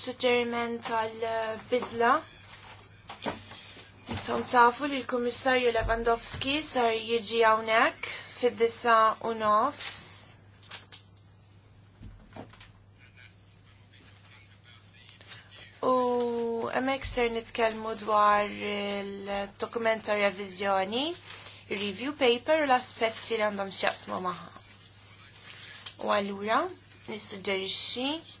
suġġeriment tal-bidla. Tom tafu li l-Komissarju Lewandowski sar jiġi hawnhekk fid dissa u nofs. U hemmhekk ser nitkellmu dwar il-dokument ta' revizjoni review paper u l-aspetti li għandhom x'jaqsmu magħha. U allura nissuġġerixxi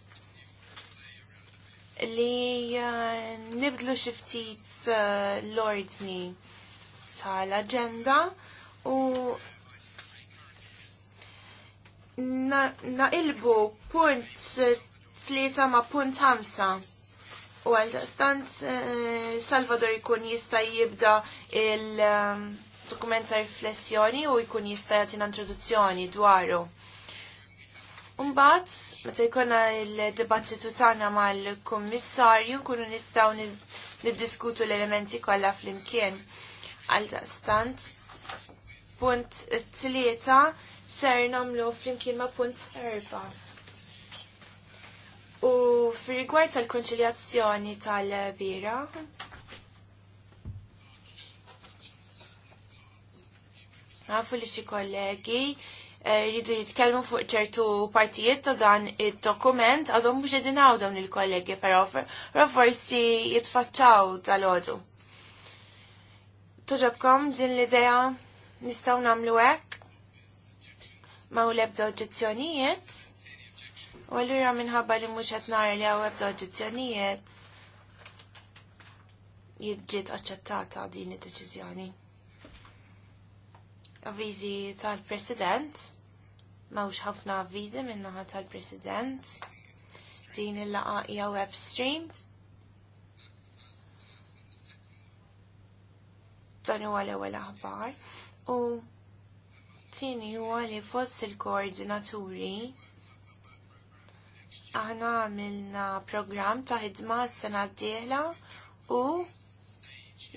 li eh, nibdlu xiftit eh, l-ordni tal-agenda u naqilbu punt tlieta ma punt ħamsa. U għal-stant eh, Salvador jkun jista jibda il-dokumenta riflessjoni u jkun jista jatina introduzzjoni dwaru. Umbat, meta jkollna il-dibattitu tagħna mal-kummissarju nistaw nistgħu niddiskutu l-elementi kollha flimkien. Għal daqstant, punt tlieta ser nagħmlu flimkien ma' punt erba. U fir-rigward tal-konċiljazzjoni tal-bira, Għafu li xie kollegi Eh, jridu jitkellmu fuq ċertu partijiet ta' dan id-dokument għadhom mhux qegħdin dawn il-kollegi però forsi jitfaċċaw tal-għodu. Toġobkom din l-idea nistgħu nagħmlu hekk? Ma u l-ebda oġġezzjonijiet? U allura minħabba li mhux qed nara li hawn ebda oġġezzjonijiet jiġġiet aċċettata din id-deċiżjoni avviżi tal-President, mawx ħafna avviżi minnaħa tal-President, din il-laqa hija web stream. Dan huwa l-ewwel aħbar u tieni huwa li fost il-koordinaturi aħna għamilna programm ta' ħidma s-sena d-dieħla u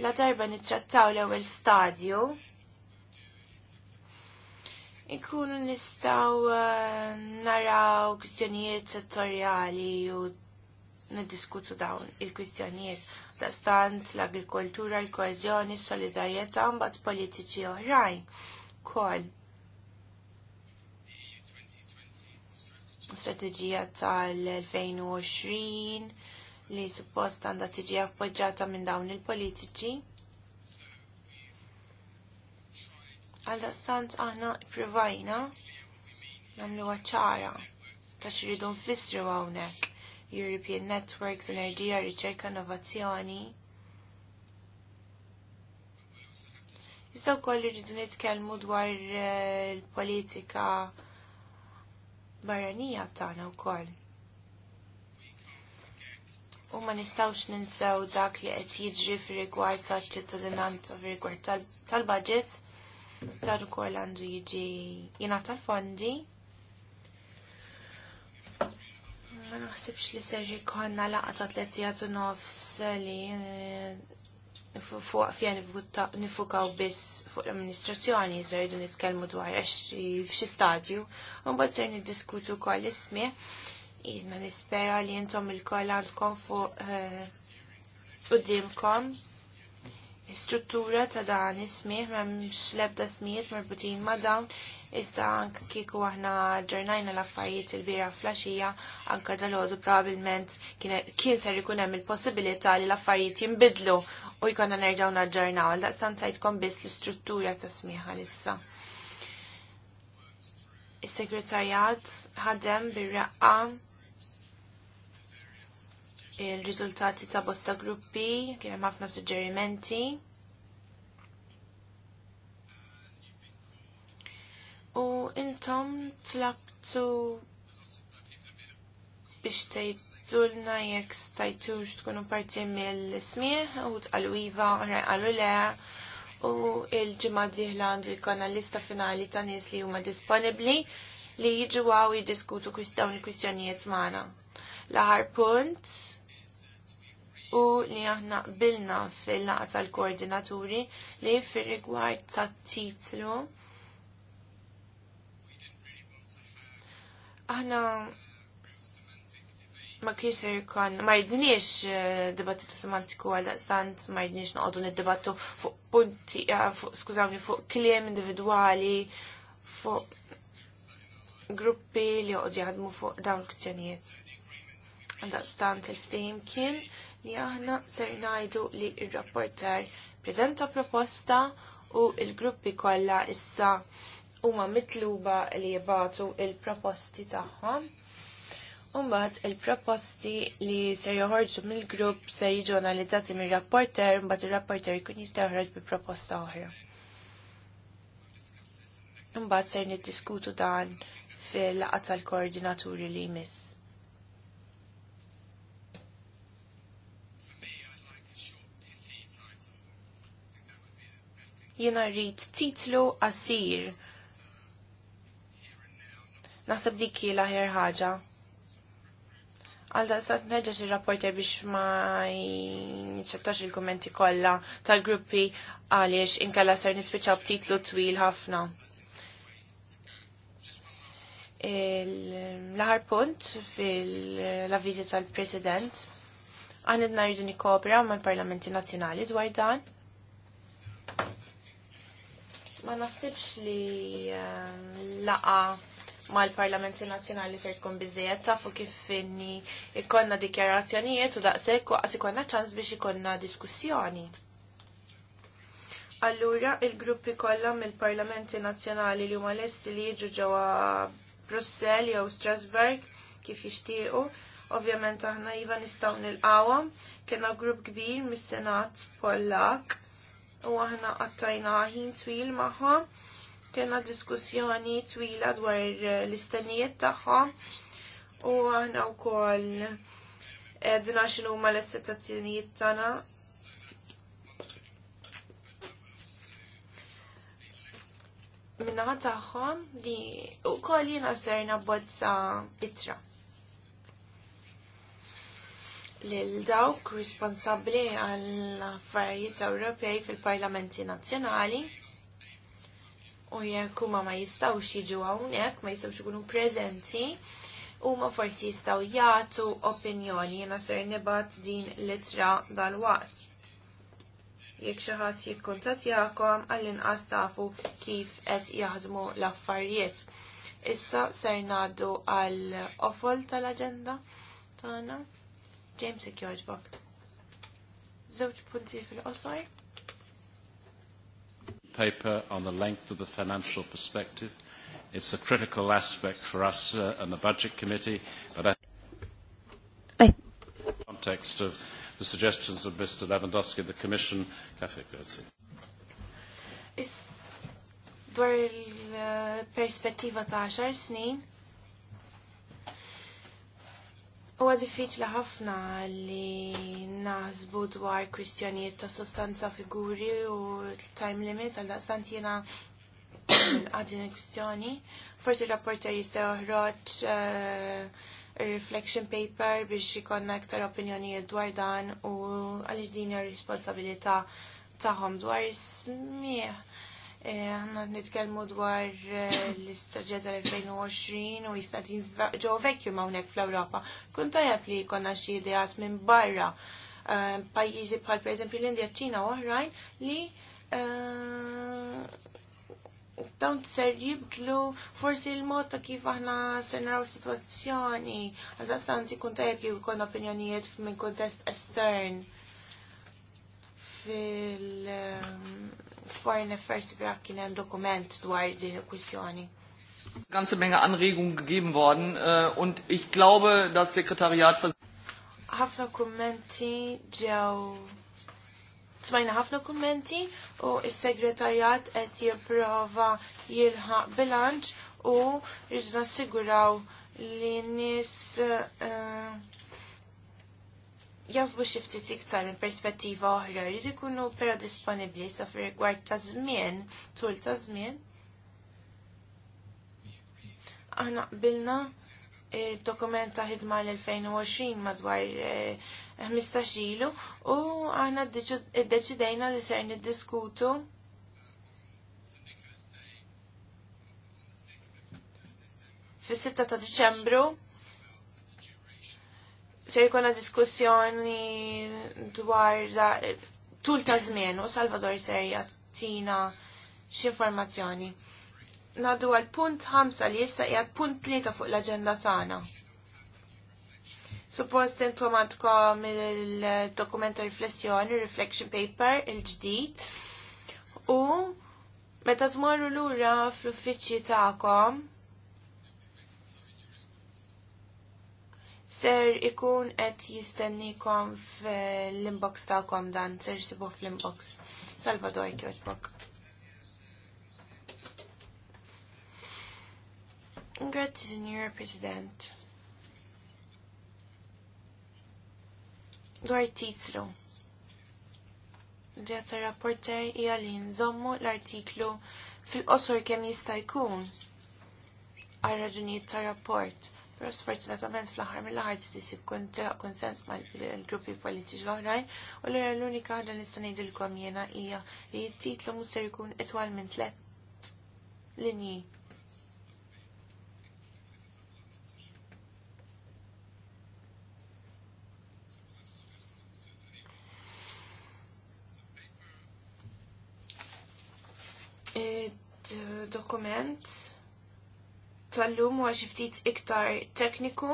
la darba nittrattaw l-ewwel stadju Nkunu nistaw eh, naraw kwistjonijiet settorjali u niddiskutu dawn il-kwistjonijiet Dastant stant l-agrikoltura, l-koezjoni, s-solidarjetà mbagħad politiċi oħrajn. Kol. Strategija tal-2020 li suppost għandha tiġi appoġġjata minn dawn il-politiċi. Għal daqstant aħna provajna namlu għacċara ta' xridu nfissru għawnek European Networks, Enerġija, Riċerka, Innovazzjoni. Iżda wkoll irridu nitkellmu dwar eh, il-politika barranija tagħna wkoll. U ma nistawx ninsew dak li qed jiġri fir-rigward tal-ċittadinanza fir-rigward tal-budget. tal ċittadinanza fir tal budget tal Dar ukoll għandu jiġi jingħata l-fondi. Ma naħsibx li ser jkollna laqgħa ta' tliet jagħtu nofs li eh, fuq fjen nifukaw biss fuq l-amministrazzjoni, jridu nitkellmu dwar f'xi stadju, u mbagħad ser niddiskutu wkoll ismi. Jiena nispera li intom il-koll għandkom fuq eh, qudiemkom struttura ta' dan ismiħ m'hemmx l-ebda smijiet marbutin ma' dawn iżda anke kieku aħna ġernajna l-affarijiet il-bira flaxija anke dal-għodu probabbilment kien ser ikun hemm il-possibilità li l-affarijiet jinbidlu u jkollna nerġgħu naġġornaw għal daqstan tajtkom biss l-istruttura ta' smiħa issa. Is-segretarjat ħadem bir-raqqa il-riżultati ta' bosta gruppi, kien hemm ħafna suġġerimenti. U intom tlabtu biex tgħidulna jekk stajtux tkunu parti mill-smieħ u tqalu iva, għalu le, u il-ġimgħa diħla għandu jkollna lista finali ta' nies li huma disponibbli li jiġu għaw jiddiskutu dawn il-kwistjonijiet magħna. l punt u li aħna bilna fil-laqa tal-koordinaturi li fil-rigward ta' titlu aħna ma kisir kon, ma jidniex eh, dibattitu semantiku għal sant, ma jidniex noqdu nid-dibattu fuq punti, eh, skużawni, fuq kliem individuali, fuq gruppi li joqdu jaħdmu fuq dawn l-kustjonijiet. Għandaq stant il-ftejm kien li aħna ser ngħidu li r-rapporter prezenta proposta u l-gruppi kollha issa huma mitluba li jibatu il-proposti tagħhom. Umbat il-proposti li ser joħorġu mill-grupp ser jiġu analizzati mir-rapporter, mbagħad ir-rapporter jkun jista' joħroġ bi proposta oħra. Umbat ser niddiskutu dan fil-laqgħa tal-koordinaturi li jmiss. jiena rrid titlu asir. Naħseb dik hi l Għalda ħaġa għal daqsat il-rapporter biex ma jċettax il-kommenti kolla tal-gruppi għaliex inkella ser nispiċaw titlu twil ħafna. L-ħar punt fil vizita tal-President għanid naridu nikopra ma' parlamenti nazjonali dwar dan ma naħsibx li ehm, laqa mal-Parlamenti Nazzjonali ser tkun biżejjed tafu kif inni ikonna dikjarazzjonijiet u daqshekk waqas ikonna ċans biex ikonna diskussjoni. Allura il-gruppi kollha mill-Parlamenti Nazzjonali li huma lesti li jiġu ġewwa Brussell jew Strasbourg kif jixtiequ, ovvjament aħna iva nistgħu nilqawhom, kena grupp kbir mis-Senat Pollak u aħna għattajna ħin twil maħħa, Kena diskussjoni twila dwar l istanijiet tagħhom u aħna wkoll edna xinu huma l istatazzjonijiet tagħna Minna taħħom li u koll jina serna bozza bitra lil dawk responsabbli għall affarijiet Ewropej fil-parlamenti nazzjonali u jekk huma ma jistgħux jiġu hawnhekk, ma jistgħux ikunu preżenti, huma forsi jistgħu jagħtu opinjoni jiena ser nibgħat din litra dal-waqt. Jekk xi ħadd jagħkom għall-inqas tafu kif qed jaħdmu l-affarijiet. Issa ser ngħaddu għall ofol tal-aġenda tagħna. James ik joġbok. Zewġ punti fil-qosor. Paper on the length of the financial perspective. It's a critical aspect for us uh, and the Budget Committee, but I I in the context of the suggestions of Mr. Lewandowski, the Commission, Cafe Grazie. Dwar il-perspettiva uh, ta' 10 snin, Huwa diffiċli ħafna li naħsbu dwar kwistjonijiet ta' sostanza figuri u time limit għal daqstant jena għadin il-kwistjoni. Forsi rapporter jista' joħroġ eh, reflection paper biex ikonna iktar opinjonijiet dwar dan u għaliex din ir-responsabilità tagħhom dwar smieħ Eh, għanna nitkelmu dwar eh, l istagġa tal-2020 u jisnatin ġo vekju mawnek fl-Europa. Kun tajab li konna xie ideas minn barra eh, pajjiżi bħal per eżempju l-Indja, ċina u oħrajn li dawn ser jibdlu forsi l-mod ta' kif aħna ser naraw situazzjoni. Għadda sanzi kun tajab li kon opinjonijiet minn kontest estern fil- Foreign Affairs Iraq kien hemm dokument dwar din il-kwistjoni ganze Menge Anregung gegeben worden uh, und ich glaube, das Sekretariat für ħafna kummenti ġew smajna ħafna kummenti u s-segretarjat qed jipprova jilħaq bilanċ u jiġna siguraw li nies uh, äh, jazbu xiftit iktar minn perspettiva oħra jridu jkunu pera disponibbli sa fi rigward ta' żmien, tul ta' żmien. Aħna qbilna e, dokument ta' ħidma l-2020 madwar 15 e, ilu u aħna deċidejna li ser niddiskutu fis-6 ta' Diċembru Se diskussjoni dwar da, tul ta' żmien u Salvador ser jagħtina x'informazzjoni. Nadu għal punt 5 li issa jgħat punt 3 fuq l-aġenda tagħna. Suppost intom għandkom il-dokument riflessjoni, reflection paper, il-ġdid, u meta tmorru lura fl-uffiċċji tagħkom, ser ikun qed jistennikom fil inbox tagħkom dan ser jisibu fil inbox Salvador Kjoġbok. Grazzi, Signor President. Dwar titlu. Ġeta rapporter i għalin zommu l-artiklu fil-qosor kemm jista' jkun għal raġunijiet ta' rapport Però sfortunatament fl-aħħar mill-aħħar tisib konsent mal-gruppi politiċi l-oħrajn u l l-unika ħaġa li nista' ngħidilkom jiena hija li t-titlu mhux ser jkun itwal minn tliet linji. dokument tal-lum huwa xi ftit iktar tekniku.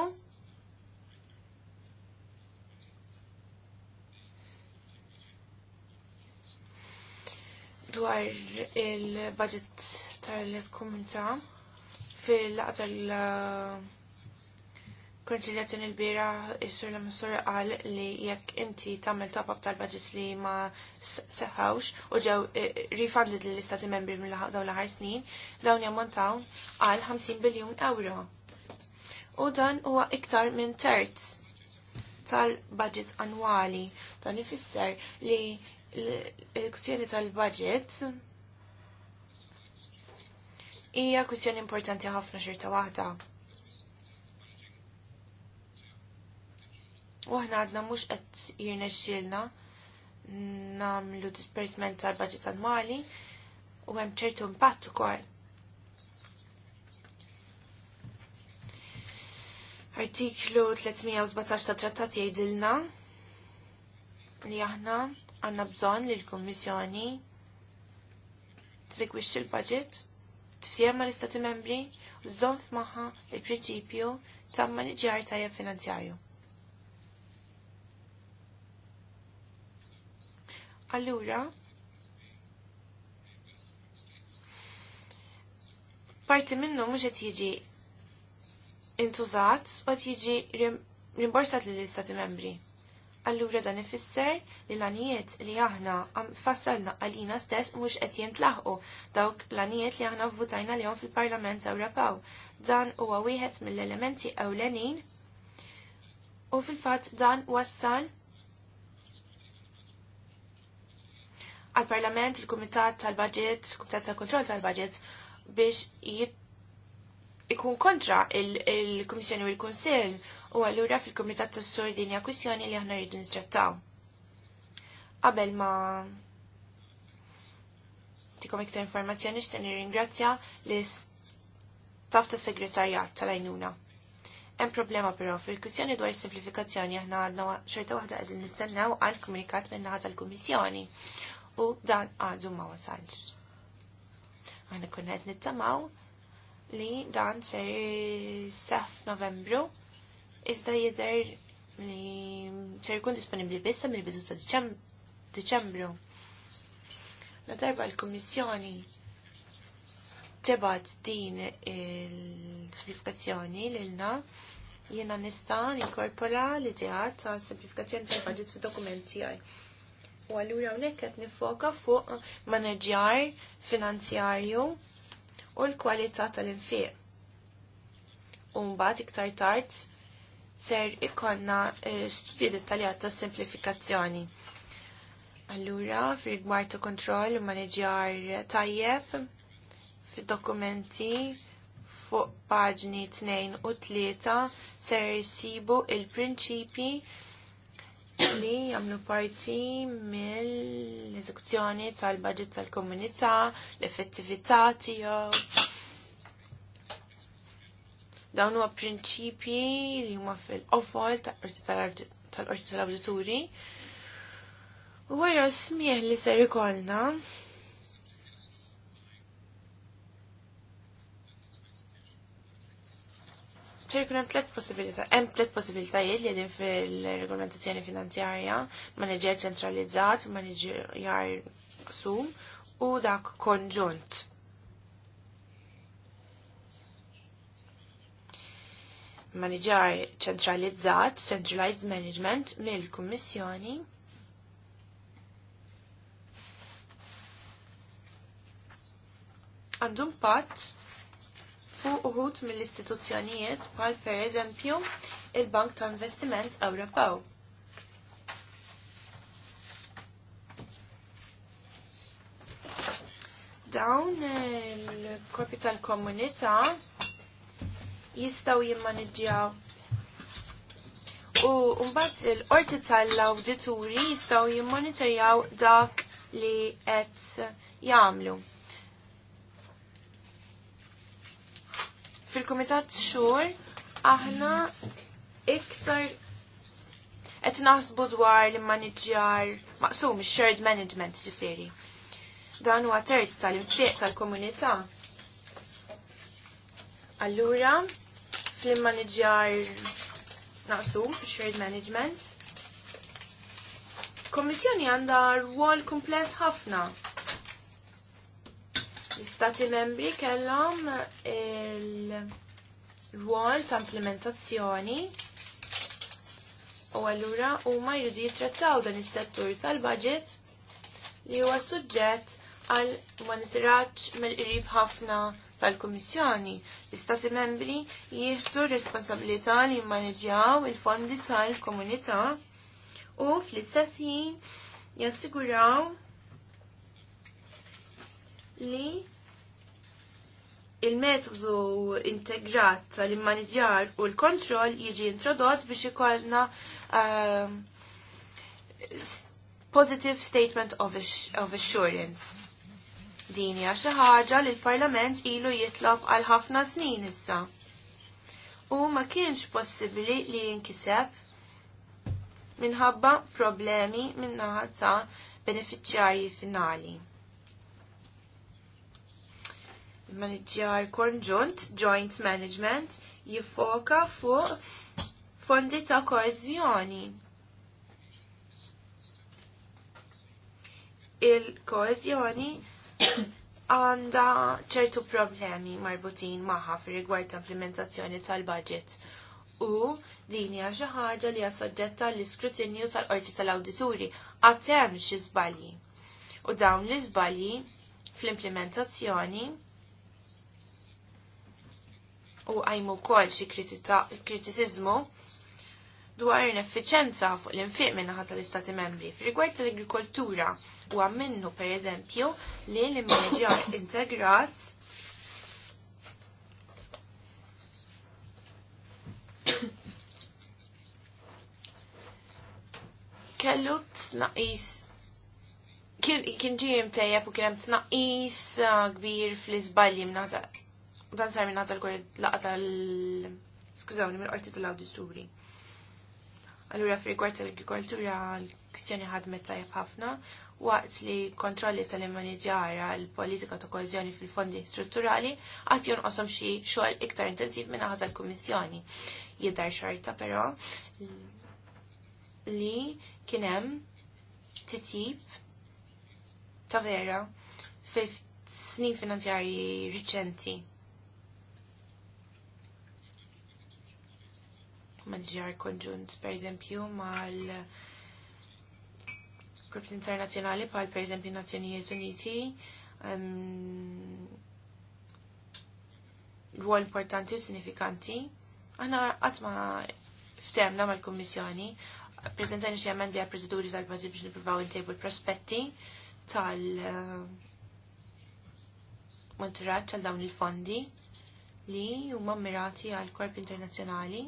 dwar il-budget tal-komunità fil-laqa tal- konċiljazzjoni l-bira jissur l sur qal li jekk inti tagħmel top-up tal-budget li ma seħawx u ġew e, rifadli l-istati membri minn dawn l-aħħar snin, dawn jammontaw għal 50 biljun euro. U dan huwa iktar minn terz tal-budget annwali. Dan ifisser li l-kwestjoni tal-budget hija kwestjoni importanti ħafna xirta waħda U aħna għadna mhux qed jirnexxielna nagħmlu disbursement tal-budget annwali u hemm ċertu impatt ukoll. Artiklu 317 ta' trattat jgħidilna li aħna għanna bżon li l-Kommissjoni tsegwixxi l-budget tifsiem l-Istati Membri u żżomm f'maħħa il-prinċipju ta' maniġjar tajjeb finanzjarju. Allura, parti minnu mhux qed jiġi intużat u għet jieġi rimborsat lill istati membri. Allura dan ifisser li l-anijiet li aħna fassalna għalina stess mhux qed jintlaħqu dawk l-anijiet li aħna vvutajna lihom fil-Parlament Ewropew. Dan huwa wieħed mill-elementi ewlenin u fil-fatt dan wassal għal-Parlament, il-Kumitat tal-Budget, Kumitat tal-Kontroll tal-Budget biex ikun kontra il-Komissjoni u il-Konsil u għallura fil-Komitat tas sur dinja kwistjoni li aħna rridu nittrattaw. Qabel ma tikom iktar informazzjoni xten ringrazzja li staff ta' segretarjat tal-għajnuna. Hemm problema però fil-kwistjoni dwar simplifikazzjoni aħna għadna xorta waħda qegħdin nistennew għal komunikat minn naħa tal-Kummissjoni u dan għadu ma wasalx. Għana kunnet nittamaw li dan ser saf novembru iżda jider li ser jkun disponibli bissa mill-bidu ta' Deċembru. La darba l komissjoni tibat din il-simplifikazzjoni lilna jiena nista' inkorpora l-idea ta' simplifikazzjoni tal-budget fid-dokumenti għaj U għallura hawnhekk qed nifoka fuq maneġjar finanzjarju u l-kwalità tal-infiq. U mbagħad iktar tard ser ikonna eh, studji dettaljat ta' simplifikazzjoni. Allura, fil-rigward ta' kontroll u maneġjar tajjeb, fil-dokumenti fuq paġni 2 u 3 ser jisibu il-prinċipi li jagħmlu parti mill-eżekuzzjoni tal-budget tal-komunità, l-effettività tiegħu. Dawn huwa prinċipji li huma fil-qofol tal-qorti tal-awdituri. U wara smieħ li ser ikollna ċirkun hemm tliet possibilità, hemm tliet possibilitajiet li qegħdin fil-regolamentazzjoni finanzjarja, maniġer ċentralizzat, maniġer sum u dak konġunt. Maniġar ċentralizzat, centralized management mill-Kummissjoni għandhom patt fuq uħut mill-istituzzjonijiet bħal per eżempju il-Bank ta' Investiment Ewropew. Dawn eh, il-korpi tal-komunità jistaw jimmaniġġjaw u mbagħad il-qorti tal-awdituri jistaw jimmonitorjaw dak li qed jagħmlu. Fil-Kumitat Xur aħna iktar qed naħsbu dwar li maniġjar maqsum shared management ġifieri. Dan huwa terz tal-infiq tal-komunità. Allura, fl-maniġjar naqsum shared management, Komissjoni għandha rwol kumpless ħafna L-Stati membri kellhom il ruol ta' implementazzjoni u allura huma jridu jitrattaw dan is-settur tal-budget li huwa suġġett għal nisiraċ mill-qrib ħafna tal-Kummissjoni. L-Istati membri jieħdu responsabilità li jmanaġġjaw il-fondi tal-komunità u fl istessin jassiguraw li il-metodu integrat tal-immaniġjar u l-kontroll jiġi introdott biex ikollna ehm, positive statement of, of assurance. Din hija xi ħaġa li l-Parlament ilu jitlob għal ħafna snin issa. U ma kienx possibbli li jinkiseb minħabba problemi minnaħa ta' benefiċjarji finali manager konġunt, joint management, jiffoka fuq fondi ta' koezjoni. Il-koezjoni għanda ċertu problemi marbutin maħħa fi rigward ta' implementazzjoni tal-budget u din hija xi ħaġa li hija soġġetta l-iskrutinju tal-qorti tal-awdituri għad hemm xi żbalji. U dawn l-iżbalji fl-implementazzjoni u għajmu kol xi kritiċizmu dwar ineffiċenza fuq l-infiq ħata tal-Istati membri. F'rigward tal-agrikoltura u għamminnu per eżempju li l-immieġjar integrat kellu tnaqis kien ġi mtejjeb u kien hemm tnaqis uh, kbir fl-iżbalji mnata dan sar minn laqa tal skużawni mill-qorti tal-awdituri. Allura f'rigward tal-agrikoltura l-kwistjoni ħadmet tajjeb ħafna waqt li kontrolli tal-immaniġara l-politika ta' kohezjoni fil-fondi strutturali għad jonqosom xi xogħol iktar intensiv minn aħħar tal-Kummissjoni. Jidher xorta però li kien hemm titjib ta' vera fil snin finanzjarji riċenti maġġar konġunt, per eżempju, mal grupp internazjonali pal per eżempju Nazzjonijiet Uniti. Rwol importanti u sinifikanti. Aħna għatma ftemna mal-Kommissjoni, prezentajni xi emendi għal preziduri tal-Partit biex nipruvaw intejbu l-prospetti tal- eh, monitorat tal dawn il-fondi li huma mirati għal korp internazzjonali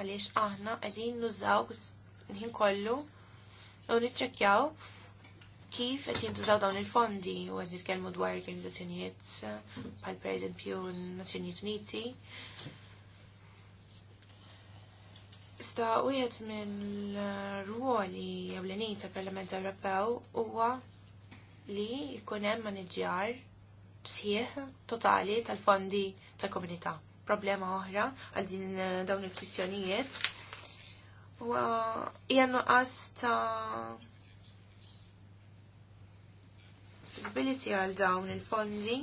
għaliex aħna qegħdin nużaw ħin kollu u niċċekkjaw kif qed jintużaw dawn il-fondi u qed nitkellmu dwar organizzazzjonijiet bħal pereżempju n-Nazzjonijiet Uniti. Sta wieħed minn ruoli ewlenin tal-Parlament Ewropew huwa li jkun hemm maniġjar sħiħ totali tal-fondi tal-komunità problema oħra għal din eh, dawn il-kwistjonijiet. U eh, hija nuqqas ta' għal dawn il-fondi.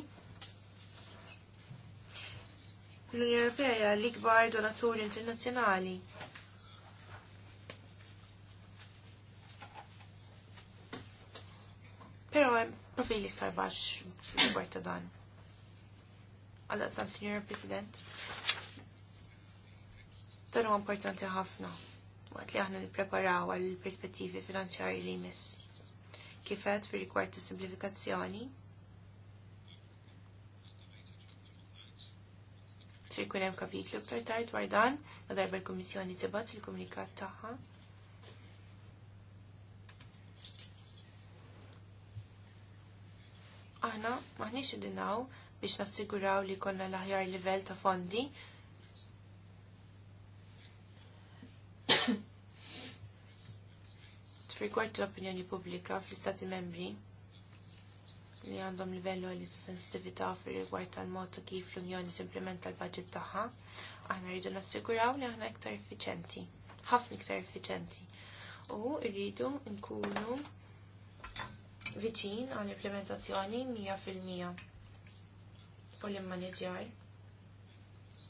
L-Unjoni Ewropea hija l-ikbar donatur internazzjonali. Pero hemm profili iktar baxx fil ta' dan għal sam Senior President. Dan huwa importanti ħafna waqt li aħna nipreparaw għal perspettivi finanzjari li jmiss. Kifet fir rigward ta' simplifikazzjoni, se hemm kapitlu iktar tard dwar dan, darba l-Kummissjoni tibgħat il-komunikat tagħha. Aħna maħniex idinaw biex nassiguraw li konna l-aħjar livell ta' fondi. Trikwart l-opinjoni pubblika fl-Istati membri li għandhom livellu għalli ta' sensitivita fil rigward tal-mod ta' kif l-Unjoni timplementa l-budget tagħha, aħna rridu nassiguraw li aħna iktar effiċenti, ħafna iktar effiċenti. U rridu nkunu viċin għall implementazzjoni 100% u l-manager.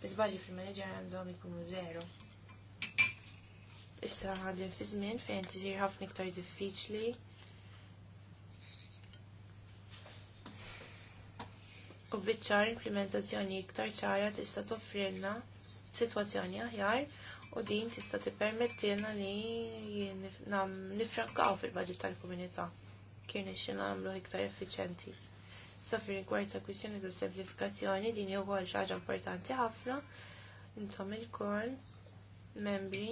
Bizballi fil-manager għandhom ikunu zero. Issa għadin fi żmien fejn tiżir ħafna iktar diffiċli. U bieċar implementazzjoni iktar ċara tista' toffrilna situazzjoni aħjar u din tista' tippermettilna li nifrankaw fil-budget tal-komunità kien ixin għamlu iktar effiċenti. Sa rigward ta' kwistjoni ta' semplifikazzjoni din hija wkoll xi ħaġa importanti ħafna intom il-kol membri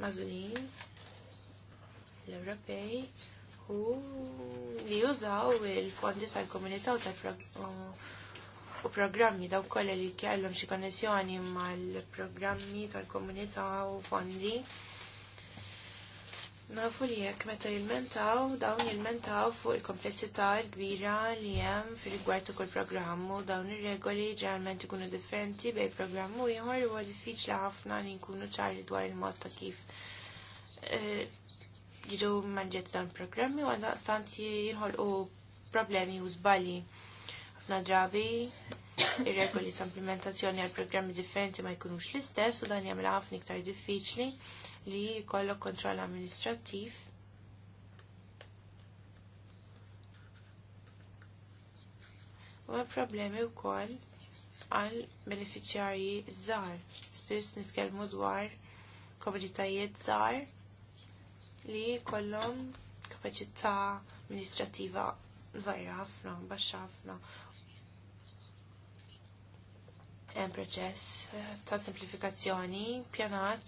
mażulin l-Ewropej u li jużaw il-fondi tal-komunità u u programmi daw kolla li kellhom xi konnessjoni mal-programmi tal-komunità u fondi Nafu li jekk meta jilmentaw, dawn jilmentaw fuq il-komplessità l-kbira li hemm fil-rigward ta' kull dawn ir-regoli ġeneralment ikunu differenti bej programmu u ieħor huwa diffiċli ħafna li nkunu ċari dwar il-mod ta' kif eh, jiġu manġet dawn programmi u għandaqstant jħolqu problemi u zbali Ħafna drabi ir-regoli ta' implementazzjoni għal programmi differenti ma jkunux l-istess u dan jagħmel ħafna iktar diffiċli li jkollok kontroll amministrattiv u hemm problemi wkoll għal beneficjarji żgħar. Spiss nitkellmu dwar komunitajiet żgħar li jkollhom kapaċità amministrattiva żgħira ħafna, baxxa ħafna hemm proċess ta' simplifikazzjoni pjanat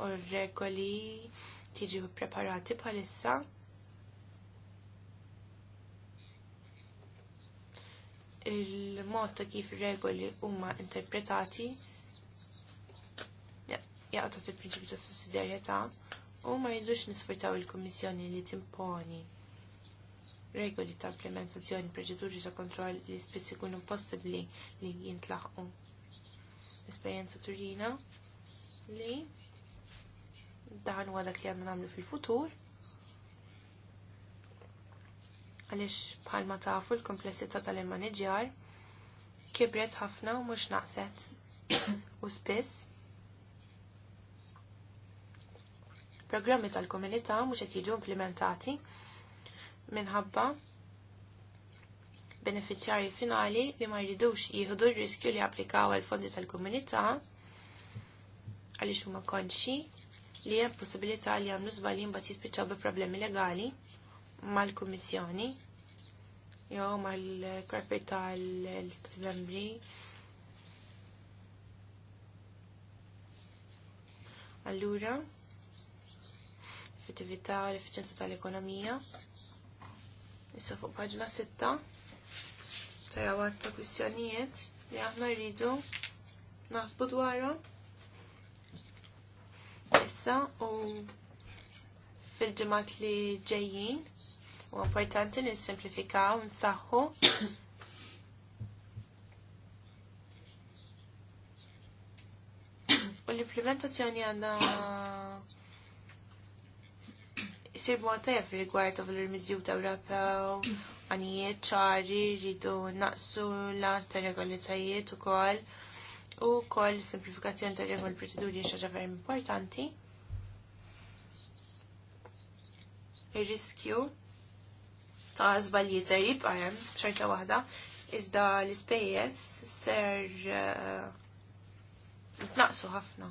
u regoli tiġi preparati bħalissa. Il-mod ta' kif regoli huma interpretati jaqta il-prinċipju ta' sussidjarjetà u ma jidux nisfurtaw il-Kummissjoni li timponi regoli ta' implementazzjoni proċeduri ta' kontroll li spiss ikunu possibbli li jintlaħqu. L-esperjenza turina li dan huwa li għanna nagħmlu fil-futur. Għaliex bħalma tafu l-komplessità tal-immaniġjar kibret ħafna u mhux naqset. u spiss programmi tal-komunità mhux qed jiġu implementati minħabba beneficjari finali li ma jridux jieħdu r-riskju li applikaw għal fondi tal-komunità għaliex huma konxi li hemm possibilità li għamlu żbalji bat jispiċċaw bi problemi legali mal-Kummissjoni jew mal-Kwerpi tal-Stati Membri. Allura, effettività u l-efficienza tal-ekonomija. Issa fuq paġna 6 taraw għatta kwistjonijiet li aħna rridu naħsbu dwarhom issa u fil-ġemat li ġejjin u importanti nissimplifikaw simplifikaw, nsaħħu u l-implementazzjoni għanna jisir b'montajja fil-rigward ta' l-irmizju ta' Ewropew, għanijiet ċari, rridu naqsu l għanta regolit u kol u kol simplifikazzjoni ta' regol proceduri xaġa ver importanti. Il-riskju ta' zbalji ser jibqajem xorta wahda, iżda l-ispejjeż ser eh, naqsu ħafna.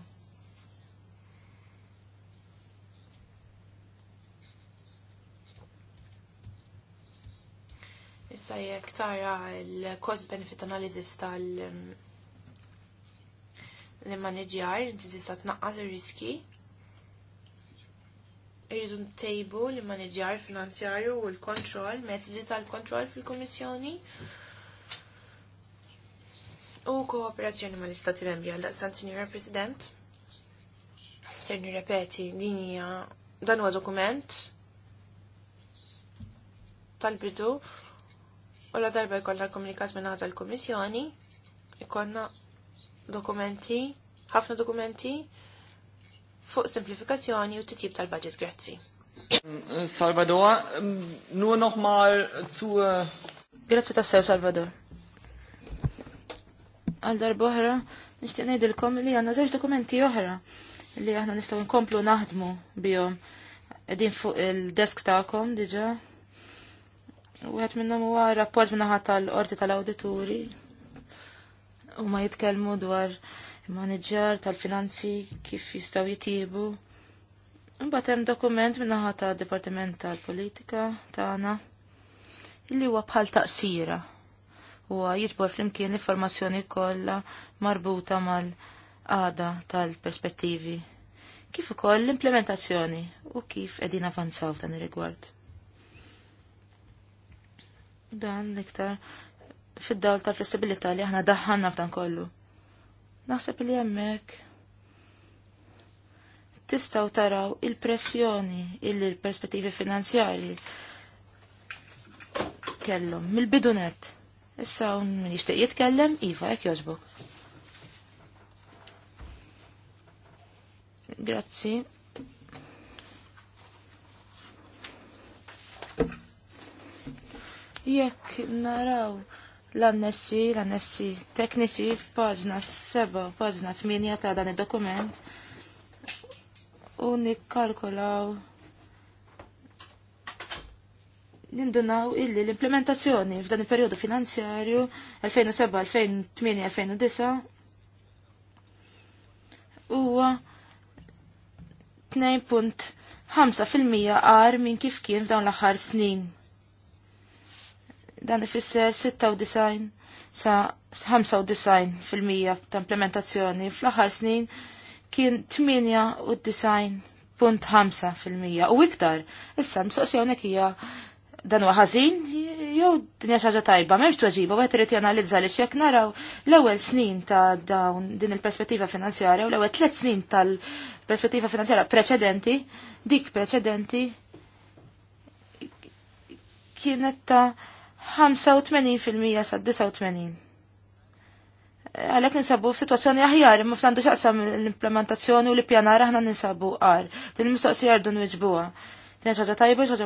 Issa jek tara l-cost benefit analysis tal li maniġjar inti tista' tnaqqas ir-riski. Irridu ntejbu li maniġjar finanzjarju u l-kontroll, metodi tal-kontroll fil-Kummissjoni u kooperazzjoni mal-Istati Membri għal daqsan Sinjura President. Ser nirrepeti din hija dan huwa dokument tal-bidu u la darba jkollna komunikat minn għadha l-Kummissjoni ikonna dokumenti, ħafna dokumenti fuq simplifikazzjoni u titjib tal-budget. Grazzi. Salvador, nur nochmal zu... Äh, Grazzi tassew, Salvador. Għal boħra, nishtiq ngħidilkom li għandna żewġ dokumenti oħra li aħna nistgħu nkomplu naħdmu bihom qegħdin fuq il-desk tagħkom diġà. Wieħed minnhom huwa rapport minnaħa tal-qorti tal audituri u ma jitkelmu dwar il-manager tal-finanzi kif jistaw jitibu. Mbatem hemm dokument minnaħa ta' Dipartiment tal-Politika tagħna illi huwa bħal taqsira huwa jiġbor flimkien l-informazzjoni kollha marbuta mal-għada tal-perspettivi kif ukoll l-implementazzjoni u kif qegħdin avanzaw dan ir-rigward. Dan l-iktar fid-dawl ta' flessibilità li aħna daħħanna f'dan kollu. Naħseb li hemmhekk tistaw taraw il-pressjoni illi l-perspettivi finanzjari kellhom mill-bidunet. Issa min jixtieq jitkellem iva hekk jogħġbok. Grazzi. Jekk naraw l-annessi, l-annessi tekniċi f'paġna 7, paġna 8 ta' dan id-dokument u nikkalkulaw nindunaw illi l-implementazzjoni f'dan il-periodu finanzjarju 2007-2008-2009 huwa 2.5% għar minn kif kien f'dawn l-aħħar snin dan ifisser 96 sa 95 fil-mija ta' implementazzjoni fl-aħħar snin kien 98.5 fil-mija u iktar. Issa msoqsjawnek hija dan huwa ħażin jew dinja xaġa tajba, m'hemmx tweġiba wieħed irid janalizza li x'jekk naraw l-ewwel snin ta' dawn din il-perspettiva finanzjarja u l-ewwel tliet snin tal-perspettiva finanzjarja preċedenti, dik preċedenti kienet ta' 85% sa 89. Għalek ninsabu f-situazzjoni aħjar, imma f'għandu xaqsam l-implementazzjoni u l-pjanar aħna ninsabu għar. l mistoqsi għardu nwiġbuwa. din xaġa tajba, xaġa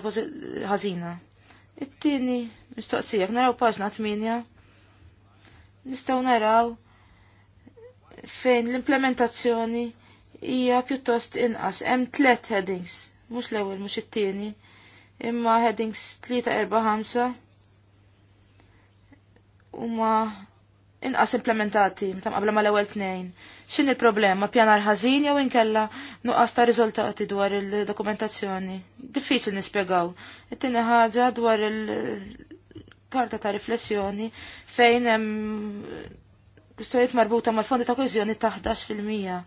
għazina. It-tini, mistoqsija naraw paġna 8. Nistaw naraw fejn l-implementazzjoni hija pjuttost inqas. Hemm tlet headings, mhux l-ewwel mhux it-tieni, imma headings 3 4 5 huma inqas implementati ta qabla mal-ewwel tnejn. X'in il-problema? Pjanar ħażin jew inkella nuqqas ta' riżultati dwar il-dokumentazzjoni. Diffiċli nispjegaw. It-tieni ħaġa dwar il-karta ta' riflessjoni fejn hemm kusturiet marbuta mal-fondi ta' kohezjoni ta' 11%.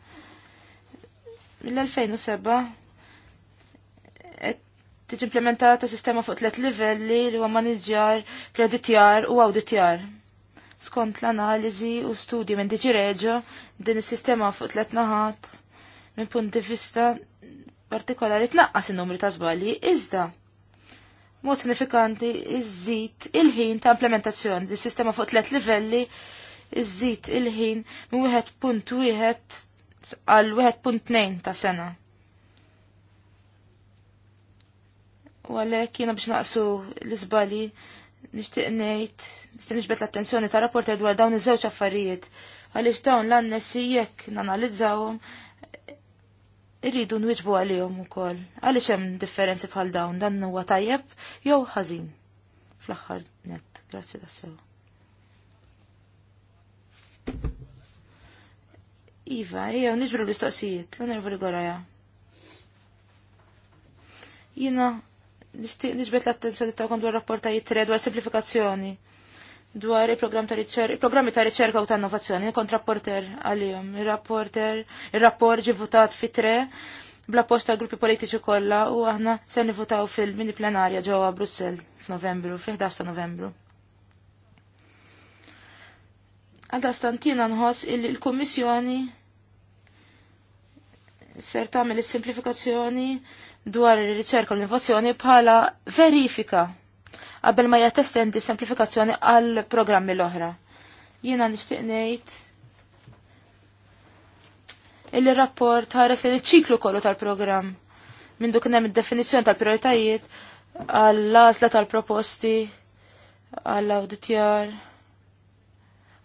Mill-2007 tiġi implementata sistema fuq tlet livelli li huwa maniġjar, kreditjar u awditjar. Skont l-analiżi u studji minn diġi reġo din is-sistema fuq tlet naħat minn punt di vista partikolari tnaqqas in-numri ta' żbalji iżda mod sinifikanti iżżid il-ħin ta' implementazzjoni dis sistema fuq tlet livelli iżżid il-ħin minn wieħed punt wieħed għal 1.2 ta' sena. U għalhekk jiena biex naqsu l izbali nixtieq ngħid, nishtiq nixbet l-attenzjoni ta' rapporter dwar dawn iż-żewġ affarijiet għaliex dawn l-annessi jekk nanalizzawhom irridu nwieġbu għalihom ukoll. Għaliex hemm differenzi bħal dawn dan huwa tajjeb jew ħażin fl-aħħar net. Grazzi sew. Iva, jew niġbru l-istoqsijiet, l-nervu li għoraja. Jina nixtieq niġbed l-attenzjoni tagħkom dwar rapportajiet tre dwar simplifikazzjoni dwar il-programm ta' riċerka, il-programmi ta' riċerka u ta' innovazzjoni, kontrapporter rapporter għalihom, il-rapporter, il-rapport ġi votat fi tre bla posta gruppi politiċi kollha u aħna se nivutaw fil-mini plenarja ġewwa Brussell f'Novembru, fl-11 ta' Novembru. Għalda stantina nħoss il l-Kummissjoni ser tagħmel is-simplifikazzjoni dwar ir-riċerka u l-innovazzjoni bħala verifika qabel ma jattestendi semplifikazzjoni għal programmi l-oħra. Jiena nixtieq ngħid il-rapport ħares li ċiklu kollu tal-programm minn duk hemm id-definizzjoni tal-prioritajiet għall-għażla tal-proposti għall-awditjar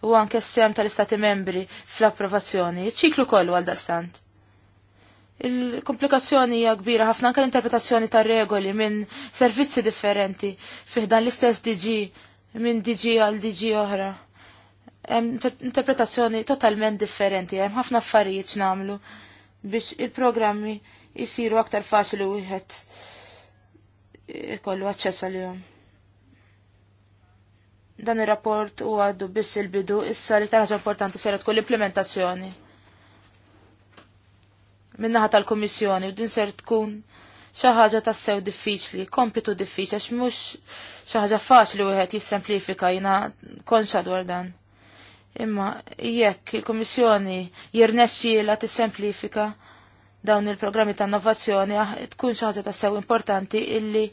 u anke s-sem tal-istati membri fl-approvazzjoni. ċiklu kollu għal dastant. Il-komplikazzjoni hija kbira ħafna anke l-interpretazzjoni tar regoli minn servizzi differenti fiħdan l-istess DG minn DG għal DG oħra. Hemm interpretazzjoni totalment differenti, hemm ħafna affarijiet nagħmlu biex il-programmi jisiru aktar faċli wieħed ikollu aċċess għalihom. Dan ir-rapport huwa għaddu biss il-bidu issa li tara ħaġa importanti sejra tkun l-implementazzjoni minnaħa tal-Komissjoni u din ser tkun xi ħaġa tassew diffiċli, kompitu diffiċli għax mhux xi ħaġa faċli wieħed jissemplifika jiena konxa dwar dan. Imma jekk il-Komissjoni jirnexxiela tissemplifika dawn il-programmi ta' innovazzjoni ah, tkun xi ħaġa tassew importanti illi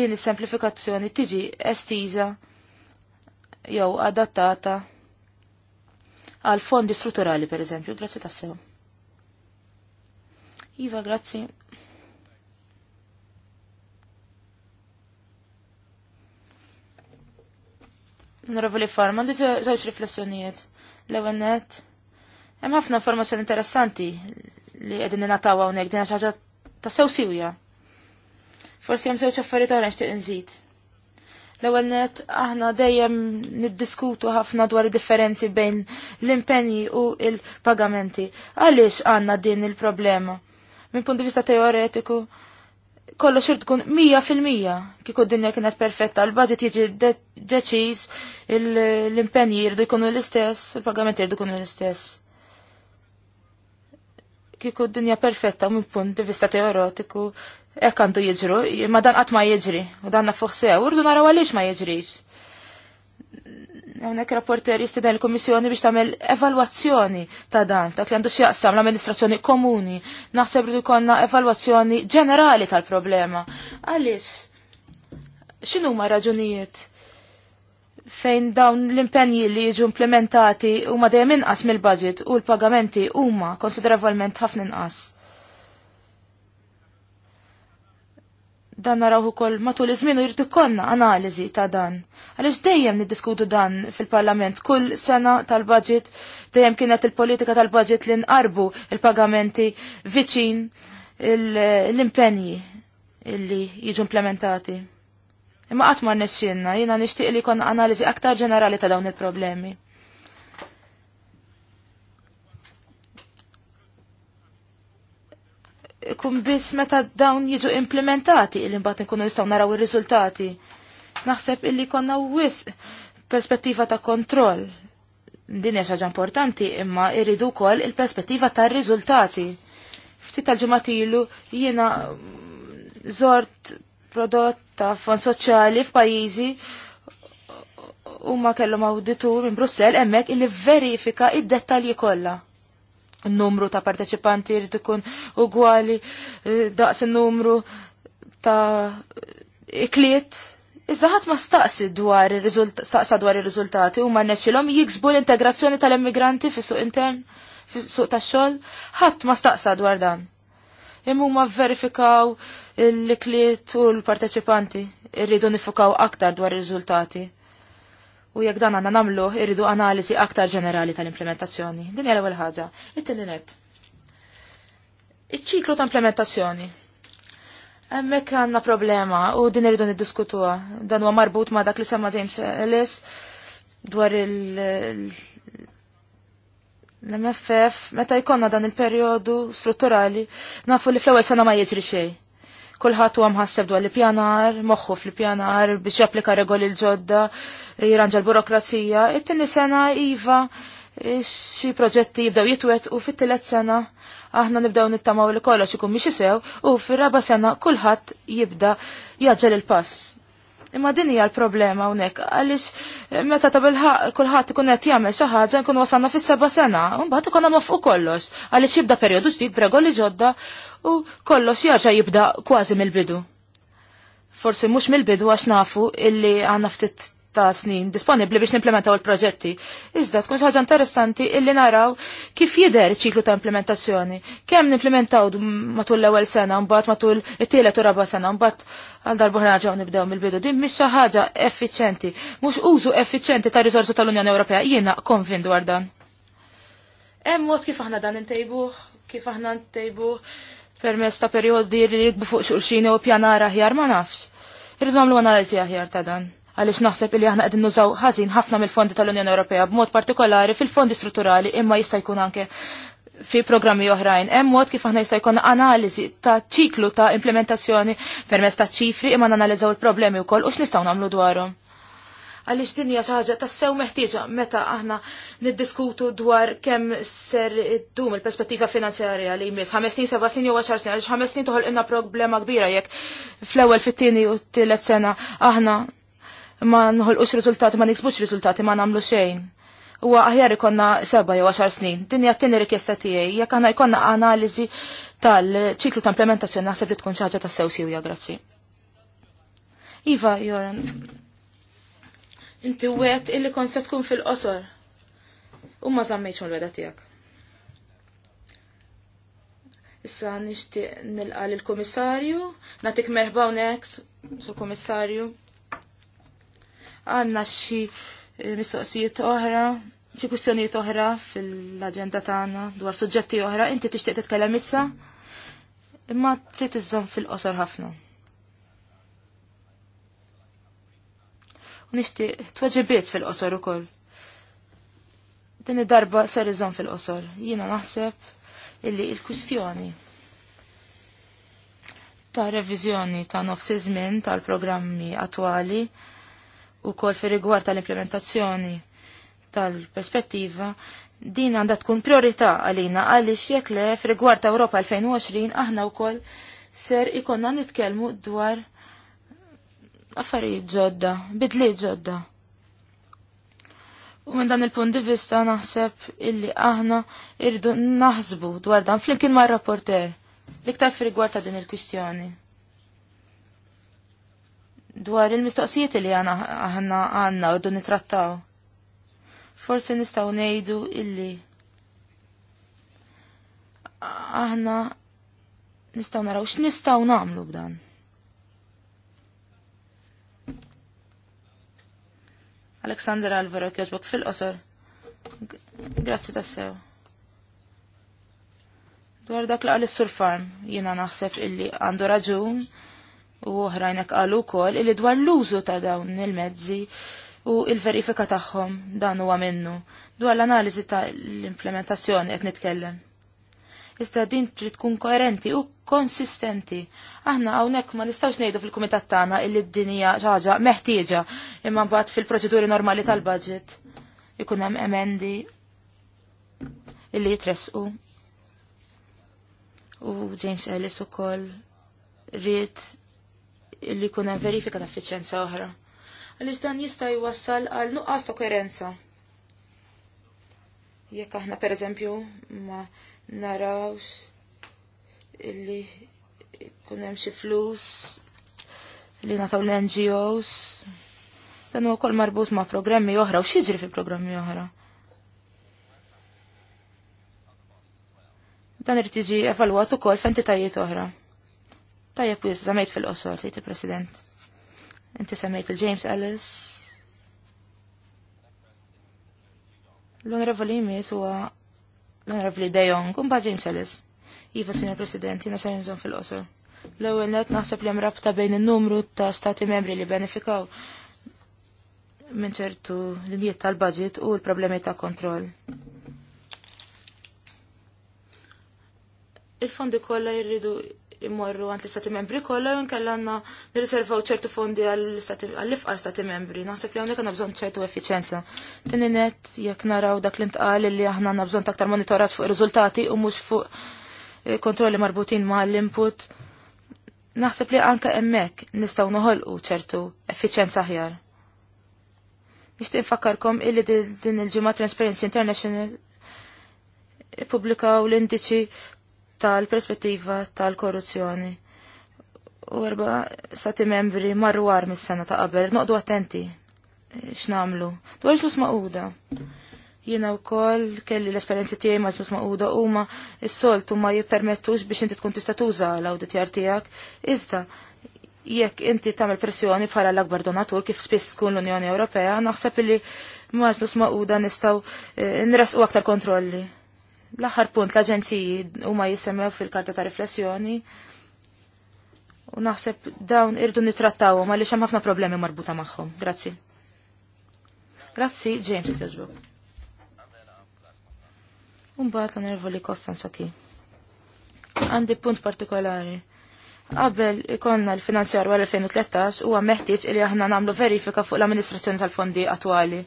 din is-semplifikazzjoni tiġi estiża jew adattata għal fondi strutturali, per eżempju, grazzi tassew. Iva, grazzi. Onorevoli Farm, għandi żewġ riflessjonijiet. L-ewwel net. Hemm ħafna informazzjoni interessanti li qegħdin natawa hawnhekk din ħaġa ta' sew siwja. Forsi hemm żewġ affarijiet oħra nixtieq nżid. L-ewwel aħna dejjem niddiskutu ħafna dwar differenzi bejn l-impenji u il-pagamenti. Għaliex għandna din il-problema? minn punt di vista teoretiku, kollox irid tkun 100% kieku d-dinja kienet perfetta, l-budget jiġi deċiż, l-impenji jirdu jkunu l-istess, il pagament jirdu jkunu l-istess. Kieku d-dinja perfetta minn punt di vista teoretiku, hekk għandu jiġru, ma dan qatt ma jiġri, u dan nafuħ sew, urdu naraw għaliex ma jiġrix. Għonek rapporter jistida l-Komissjoni biex tamel evalwazzjoni ta' dan, ta' għandu xjaqsam l-amministrazzjoni komuni. Naħseb li konna evalwazzjoni ġenerali tal-problema. Għaliex xinu ma raġunijiet fejn dawn l-impenji li jiġu implementati u ma dejjem inqas mill-budget u l-pagamenti huma konsiderevolment ħafna inqas. dan naraw ukoll matul iż-żmien u jrid ikollna analiżi ta' dan. Għaliex dejjem niddiskutu dan fil-Parlament kull sena tal-budget dejjem kienet il-politika tal-budget li nqarbu il-pagamenti viċin l-impenji illi jiġu implementati. Imma qatt ma rnexxielna jiena nixtieq li jkollna analiżi aktar ġenerali ta' dawn il-problemi. Kum biss meta dawn jiġu implementati li mbagħad nkunu nistgħu naraw ir-riżultati. Naħseb illi konna wisq perspettiva ta' kontroll. Din hija ħaġa importanti imma irridu wkoll il-perspettiva tar-riżultati. Ftit tal-ġimgħat ilu jiena mm, zort prodott ta' fond soċjali f'pajjiżi huma kellhom awditur minn Brussell hemmhekk il verifika id-dettalji kollha numru ta' parteċipanti jrid ikun ugwali eh, daqs numru ta' ikliet. Iżda ħadd ma staqsi dwar staqsa dwar ir-riżultati ma rnexxilhom jiksbu l-integrazzjoni tal-immigranti fis-suq intern, fis-suq tax-xogħol, ħadd ma staqsa dwar dan. Imma huma verifikaw l-ikliet u l-parteċipanti irridu nifukaw aktar dwar ir-riżultati U jekk dan għandna nagħmlu irridu analiżi aktar ġenerali tal-implementazzjoni. Din hija l-ewwel ħaġa. It-tieni Iċ-ċiklu ta' implementazzjoni. Hemmhekk għandna problema u din irridu niddiskutuha. Dan huwa marbut ma' dak li semma James Ellis dwar il l-MFF, meta jkonna dan il-periodu strutturali, nafu li fl-ewwel sena ma jiġri xejn. Kulħadd u għamħasseb dwar l-pjanar, moħħu fl-pjanar biex japplika regoli l-ġodda, jirranġa l-burokrazija. It-tieni sena iva xi proġetti jibdew jitwet u fit tillet sena aħna nibdew nittamaw li kollox ikun mhix sew u fir-raba sena kulħadd jibda jaġġel il-pass. Imma din hija l-problema hawnhekk għaliex eh, meta ta' bilħaq kulħadd ikun qed jagħmel xi ħaġa nkun wasalna fis-seba' sena, u mbagħad ikun nofqu kollox għaliex jibda perjodu ġdid b'regoli ġodda u kollox jarġa' jibda kważi mill-bidu. Forsi mhux mill-bidu għax nafu illi għandna ftit ta' snin disponibli biex nimplementaw il-proġetti. Iżda tkun xi ħaġa interessanti illi naraw kif jidher ċiklu ta' implementazzjoni. Kemm nimplementaw matul l-ewwel sena, mbagħad matul it-tielet u raba' sena, mbagħad għal darba ġew nibdew mill-bidu. Din mhix xi ħaġa effiċjenti, mhux użu effiċenti ta' riżorsi tal-Unjoni Ewropea. Jiena konvin dwar dan. Hemm mod kif aħna dan intejbu, kif aħna ntejbu permess ta' perjodi li nikbu fuq xulxini u pjanara aħjar ma nafx. Irridu nagħmlu analiżi aħjar ta' dan għaliex naħseb illi aħna qegħdin nużaw ħażin ħafna mill-fondi tal-Unjoni Ewropea b'mod partikolari fil-fondi strutturali imma jista' jkun anke fi programmi oħrajn. Hemm mod kif aħna jista' jkun analiżi ta' ċiklu ta' implementazzjoni permezz ta' ċifri imma nanalizzaw il-problemi wkoll u x'nistgħu nagħmlu dwarhom. Għaliex din hija xi ħaġa tassew meħtieġa meta aħna niddiskutu dwar kemm ser iddum il-perspettiva finanzjarja li jmiss ħames snin, seba' snin jew għaxar snin, għaliex ħames snin toħolqilna problema kbira jekk fl-ewwel fit-tieni u t-tielet sena aħna ma nħolqux riżultati, ma niksbux riżultati, ma nagħmlu xejn. Huwa aħjar ikonna seba' jew għaxar snin. Din hija t-tieni rikjesta tiegħi, jekk aħna jkollna analiżi tal-ċiklu ta' implementazzjoni naħseb li tkun xi ħaġa ta' sew sewja, grazzi. Iva, Joran, inti wet illi kont se tkun fil-qosor. U ma żammejtx mal-weda tiegħek. Issa nixtieq nilqa lill-Kummissarju, nagħtik merħba hawnhekk sul-Kummissarju għanna xi eh, mistoqsijiet oħra, xi kwistjonijiet oħra fil-aġenda tagħna dwar suġġetti oħra, inti tixtieq titkellem issa? Imma trid iżżomm fil-qosor ħafna. U nixtieq tweġibiet fil-qosor ukoll. Din id-darba ser iżżomm fil-qosor. Jiena naħseb illi l kwistjoni ta' reviżjoni ta' nofsi żmien tal-programmi attwali u kol fi rigward tal-implementazzjoni tal-perspettiva, din għandha tkun priorità għalina għaliex jekk le f'rigward ta' Ewropa 2020 aħna wkoll ser ikonna nitkellmu dwar affarijiet ġodda, bidli ġodda. U minn dan il-punt di vista naħseb illi aħna irdu naħsbu dwar dan flimkien ma' rapporter l-iktar f'rigward ta' din il-kwistjoni dwar il-mistoqsijiet li għanna għanna u nitrattaw. Forse nistaw nejdu illi aħna nistaw naraw x'nistgħu nagħmlu b'dan. Aleksandra Alvaro kjożbok fil-qosor. Grazzi tassew. Dwar dak laqal is-sur farm, jiena naħseb illi għandu raġun u oħrajnek qalu wkoll illi dwar l-użu ta' dawn il-mezzi u il-verifika tagħhom dan huwa minnu dwar l-analiżi ta' l-implementazzjoni qed nitkellem. Iżda din trid tkun koerenti u konsistenti. Aħna hawnhekk ma nistgħux ngħidu fil-kumitat tagħna illi d-dinja ħaġa meħtieġa imma mbagħad fil-proċeduri normali tal-budget ikun hemm emendi illi jitresqu. U James Ellis ukoll rid li jkun hemm verifika ta' effiċjenza oħra. Għaliex dan jista' jwassal għal nuqqas ta' koerenza. Jekk aħna pereżempju ma narawx illi jkun hemm xi flus li nataw l-NGOs dan huwa wkoll marbut ma' programmi oħra u x'jiġri fil programmi oħra. Dan irid evalwat ukoll f'entitajiet oħra. Tajja wis samajt fil-qosor, li president Inti samajt il-James Ellis. L-Onorevoli Miss huwa l-Onorevoli De Jong, un James Ellis. Iva, Signor President, jina ser nżom fil-qosor. L-ewwel net naħseb li hemm rabta bejn in-numru ta' stati membri li benefikaw minn ċertu l l-injiet tal-budget u l-problemi ta' kontroll. Il-fondi kollha jirridu imorru għand l-istati membri kollha jew inkella għandna nirriservaw ċertu fondi għall-ifqar stati membri. Naħseb li hawnhekk għandna bżonn ċertu effiċenza. Tieni net jekk naraw dak li ntqal li aħna għandna bżonn aktar monitorat fuq ir-riżultati u mhux fuq eh, kontrolli marbutin ma' l-input. Naħseb li anke hemmhekk nistgħu noħolqu ċertu effiċenza aħjar. Nixtieq infakkarkom illi din il-ġimgħa Transparency International ippubblikaw eh, l-indiċi tal-perspettiva tal-korruzzjoni. U erba sati membri għar mis-sena ta' qabel, noqdu attenti x'namlu. Dwar ġlus maquda. Jiena wkoll kelli l-esperjenzi tiegħi ma' ġlus maquda huma s-soltu ma jippermettux biex inti tkun tista' tuża l-awditjar tiegħek, iżda jekk inti tagħmel pressjoni bħala l-akbar donatur kif spiss tkun l-Unjoni Ewropea, naħseb li maġlus maquda nistgħu eh, nresqu aktar kontrolli L-aħħar punt l-aġenziji huma jissemmew fil-karta ta' riflessjoni u naħseb dawn irdu ma għaliex hemm ħafna problemi marbuta magħhom. Grazzi. Grazzi, James Kjożbuk. Umbaħt l-nervu li kostan saki. Għandi punt partikolari. Qabel ikonna l-finanzjar għal 2013 u meħtieġ li aħna namlu verifika fuq l-amministrazzjoni tal-fondi attwali.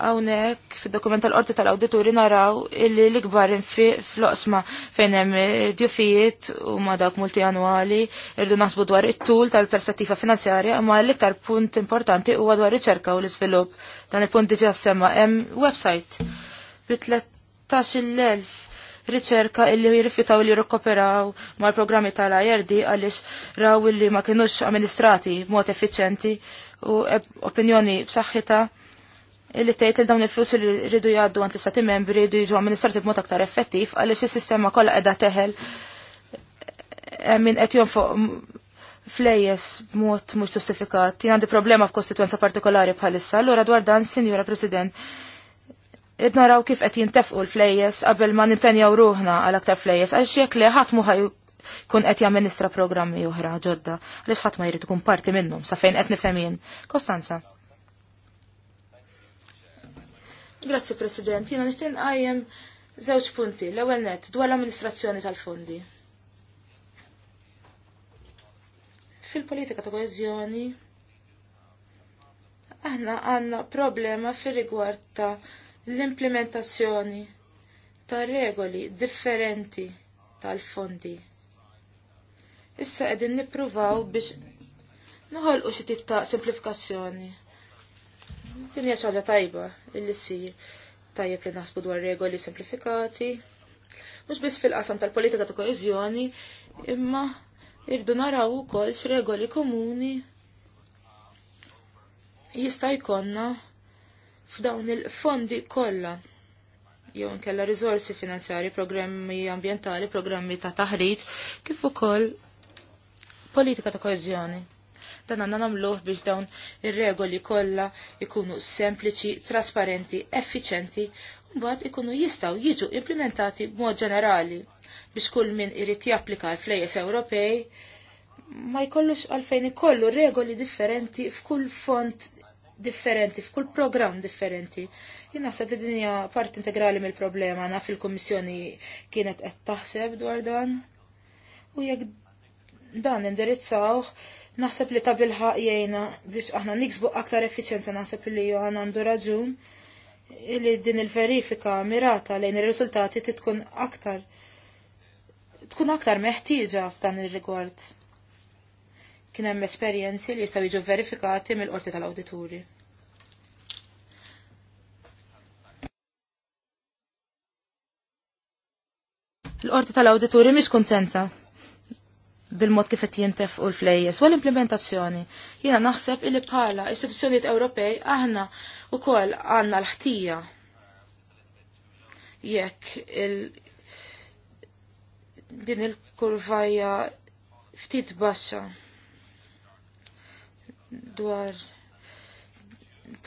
Hawnhekk fid-dokument tal-qorti tal-awdituri naraw illi l-ikbar infiq fl-oqsma fejn hemm eh, djufijiet huma dak multianwali irdu naħsbu dwar it-tul tal-perspettiva finanzjarja imma l-iktar punt importanti huwa dwar riċerka u l-iżvilupp. Dan il-punt diġà semma hemm website bi 13,000 riċerka illi jirrifjutaw li jirrekoperaw mal-programmi tal-IRD għaliex raw illi ma kienux amministrati b'mod effiċenti u e- opinjoni b'saħħitha li tgħid il dawn il-flus li rridu jgħaddu għand l-istati membri jridu jiġu amministrati b'mod aktar effettiv għaliex is-sistema kollha qiegħda teħel eh, min qed jonfoq flejjes b'mod mhux ġustifikat. Jien għandi problema f'kostitwenza partikolari bħalissa, allura dwar dan, Sinjura President, id naraw kif qed jintefqu l-flejjes qabel ma nimpenjaw ruħna għal aktar flejjes għaliex jekk li ħadd muħaj kun qed jamministra programmi oħra ġodda għaliex ħadd ma jrid ikun parti minnhom sa fejn qed nifhem jien. Kostanza. Grazzi President, jina nishtin għajem zewċ punti, l ewwel net, dwar l-amministrazzjoni tal-fondi. Fil-politika ta' koezjoni, aħna għanna problema fil-rigward ta' l-implementazzjoni ta' regoli differenti tal-fondi. Issa qegħdin nippruvaw biex noħolqu xi tip ta' simplifikazzjoni. Din hija xi ħaġa tajba illi ssir tajjeb li naħsbu dwar regoli simplifikati. Mhux biss fil-qasam tal-politika ta' koeżjoni, imma irdu naraw ukoll x'regoli komuni jista' jkollna f'dawn il-fondi kollha jew nkella riżorsi finanzjari, programmi ambjentali, programmi ta' taħriġ, kif ukoll politika ta' koeżjoni. Dan għandna nagħmluh biex dawn ir-regoli kollha ikunu sempliċi, trasparenti, effiċenti, u mbagħad ikunu jistgħu jiġu implementati b'mod ġenerali biex kull min irid japplika l flejes Ewropej ma jkollux għalfejn ikollu regoli differenti f'kull font differenti, f'kull program differenti. Jien naħseb li din hija part integrali mill-problema naf il-Kummissjoni kienet qed taħseb dwar dan. U jekk dan indirizzawh Naħseb li ta' bilħaq jgħina biex aħna niksbu aktar effiċenza naħseb li għan għandu raġun li din il-verifika mirata lejn ir-riżultati titkun aktar tkun aktar meħtieġa f'dan ir-rigward. Kien hemm esperjenzi li jistgħu jiġu verifikati mill-qorti tal-awdituri. L-qorti tal-awdituri mhix kuntenta bil-mod kif qed jintef u l-flejjes u l-implementazzjoni. Jiena naħseb illi bħala istituzzjonijiet Ewropej aħna wkoll għandna l-ħtija jekk il din il-kurvajja ftit baxxa dwar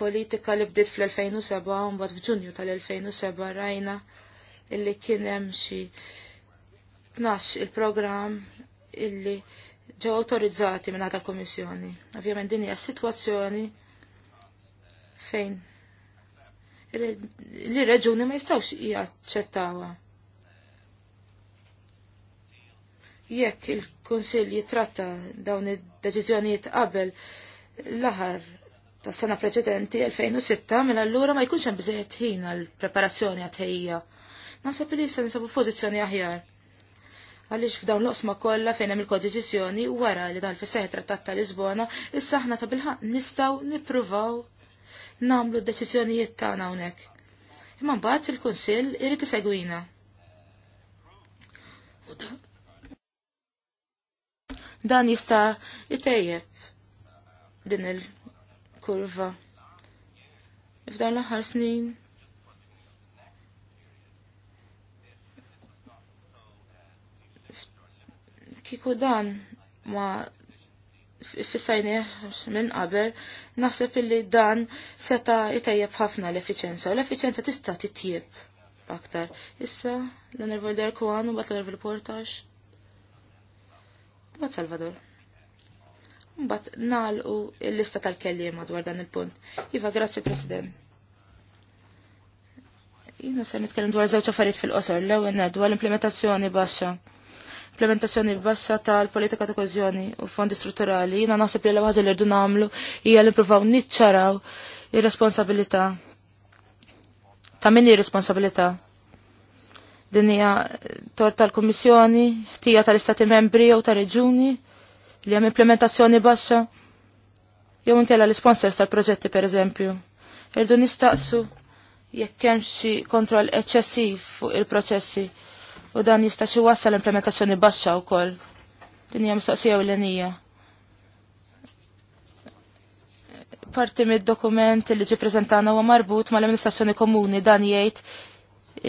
politika li bdiet fl-2007 u mbagħad f'Ġunju tal-2007 rajna illi kien hemm xi 12 il-programm illi ġew autorizzati minn ħata komissjoni Ovvjament din hija sitwazzjoni fejn li reġuni ma jistawx jaċċettawha. Jekk il-Kunsill jitratta dawn id-deċiżjonijiet qabel l-aħar tas sena preċedenti 2006 minn mela allura ma jkunx hemm bżejjed ħin għall preparazzjoni għat-ħejja. Nasab li jista' nisabu f'pożizzjoni aħjar għaliex f'dawn l-osma kollha fejn hemm il-kodeċiżjoni wara li dal fis-seħ trattat ta' Lisbona, issa aħna ta' bilħaq nistgħu nippruvaw nagħmlu d-deċiżjonijiet tagħna hawnhekk. Imma mbagħad il-Kunsill irid isegwina. Dan jista' jitejjeb din il-kurva. F'dawn l-aħħar snin Kiku dan ma fissajni minn qabel, naħseb illi dan seta jitejjeb ħafna l-efficienza, u l-efficienza tista titjieb aktar. Issa, l-onervol der kuan u bat l-onervol portax. Bat Salvador. Bat nal u l-lista tal-kellima dwar dan il-punt. Iva, grazzi, President. Jina se nitkellem dwar żewġ affarijiet fil-qosor, l-ewwel dwar l-implementazzjoni baxxa implementazzjoni bassa tal-politika ta' kozjoni u fondi strutturali, jina nasib li l-għadu li rdu namlu, hija li provaw nitċaraw ir-responsabilità. Ta' min ir-responsabilità? Din hija tort tal-Kummissjoni, Tija tal-Istati membri jew tal reġuni li hemm implementazzjoni baxxa. Jew inkella l-sponsors tal-proġetti pereżempju. Irdu nistaqsu jekk hemm xi kontroll eċċessiv fuq il-proċessi u dan jista' xi l implementazzjoni baxxa wkoll. Din hija mistoqsija lenija Parti mid-dokument li ġi preżentana huwa marbut mal-amministrazzjoni komuni dan jgħid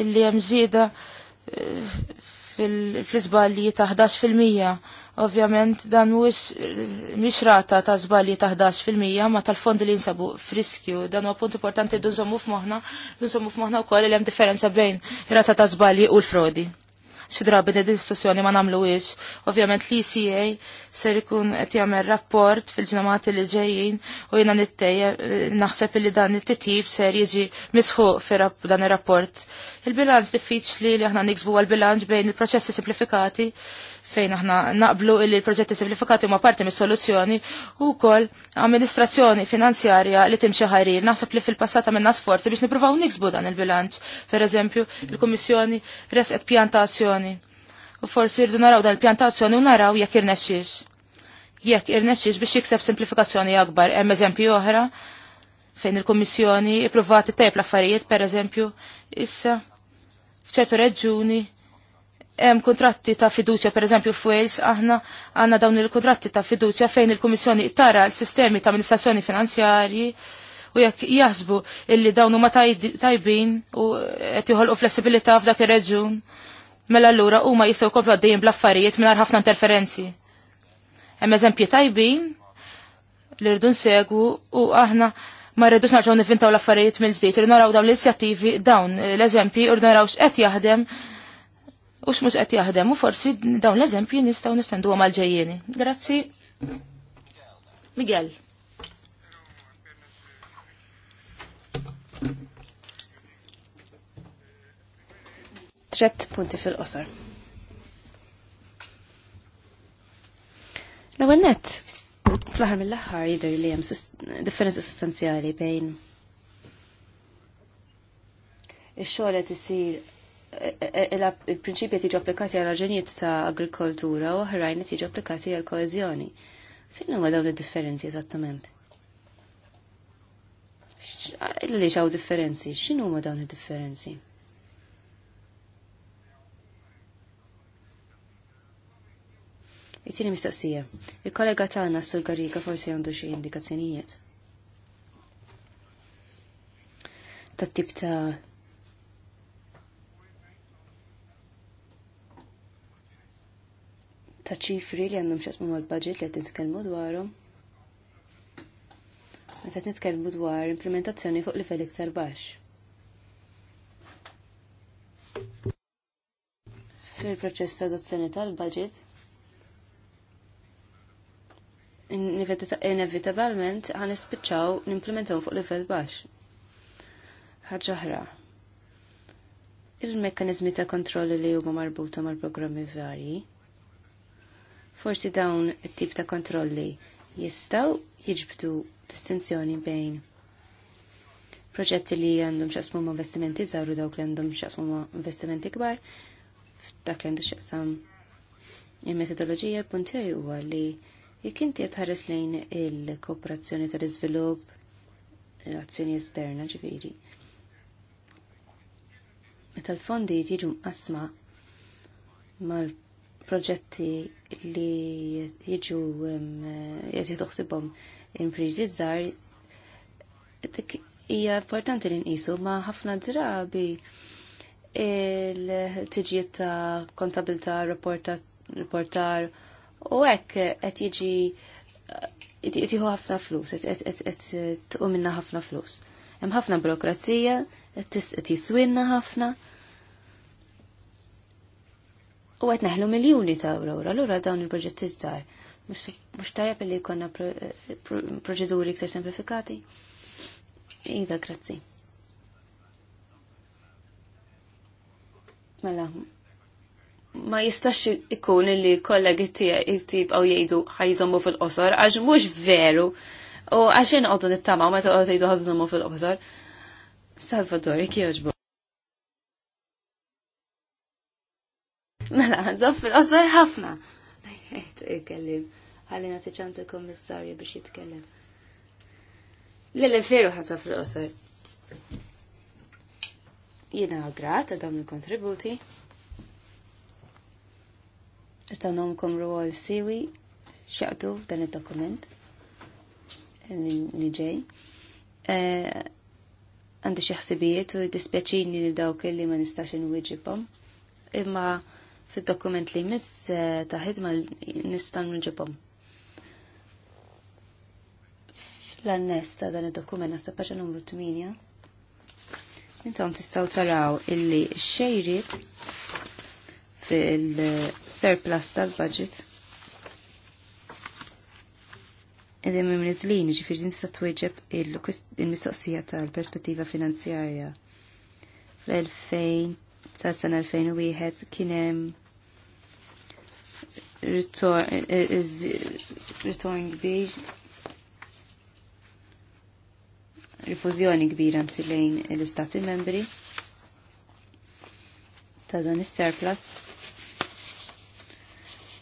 illi hemm żieda eh, fil iżbalji ta' 11%. Ovvjament dan mhux rata ta' żbalji ta' 11% ma tal-fondi li jinsabu friskju. Dan huwa punt importanti dunżommu f'moħħna, dunżommu f'moħħna wkoll li hemm differenza bejn rata ta' żbalji u l-frodi xi drabi id-diskussjoni ma nagħmluhiex. Ovvjament l CA ser ikun qed jagħmel rapport fil ġnamati li ġejjin u jiena nittejja eh, naħseb li dan it-titjib ser jiġi misħuq fi dan ir-rapport. Il-bilanċ diffiċli li aħna niksbu għal bilanċ bejn il-proċessi simplifikati fejn aħna naqblu illi l-proġetti simplifikati huma parti mis-soluzzjoni u wkoll amministrazzjoni finanzjarja li timxie ħajrin. Naħseb li fil-passata minna sforzi biex nipruvaw niksbu dan il-bilanċ. Per eżempju, il-Kummissjoni resqet pjantazzjoni. U forsi rdu naraw dan il-pjantazzjoni u naraw jekk irnexxix. Jekk irnexxix biex jikseb simplifikazzjoni akbar. Hemm eżempju oħra fejn il-Kommissjoni ippruvati tajb l-affarijiet, per eżempju, issa f'ċertu reġuni hemm kontratti ta' fiduċja pereżempju f'Wales aħna għandna dawn il-kontratti ta' fiduċja fejn il-Kummissjoni tara l-sistemi ta' amministrazzjoni finanzjarji u jekk jaħsbu illi dawn huma tajbin u qed joħolqu flessibilità f'dak ir-reġun. Mela allura huma jistgħu jkomplu għaddejjin bl-affarijiet mingħajr ħafna interferenzi. Hemm eżempji tajbin li rridu nsegwu u aħna ma rridux narġgħu nifintaw l-affarijiet minn ġdid irridu naraw dawn l-inizjattivi dawn l-eżempji u naraw x'qed jaħdem u xmux qed jaħdem u forsi dawn l-eżempji nistgħu nistenduhom għamal ġejjieni. Grazzi. Miguel. Tret punti fil qosar L-ewwel nett, fl-aħħar mill-aħħar jidher li hemm differenza sostanzjali bejn ix-xogħol qed isir il-prinċipji tiġu applikati għal raġunijiet ta' agrikoltura u oħrajn tiġu applikati għal koezjoni. Fin huma dawn id-differenzi eżattament? Illi xaw differenzi, x'inhu huma dawn id-differenzi? It-tieni mistaqsija. Il-kollega tagħna Sur Garriga forsi għandu xi indikazzjonijiet. Tat-tip ta' ta' ċifri li għandhom xaqsmu mal-budget li qed nitkellmu dwarhom. Meta qed nitkellmu dwar implementazzjoni fuq li iktar baxx. Fil-proċess ta' adozzjoni tal-budget, inevitabilment ħan n nimplementaw fuq livell baxx. Ħaġa Il-mekkanizmi ta' kontrolli li huma marbuta mal-programmi varji Forsi dawn it-tip ta' kontrolli jistaw jiġbdu distinzjoni bejn proġetti li għandhom xasmu ma' investimenti zaru dawk li għandhom xasmu ma' investimenti kbar, f'dak li għandu xasam il-metodologija l-punti huwa li jekk inti tħares lejn il-kooperazzjoni tal-iżvilupp, l-azzjoni esterna ġifiri. Meta l-fondi jiġu mqasma mal proġetti li jiġu jgħet jitoħsibom imprizi zzar, dik hija importanti li nqisu ma ħafna drabi il-tiġiet ta' kontabilta, reportar u hekk qed jiġi jtiħu ħafna flus, qed tqum minna ħafna flus. Hemm ħafna burokrazija, qed jiswinna ħafna u għet neħlu miljoni ta' euro, allura dawn il-proġetti żgħar. Mux tajab li konna proċeduri iktar semplifikati? Iva, grazzi. Mela, ma jistax ikun li kollegi tib għaw jgħidu ħajżommu fil-qosor, għax mux veru, u għaxin għoddu nittama, ma ta' għoddu jgħidu ħazzomu fil-qosor. Salvador, kjoġbu. Mela, nżoff fil-qosor ħafna. Kellim, ħallina t-ċanza kommissarju biex jitkellem. Lele veru ħansa fil-qosor. Jina grat għad dawn il-kontributi. Istanomkom ruol siwi xaqtu f'dan il-dokument li eh, Għandi xi u dispjaċini li dawk li ma nistax inwiġibhom. Imma fil-dokument li miss eh, ta' ħidma nistan nġibom. L-annes ta' dan il-dokument għasta paċa numru 8. Intom tistaw taraw illi xejrit fil-surplus tal-budget. Edem minn nizlin, ġifiri nista' tweġeb il-mistoqsija tal-perspettiva finanzjarja. Fl-2000 sa' sena 2001 kienem ritorn kbir rifużjoni kbira nsi lejn l-istati membri ta' dan is-surplus.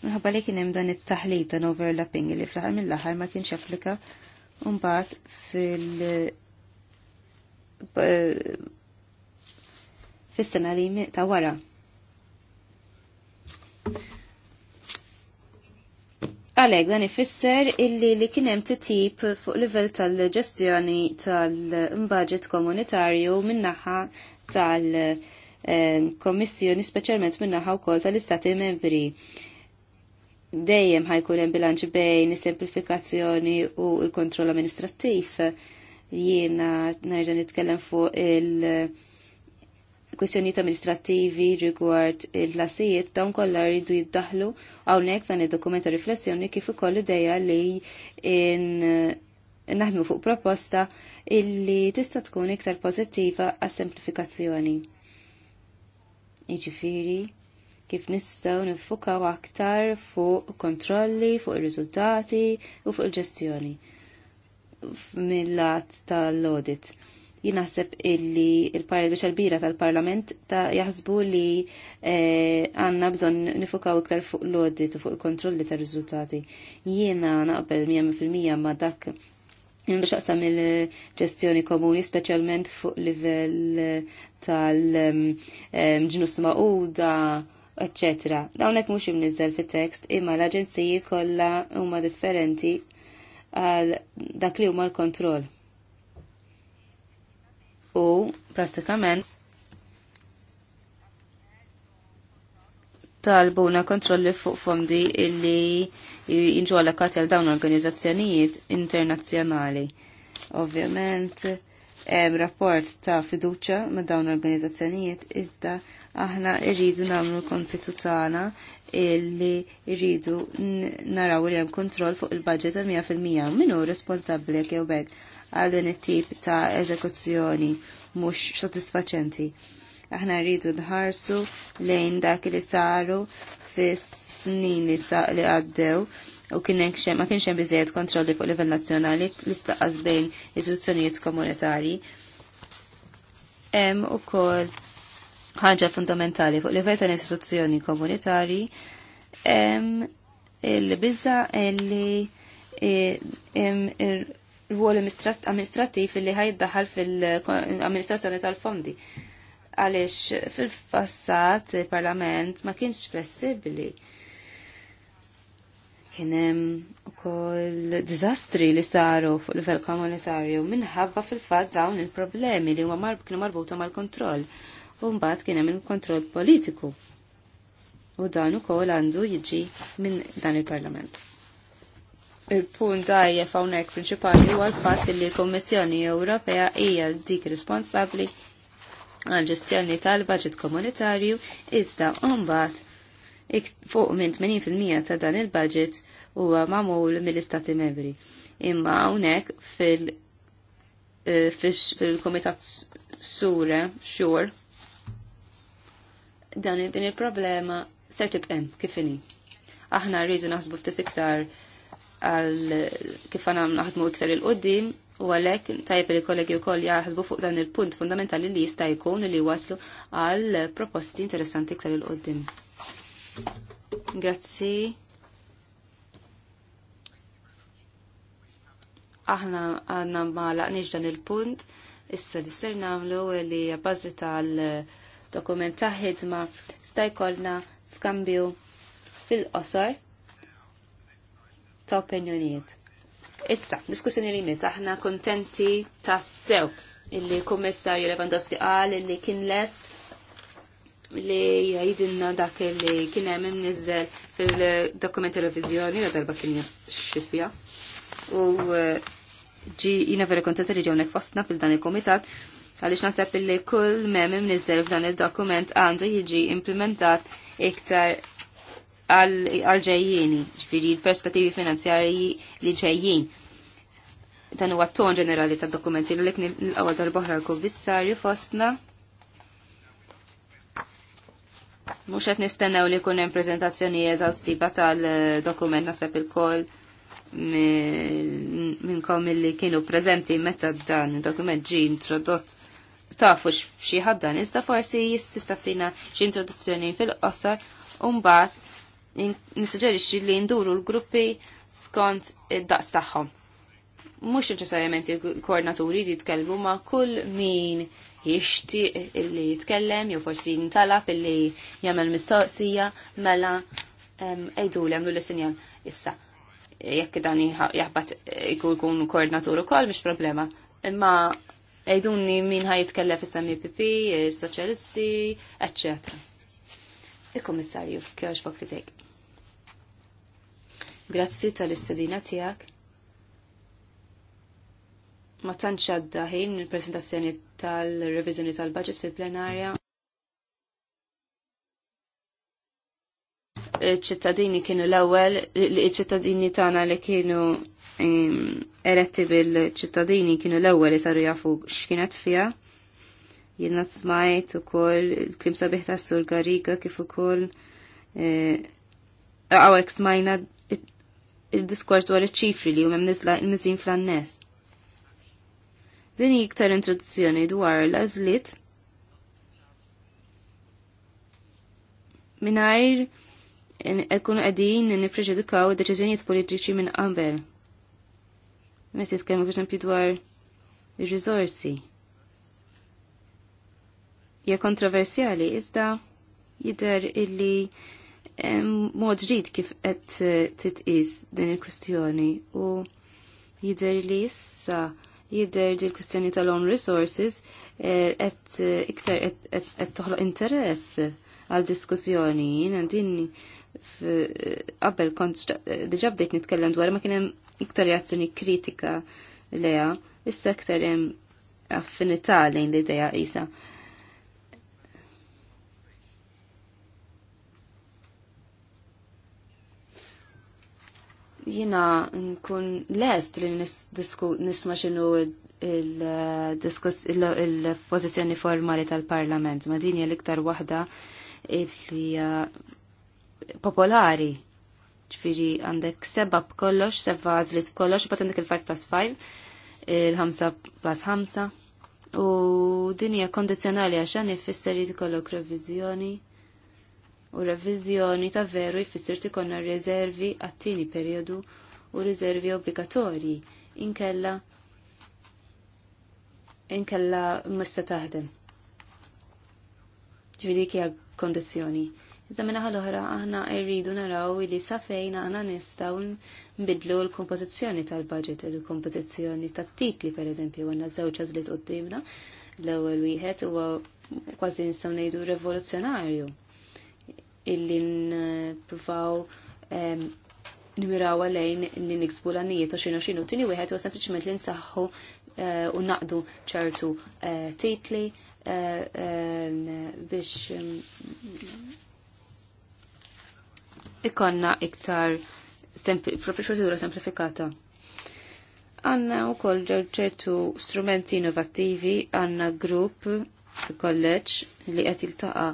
Nħabba li kien hemm dan it-taħlit dan overlapping li fl-aħħar mill-aħħar ma kienx applika mbagħad fil fis-sena li ta' wara. Għalek dan ifisser illi li kien hemm titjib fuq livell tal-ġestjoni tal-budget komunitarju minnaħa tal-Kommissjoni eh, speċjalment minnaħa wkoll tal-Istati membri. Dejjem ħajkun hemm bilanċ bejn is-semplifikazzjoni u l-kontroll amministrattiv jiena nerġa' nitkellem fuq il- Kwestjonijiet amministrattivi rigward il-klasijiet dawn kollha jridu jiddaħlu hawnhekk dan id dokumenta riflessjoni kif ukoll idea li naħdmu fuq proposta illi tista' tkun iktar pożittiva għas-semplifikazzjoni. Jiġifieri kif nistgħu nifukaw aktar fuq kontrolli, fuq ir-riżultati u fuq il-ġestjoni mill-lat tal-audit jinaħseb illi il parlament l-bira tal-parlament ta' jaħsbu li eh, għanna bżon nifukaw iktar fuq l-audit fuq il-kontrolli ta' rizultati. Jiena naqbel 100% ma' dak Jindu xaqsam il-ġestjoni komuni, specialment fuq livell tal-ġnus ma'uda, eccetera. Dawnek mux jimnizzel fit-tekst, imma l-aġenziji kolla huma differenti għal dak li huma l-kontroll u pratikament talbuna kontrolli fuq fondi illi jinġu allokati għal dawn organizzazzjonijiet internazzjonali. Ovvjament, hemm rapport ta' fiduċa ma' dawn organizzazzjonijiet iżda aħna irridu nagħmlu konfitu tagħna illi irridu naraw li hemm kontroll fuq il-budget ta' 100% minu responsabbli jekk jew bekk għal din it-tip ta' eżekuzzjoni mhux sodisfaċenti. Aħna rridu nħarsu lejn dak li saru fis-snin li li għaddew u hekk xejn ma kienx hemm biżejjed kontrolli fuq livell nazzjonali l-istaqas bejn istituzzjonijiet komunitarji. Hemm ukoll ħaġa fundamentali fuq livell ta' istituzzjoni komunitari il-bizza li il-ruol amministrativ li ħajdaħal fil-amministrazzjoni tal-fondi. Għalix fil-fassat il-parlament ma kienx flessibli kienem u koll dizastri li saru fuq livell komunitarju minħabba fil-fat dawn il-problemi li huma marbuta mal-kontroll. mal kontroll u mbagħad kien hemm kontroll politiku. U dan ukoll għandu jiġi minn dan il-Parlament. Il-punt dajjef hawnhekk prinċipali huwa l-fatt li l-Kummissjoni Ewropea hija dik responsabbli għal ġestjoni tal-budget komunitarju iżda mbagħad fuq minn 80% ta' dan il-budget huwa magħmul mill-Istati Membri. Imma hawnhekk fil- eh, fil-Komitat Sure, Sure, dan din il-problema ser tibqem kif inhi. Aħna rridu naħsbu ftit iktar għal kif għana naħdmu iktar il-qoddim u għalek tajb li kollegi u koll jaħsbu fuq dan il-punt fundamentali li jista' jkun li waslu għal proposti interessanti iktar il-qoddim. Grazzi. Aħna għanna ma laqniġ dan il-punt, issa li ser namlu li għabbażi tal- dokument ta' ħidma sta' jkollna skambju fil-qosor ta' opinjoniet. Issa, diskussjoni li mis, aħna kontenti ta' sew illi kummissarju Lewandowski qal illi kien lest li jgħidilna dak li kien hemm imniżżel fil-dokumenti revizjoni u darba kien xifja. U eh, ġi jina veri kontenti li ġewnek fostna fil-dan il-komitat għaliex naħseb illi kull memm imnizzel f'dan id-dokument għandu jiġi implementat iktar għal-ġejjini, ġifiri l-perspettivi finanzjarji li ġejjin. Dan huwa ton ġenerali ta' dokumenti l-lek l għawad għal boħra l-kovissarju fostna. Muxet għet nistennew li kunem prezentazzjoni eżawstiba tal-dokument nasab il-koll minnkom li kienu prezenti meta dan il-dokument ġi introdott tafu xi ħaddan, iżda forsi jista' tina xi introduzzjoni fil-qosor u mbagħad nissuġġerixxi li nduru l-gruppi skont id-daqs tagħhom. Mhux neċessarjament il-koordinaturi li jitkellmu ma' kull min jixtieq illi jitkellem jew forsi ntalab illi jagħmel mistoqsija mela ejdulem l-sinjal issa. Jekk dan jaħbad ikun koordinatur ukoll mhix problema. Imma Ejduni min ħaj jitkellem fis MEPP, soċjalisti, ecc. Il-Komissarju, kjoġ bok fitek. Grazzi tal-istedina tijak. Ma tantx għadda ħin il-presentazzjoni tal-revizjoni tal-budget fil-plenarja. ċittadini kienu l-ewwel, ċittadini tagħna li kienu ehm, eretti bil-ċittadini kienu l-ewwel li saru jafu x'kienet fiha. Jiena smajt ukoll il-klim sabiħ ta' Sur Gariga kif ukoll eh, għawek smajna il-diskors dwar iċ-ċifri li huma nizla il-miżin fl-annes. Din iktar introduzzjoni dwar l-għażliet minajr ikunu qegħdin nippreġudikaw deċiżjonijiet politiċi minn qabel. Meta jitkellmu pereżempju dwar ir-riżorsi. Ja kontroversjali iżda jidher illi mod ġdid kif qed eh, titqis din il-kwistjoni u jidher li issa jidher din il-kwistjoni tal-own resources eh, qed eh, iktar qed toħloq interess għal diskussjoni jien din qabel kont diġà bdejt nitkellem dwar ma kien hemm iktar reazzjoni kritika leja, issa iktar hemm affinità lejn l-idea isa. jina nkun lest li nisma xinu il-pozizjoni formali tal-parlament. Ma din l-iktar wahda li popolari. Ġifiri għandek seba b'kollox, seba għazlit b'kollox, bat għandek il-5 plus 5, il-5 plus 5. U din hija kondizjonali għaxan jifisser li tkollok revizjoni. U revizjoni ta' veru jfisser tikonna rezervi għattini periodu u riservi obbligatorji inkella inkella mista taħdem. Ġvidi kja kondizjoni. Iżda minna ħal-oħra aħna irridu naraw li sa fejn aħna nistgħu nbidlu l-kompożizzjoni tal-budget, il-kompożizzjoni tat-titli pereżempju għandna żewġ t-qoddimna, l-ewwel wieħed huwa kważi nistgħu ngħidu rivoluzzjonarju illi npruvaw nimiraw għalejn li niksbu l-għannijiet u xinu xinu. Tini wieħed u sempliċement li nsaħħu eh, u naqdu ċertu eh, titli eh, biex ikonna iktar proċedura semplifikata. Għanna u koll ċertu strumenti innovativi, għanna grupp kolleġ li għet il-taqa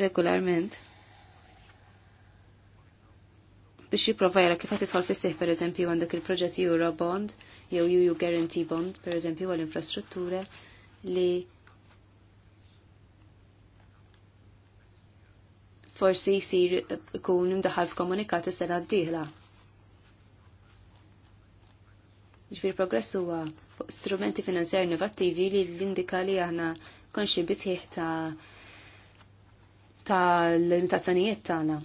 regolarment biex jiprofa jara kif għatitħol fis-seħ per eżempju għandek il-proġett Eurobond jew EU Guarantee Bond per eżempju għall-infrastrutture li forsi jisir ikun imdaħal f'komunikat is-sena d-dieħla. Ġvir progress huwa strumenti finanzjari innovattivi li l-indika li aħna konxi bisħiħ ta' ta' l-limitazzjonijiet tagħna.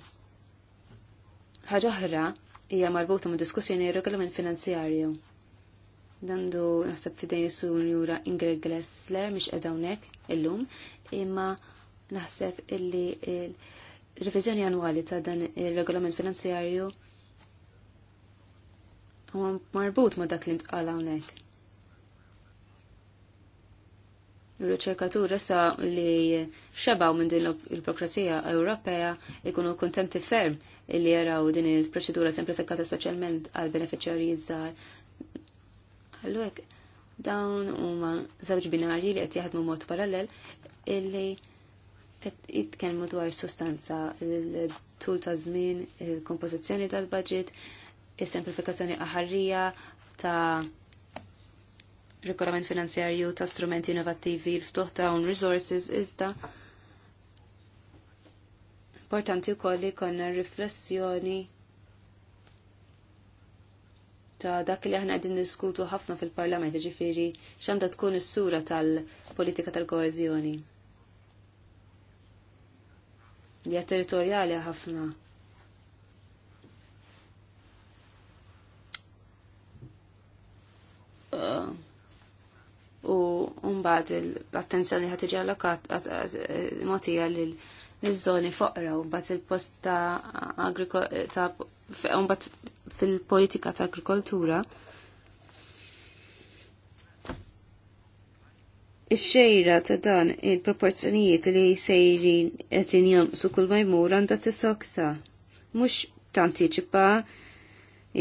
Ħaġa oħra hija marbuta ma' diskussjoni regolament finanzjarju. Dandu naħseb fidejn is-sunjura Ingrid Glessler mhix qed hawnhekk illum, imma naħseb illi il- revizjoni annwali ta' dan il-regolament finanzjarju huwa marbut ma' dak li ntqal hawnhekk. ir riċerkaturi sa li xebaw minn din il-prokrazija Ewropea ikunu kuntenti ferm li jaraw din il-proċedura semplifikata speċjalment għal beneficjarji żgħar. Allura dawn huma żewġ binarji li qed jaħdmu mod parallel illi jitkellmu dwar sustanza, il-tul ta' żmien, il-kompożizzjoni tal-budget, is-semplifikazzjoni aħarrija ta' regolament finanzjarju ta' strumenti innovattivi l-ftuħ ta' un resources iżda importanti wkoll li konna riflessjoni ta' dak li aħna qegħdin niskutu ħafna fil-Parlament, jiġifieri x'għandha tkun is-sura tal-politika tal-koeżjoni hija territorjali ħafna. Uh, u mbagħad l-attenzjoni ħad tiġi allokat motija lil żoni foqra u mbagħad il-post ta' ta' fil-politika ta' agrikoltura Ix-xejra ta' dan il-proporzjonijiet li sejrin qed su kull ma jmur għandha tisokta. Mhux tantiċipa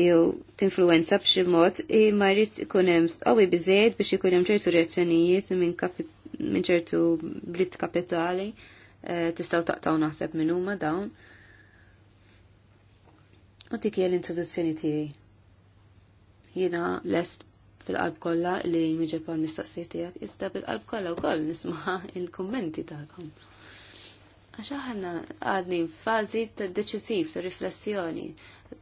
jew tinfluwenza b'xi mod imma jrid ikun hemm qawwi biżejjed biex ikun hemm ċertu reazzjonijiet minn ċertu blitt kapitali eh, tistgħu taqtaw naħseb minn huma dawn. U dik hija l-introduzzjoni tiegħi. Jiena lest bil-qalb kollha li miġeb għal mistoqsijiet tiegħek, iżda bil-qalb kollha wkoll nismaha il-kummenti tagħkom. Għax aħna għadni f'fażi ta' deċisiv ta' riflessjoni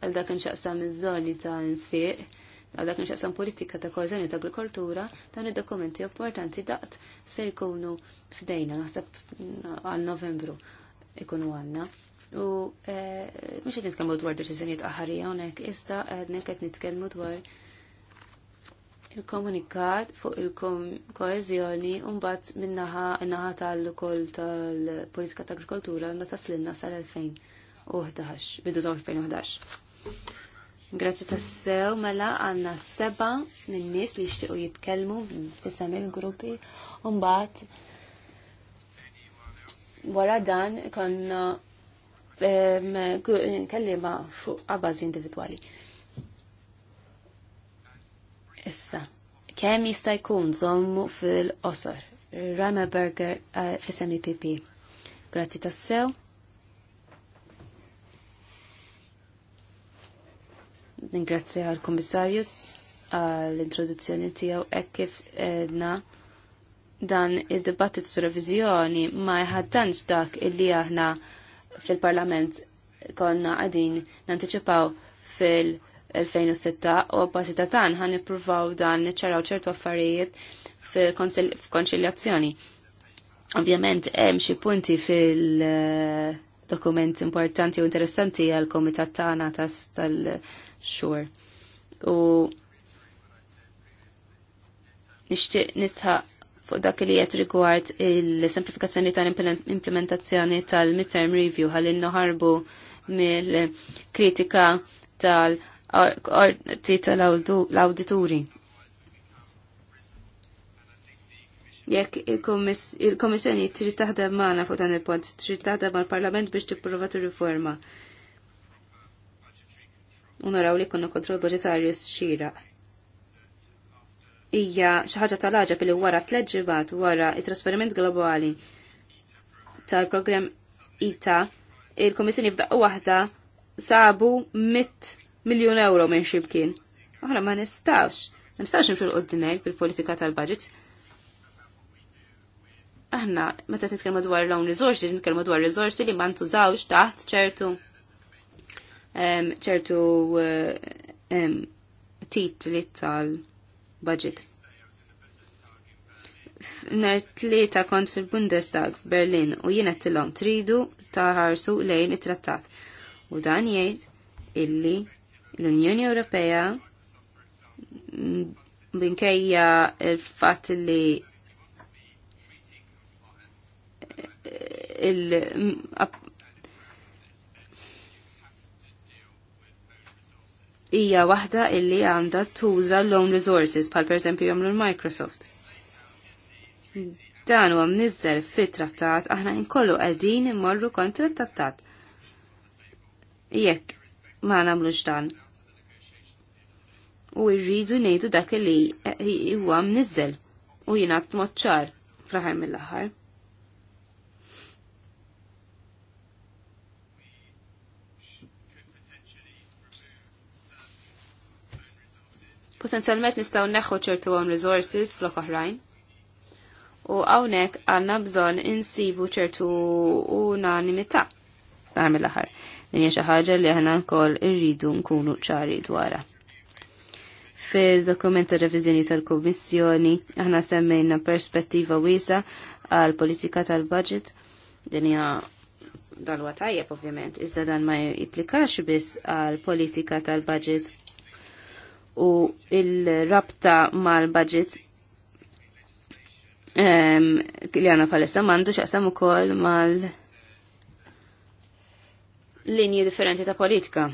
għal dak inxaqsam iż-żoni ta' nfiq għal dak nxaqsam politika ta' kozjoni ta' agrikoltura, dawn id-dokumenti importanti daqt se jkunu f'dejna, naħseb għal novembru ikunu għanna. U eh, mux għed nitkelmu dwar deċizjoniet aħarija unek, issa għed neket nitkelmu dwar il-komunikat fuq il-koezjoni unbat minnaħa naħa tal-kol tal-politika ta' agrikoltura na taslinna sal-2011, bidu 2011. Grazzi tassew mela għanna seba minn-nis li jixtiqu jitkellmu fissam il-gruppi unbat wara dan konna kellima fuq għabazi individuali. Issa, kemm jista' jkun zommu fil osor Rama Berger uh, fissem IPP. Grazzi tassew. Ningrazzja għal komissarju għall-introduzzjoni tiegħu hekk kif edna dan id-dibattit su revizjoni ma jħaddanx dak illi aħna fil-Parlament konna għadin nanticipaw fil-Parlament 2006 u għabbażi ta' dan ħan nippruvaw dan niċċaraw ċertu affarijiet f'konċiljazzjoni. Ovvjament hemm xi punti fil- dokument importanti u interessanti għal komitat tagħna tal-xur. U nixtieq nisħaq fuq dak li qed rigward il-semplifikazzjoni tal-implementazzjoni tal-midterm review ħalli noħarbu mill-kritika tal-, -implementazzjoni tal tita l awdituri Jekk il-Komissjoni trid taħdem magħna fuq dan il-punt, trid taħdem mal-Parlament biex tipprova tirriforma. U naraw li kunna kontroll budġetarju xieraq. Hija xi ħaġa tal aġa billi wara tliet ġibgħat wara it-trasferiment globali tal-programm ITA, il-Komissjoni b'daqqa waħda sabu mit miljun euro minn xibkien. Aħna ma nistax, ma nistax nifru l-qoddimek bil-politika tal-budget. Aħna, meta nitkellmu dwar l-għon rizorsi, nitkellmu dwar rizorsi li ma ntużawx taħt ċertu ċertu eh, tit li tal-budget. Nar tlieta kont fil-Bundestag f'Berlin u jiena tilhom tridu taħarsu lejn it-trattat. U dan jgħid illi l-Unjoni Ewropea minkejja il-fatt li il hija waħda illi għandha tuża l-own resources bħal esempio jagħmlu l-Microsoft. Dan huwa mniżżel fit-trattat aħna nkollu qegħdin immorru kontra t-trattat. Jekk ma nagħmlux dan u jridu ngħidu dak li huwa mniżel u jingħad mod ċar fl-aħħar mill-aħħar. Potenzjalment nistgħu neħħu ċertu għon resources flok oħrajn. U hawnhekk għandna bżonn insibu ċertu unanimità għamil aħar. Din hija xi ħaġa li aħna wkoll irridu nkunu ċari dwarha fil dokumenta revizjoni tal komissjoni aħna semmejna perspettiva wiesa għal politika tal-budget din hija dan huwa tajjeb ovvjament, iżda dan ma jipplikax biss għal politika tal-budget u il-rabta mal-budget li għana palessa mandu xaqsam u kol mal linji differenti ta' politika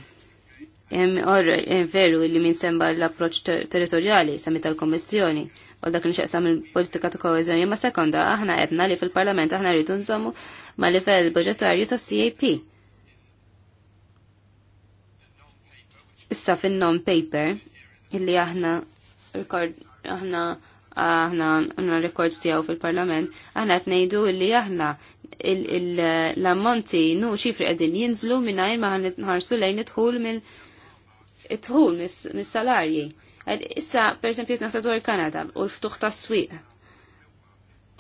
veru li minn semba l-approċ territorjali sami tal komissjoni u dak li xaqsam il-politika ta' koezjoni ma' sekonda aħna edna li fil-Parlament aħna rridu nżommu ma' livell budgetarju ta' CAP. Issa fin non paper illi aħna rekord aħna aħna għanna rekords stijaw fil-parlament, aħna t illi aħna l-ammonti nu xifri għedin jinżlu minna ma nħarsu lejn itħul mill it-tħul mis-salarji. Issa, per esempio, jitnasa dwar Kanada u l-ftuħ ta' s-swiq.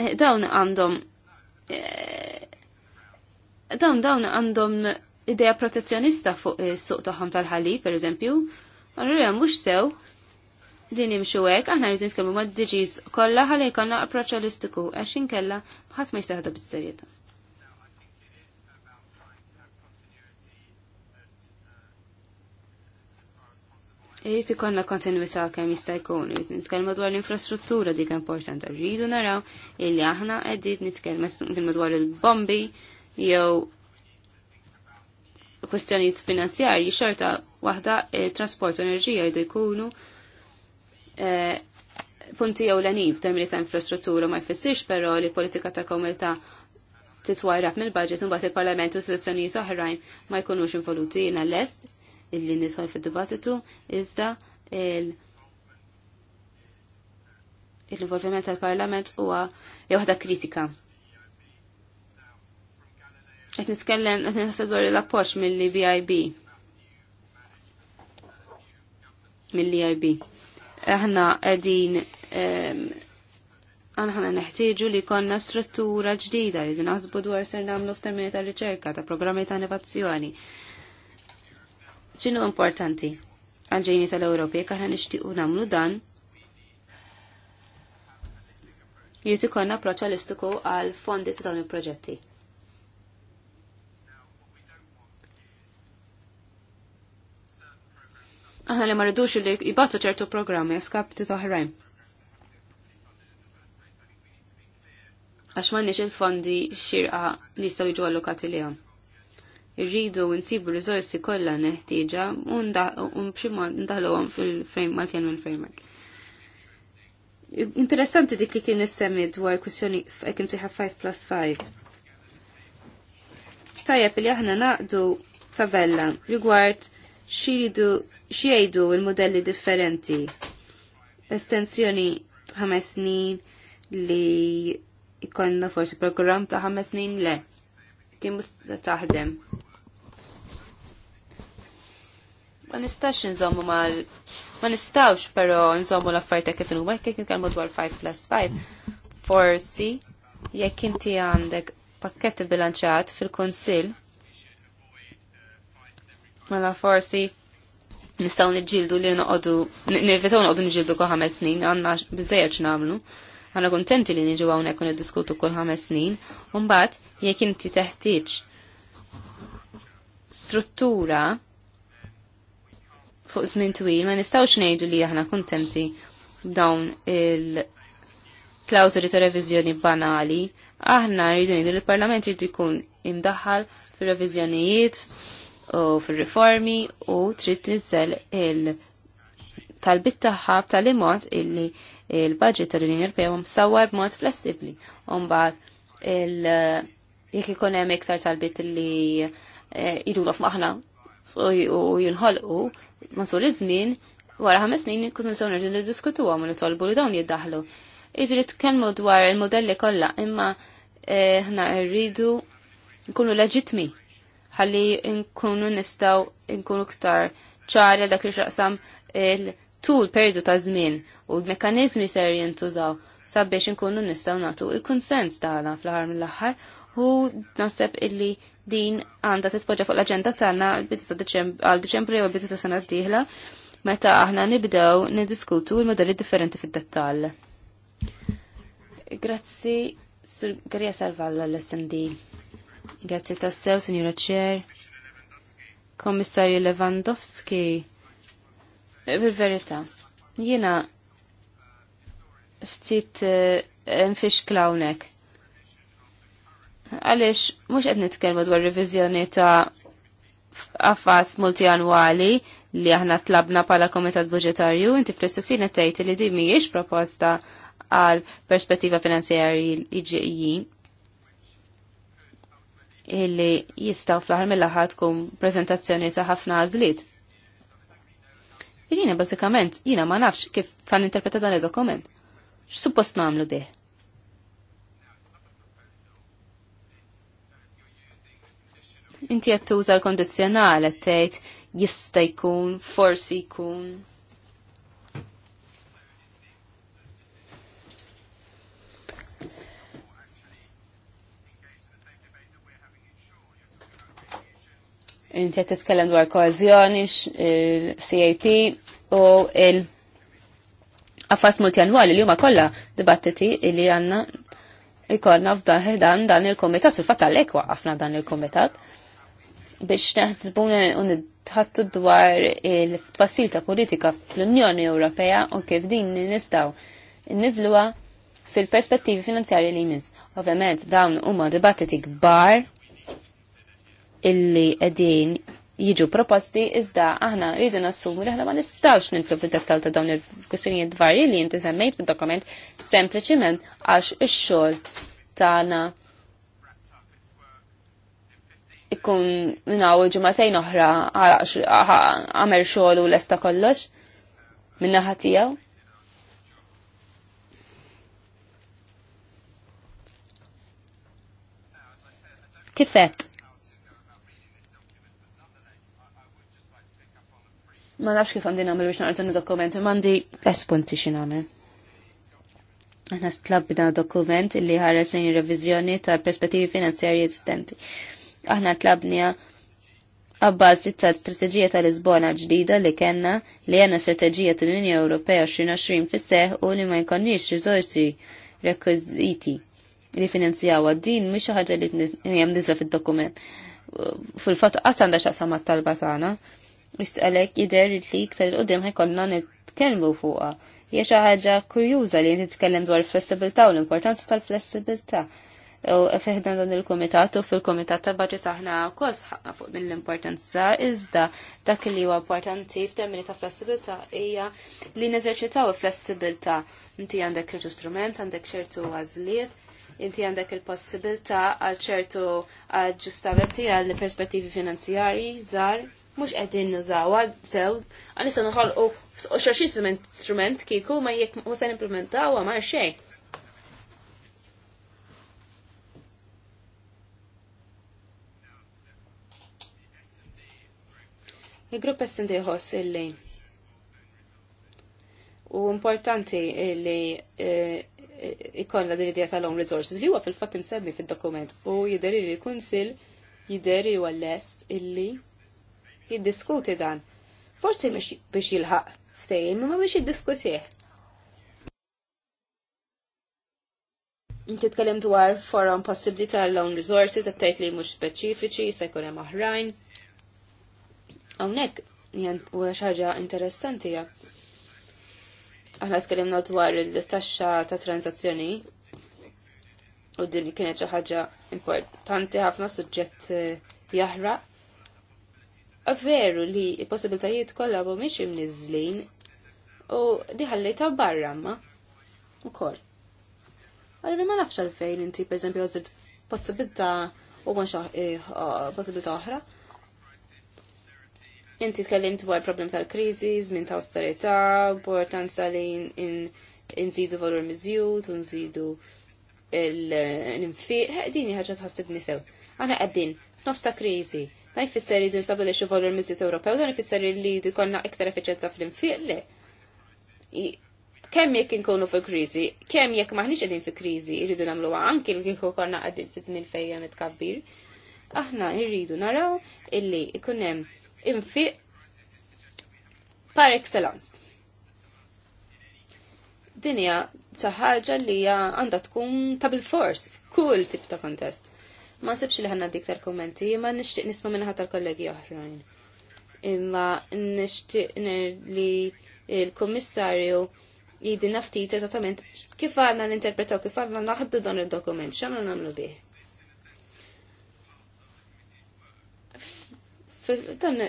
Eh, dawn għandhom eh, dawn dawn għandhom ideja protezzjonista fuq is-suq tagħhom tal ħalli per eżempju, allura mhux sew li nimxu hekk, aħna rridu nitkellmu mad-diġiż kollha ħalli jkollna approċċ holistiku għax inkella ħadd ma jistaħda bis-serjetà. Irrid ikonna kontinuità kemm jista' jkun, irrid nitkellmu dwar l-infrastruttura dik importanti. Rridu naraw illi aħna qegħdin nitkellmu dwar il-bombi jew kwestjonijiet finanzjarji xorta waħda trasport u enerġija jdu jkunu eh, punti jew l-anib termini ta' infrastruttura ma jfissirx però li politika ta' komunità titwarab mill-budget imbagħad il-Parlament u istituzzjonijiet oħrajn ma jkunux involuti l lest illi nisħol fil-dibattitu iżda il- l-involviment tal-parlament huwa jew ħaġa kritika. Qed nitkellem qed niħseb dwar il appoġġ mill-BIB. Mill-EIB. Aħna qegħdin ehm, aħna neħtieġu li konna struttura ġdida li naħsbu dwar ser nagħmlu f'termini tal riċerka ta' programmi ta' innovazzjoni ċinu importanti għalġejni tal-Ewropi, jek aħna nixtiequ nagħmlu dan jrid ikollna approċċ għalistiku għal fondi ta' dawn il-proġetti. Aħna li marridux li jibatu ċertu programmi skapti toħrajn. Għax m'għandniex il-fondi xirqa li jistgħu jiġu allokati lihom irridu nsibu risorsi kollha neħtieġa u ndaħluhom fil-frame Maltian framework. Interessanti dik li kien nissemmi dwar kwistjoni kim tiħa 5 plus 5. Tajjeb li aħna naqdu tabella rigward xiridu xiejdu il-modelli differenti. Estensjoni ħames snin li ikonna forsi program ta' ħames snin le. Timus taħdem. ma nistax nżommu mal ma nistax, però nżommu l-affarijiet kif inhu jekk kien dwar 5 plus 5. Forsi jekk inti għandek pakket bilanċat fil-Kunsill mela forsi nistaw nġildu li noqodu, nivitaw noqodu nġildu kol ħames snin, għanna bizzejaċ namlu. Għanna kontenti li nġu kun id diskutu kol ħames snin, unbat jek inti teħtieġ struttura fuq żmien twil ma nistgħux ngħidu li aħna kuntenti dawn il-klawżoli ta' reviżjoni banali, aħna rridu ngħidu li l-Parlament jridu jkun imdaħħal fir-reviżjonijiet u fir-riformi u trid tinżel il- tal-bit tagħha tal mod illi il-budget tal-Unjoni Ewropea hum sawar b'mod flessibbli. Umbagħad il jekk ikun hemm iktar tal-bit li eh, jidulhom maħna u jinħolqu matul iż-żmien wara ħames snin kun nistgħu nerġgħu niddiskutuhom u nitolbu li dawn jiddaħlu. Jiġri tkellmu dwar il-modelli kollha, imma eh, ħna rridu nkunu leġitmi ħalli nkunu nistgħu nkunu ktar ċari dak li xaqsam il-tul perdu ta' żmien u l-mekkaniżmi ser jintużaw sabiex nkunu nistgħu nagħtu il-kunsens tagħna fl-aħħar mill-aħħar u naħseb illi din għandha titpoġġa fuq l-aġenda tagħna għal Diċembru jew bidu ta' sena d-dieħla meta aħna nibdew niddiskutu l-modelli differenti fid-dettall. Grazzi Sur Salvalla l-SND. Grazzi tassew, Signora Chair. Kommissarju Lewandowski. Bil-verità, jiena ftit eh, nfix klawnek għaliex mhux qed nitkellmu dwar riviżjoni ta' affas multianwali li aħna tlabna pala komitat budġetarju, inti fl-istessin tgħid li din mhijiex proposta għal perspettiva finanzjarji iġejjin illi jistaw fl-ħar mill ħad tkun prezentazzjoni ta' ħafna għażliet. Jina, bażikament jiena ma nafx kif fan interpreta dan id-dokument. X'suppost nagħmlu bih? Inti qed tuża l-kondizzjonali qed tgħid jista' jkun, forsi jkun. Inti qed titkellem dwar koeżjoni, CAP u il- multi għanwali li huma kollha dibattiti li għandna ikolna f'dan dan il-komitat, fil-fatt għalhekk għafna dan il-komitat biex naħsbuna un tħattu dwar il-tfassil ta' politika fl-Unjoni Ewropea u kif din nistaw nizluwa fil-perspettivi finanzjarji li jmiss. Ovvjament dawn huma dibattiti kbar illi qegħdin jiġu proposti iżda aħna rridu nassumu li aħna ma nistawx nintlu fil dettal ta' dawn il-kwistjonijiet varji li jinti semmejt fid-dokument sempliciment għax ix-xogħol tagħna ikkun minnaw ġumatejn oħra għamer xoħlu l-esta kollox minna ħatijaw. Kifet? Ma nafx kif għandi namel biex naqra dokumenti, mandi tles punti xin għamil. Għanna s dan dokument illi ħares in revizjoni tal-perspettivi finanzjarji esistenti aħna tlabnija għabbażi tal-strategija tal-Lisbona ġdida li kenna li għanna strategija tal-Unja Ewropea 2020 fisseħ u li ma jkonniex rizorsi rekwiziti li finanzjaw għaddin mhix ħaġa li jem nizza fid-dokument. Fil-fatt qas għandha x'aqsam tal talba tagħna. Għalhekk jidher li iktar il-qudiem ħajkollna nitkellmu fuqha. Hija xi ħaġa kurjuża li titkellem dwar flessibilità u l-importanza tal-flessibilità u fiħdan dan il-komitat u fil-komitat ta' budget aħna kos fuq din l-importanza iżda dak li huwa importanti f'termini ta' flessibilità hija li neżerċitaw flessibilità inti għandek ċertu strument, għandek ċertu għażliet, inti għandek il-possibilità għal ċertu aġġustamenti għal perspettivi finanzjarji żgħar mux għedin nużawa, sew, għanissa nħolqu xaxi strument kiku ma jek għan implementaw għamar xej. Il-grupp SND ħoss illi u importanti li la eh, eh, din idea tal-own resources li huwa fil-fatt insemmi fil-dokument u jideri li l-Kunsil jideri u għall-est illi jiddiskuti dan. Forsi biex jilħaq ftejn, ma biex jiddiskutih. Inti tkellem dwar forum possibli tal-own resources, għattajt li mhux speċifiċi, se jkun hemm oħrajn Hawnhekk u xaġa interessanti hija. Aħna tkellimna dwar il-taxxa ta' tranzazzjoni u din kienet xi ħaġa importanti ħafna suġġett eh, jahra. Veru li l-possibilitajiet kollha mhumiex imniżlin u ta' barra ma ukoll. Għalli ma nafx għalfejn inti esempio, għazid possibilità u ma eh, possibilità oħra. Inti tkellimt dwar problem tal-krizi, żmien ta' austerità, importanza li nżidu valur miżjud, u nżidu l-infiq, dini ħaġa tħassib nisew. Għana għaddin, nofs ta' krizi, ma jfisser li jistabili xu valur miżjud Ewropew, dan jfisser li jkollna iktar effiċenza fl-infiq, le kemm jekk inkunu fil kriżi, kemm jekk maħniex qegħdin fi kriżi, irridu nagħmluha anki li kieku konna qegħdin fi żmien fejja mitkabbir. Aħna irridu naraw illi ikun hemm infiq par excellence. Dinja ħaġa li għandha tkun ta' bil-fors, kull tip ta' kontest. Ma nsibx li ħanna tal kommenti, ma nishtiq nisma' minnaħa tal-kollegi oħrajn. Imma nishtiq li l-kummissarju jidi naftit eżattament kif għanna l-interpretaw, kif għanna naħdu dan il-dokument, xanna nagħmlu bih.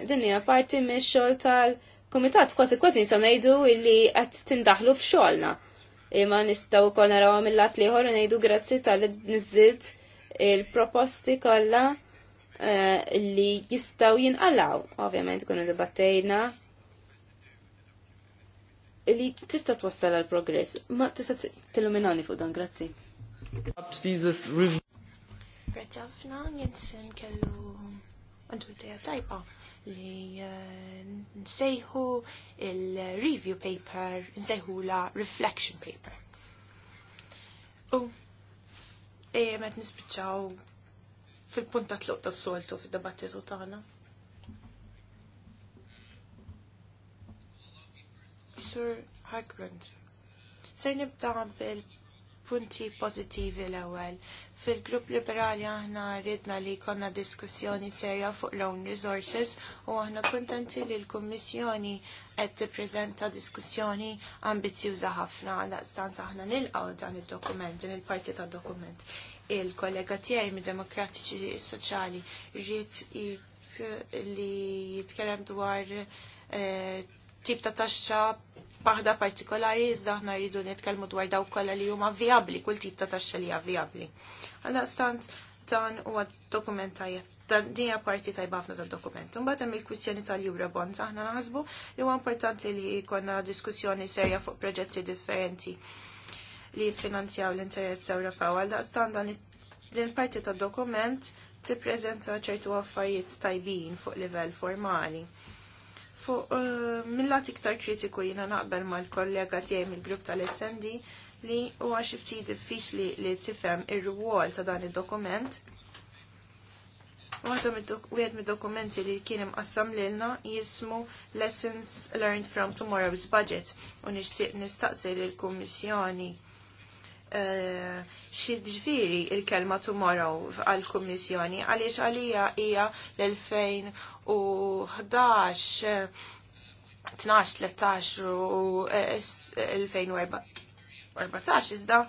din hija parti mix-xogħol tal-kumitat kważi kważi nistgħu ngħidu illi qed tindaħlu f'xogħolna. Imma nistgħu wkoll narawha mill-lat ieħor ngħidu grazzi tal-niżid il-proposti kollha eh, li jistgħu jinqalaw. Ovvjament kunu dibattejna li tista' twassal għal progress, ma tista' tilluminani fuq dan, grazzi. Grazzi ħafna, jensen kellu għandu ideja tajba li eh, nsejħu il-review paper, nsejħu la reflection paper. U jemet eh, nispiċaw fil-punta t tluq ta' soltu fil-dabattitu tagħna. Sir Hagrand, ser nibda bil punti pozitivi l-ewwel. Fil-grupp liberali aħna rridna li konna diskussjoni serja fuq loan resources u aħna kontenti li l-Kummissjoni qed tippreżenta diskussjoni ambizjuża ħafna daqstant aħna nilqgħu dan id-dokument, din il-parti tad-dokument. Il-kollega tiegħi mid-Demokratiċi Soċjali rrid li jitkellem dwar eh, tip ta' taxxa paħda partikolari iżda aħna rridu nitkellmu dwar dawk kollha li huma vijabbli, kull tip ta' taxxa li hija vijabbli. Għalla stant dan huwa dokument tajjeb dan hija parti tajba ħafna tad dokument Imbagħad hemm il-kwistjoni tal jura Bonds aħna naħsbu li huwa importanti li jkollna diskussjoni serja fuq proġetti differenti li jiffinanzjaw l-interess Ewropew għal daqstan dan din parti tad-dokument tippreżenta ċertu affarijiet tajbin fuq livell formali. Fuq uh, eh, mill-lat iktar kritiku jina naqbel mal-kollega tiegħi mill-grupp tal-SND li huwa xi ftit diffiċli li tifhem ir-rwol ta' dan id-dokument. Wieħed mid-dokumenti li kien imqassam lilna jismu Lessons Learned from Tomorrow's Budget u nixtieq nistaqsi lill kummissjoni Eh, xidġviri il-kelma tomorrow għal-Kommissjoni għaliex għalija hija l-2011 12-13 u eh, 2014 iżda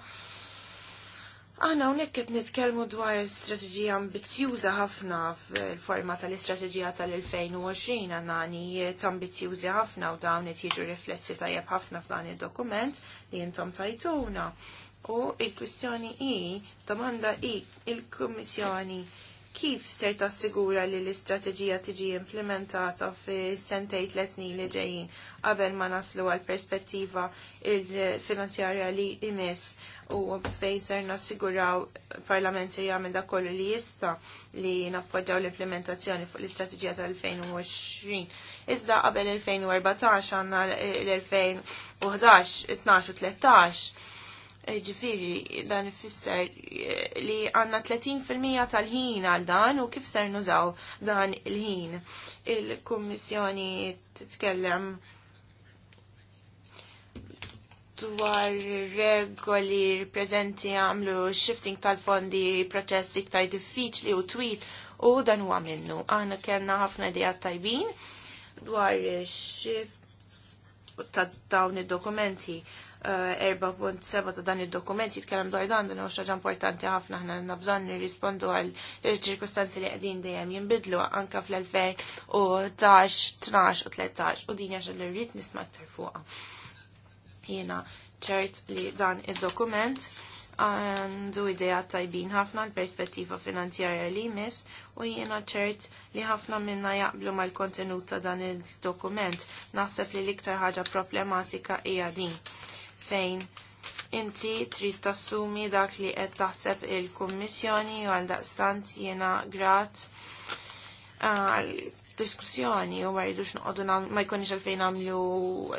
Għana unek qed nitkellmu dwar strateġija ambizjuża ħafna fil-forma tal-istrateġija tal-2020 għani għanijiet ambizzjużi ħafna u dawn qed jiġu riflessi tajjeb ħafna f'dan id-dokument li intom tajtuna. U il-kwistjoni i, domanda i, il-Kommissjoni kif ser tassigura li l-istrateġija tiġi implementata fi sentej letni li ġejjin qabel ma naslu għal perspettiva il-finanzjarja li imiss u fejn ser nassiguraw parlament ser jagħmel dak kollu li jista li nappoġġaw l-implementazzjoni fuq l-istrateġija tal-2020. Iżda qabel 2014 għandna l-2011, 12 u 13 Eh, ġifiri, dan ifisser eh, li għanna 30% tal-ħin għal dan u kif ser nużaw dan il-ħin. Il-Kummissjoni titkellem dwar regoli prezenti għamlu shifting tal-fondi proċess iktar diffiċli u twil u dan huwa minnu. Aħna kellna ħafna idejat tajbin dwar shift ta' dawn id-dokumenti 4.7 ta' dan il-dokument jitkellem dwar dan din xaġa importanti ħafna ħna għandna bżonn nirrispondu għal ċirkustanzi li qegħdin dejjem jinbidlu anke fl-2011, 12 u 13 u din għax li rrid nisma' aktar fuqha. Jiena ċert li dan id-dokument għandu idea tajbin ħafna l-perspettiva finanzjarja li jmiss u jiena ċert li ħafna minna jaqblu mal kontenut ta' dan il-dokument. Naħseb li l-iktar ħaġa problematika hija din fejn inti trid tassumi dak li qed taħseb il-Kummissjoni u għal daqstant jiena grat ah, għal diskussjoni u ma rridux noqogħdu ma jkunx għalfejn nagħmlu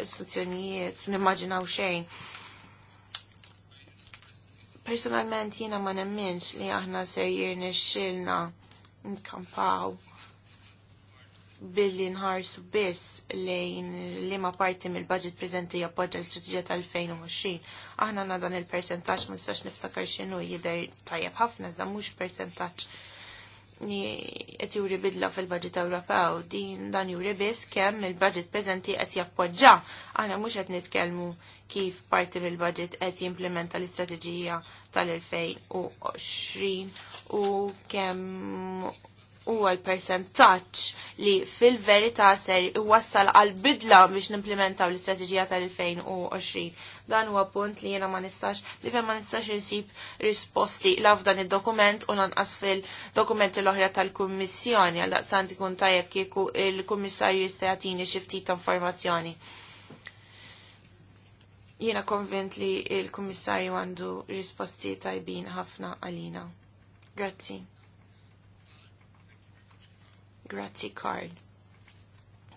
istituzzjonijiet u nimmaġinaw xejn personalment jiena ma nemminx li aħna ser jirni xilna nkampaw billi nħarsu biss lejn li ma parti mill-budget preżenti jappoġġa l-istrateġija tal-2020. Aħna għandna dan il percentax ma nistax niftakar x'inhu jidher tajjeb ħafna za mhux percentaġġ qed juri bidla fil-budget Ewropew. Din dan juri biss kemm il-budget preżenti qed jappoġġa. Aħna mhux qed nitkellmu kif parti mill-budget qed jimplementa l-istrateġija tal-2020 u kemm huwa l-persentaġġ li fil-verità ser iwassal għal bidla biex nimplementaw l-istrateġija tal-2020. Dan huwa punt li jiena ma nistax li fejn ma nistax insib risposti laf dan id-dokument u lanqas fil-dokumenti l-oħra tal-Kummissjoni għal daqsant ikun tajjeb kieku il-Kummissarju jista' jagħtini xi ftit informazzjoni. Jiena konvint li il-Kummissarju għandu risposti tajbin ħafna għalina. Grazzi. Grazzi card.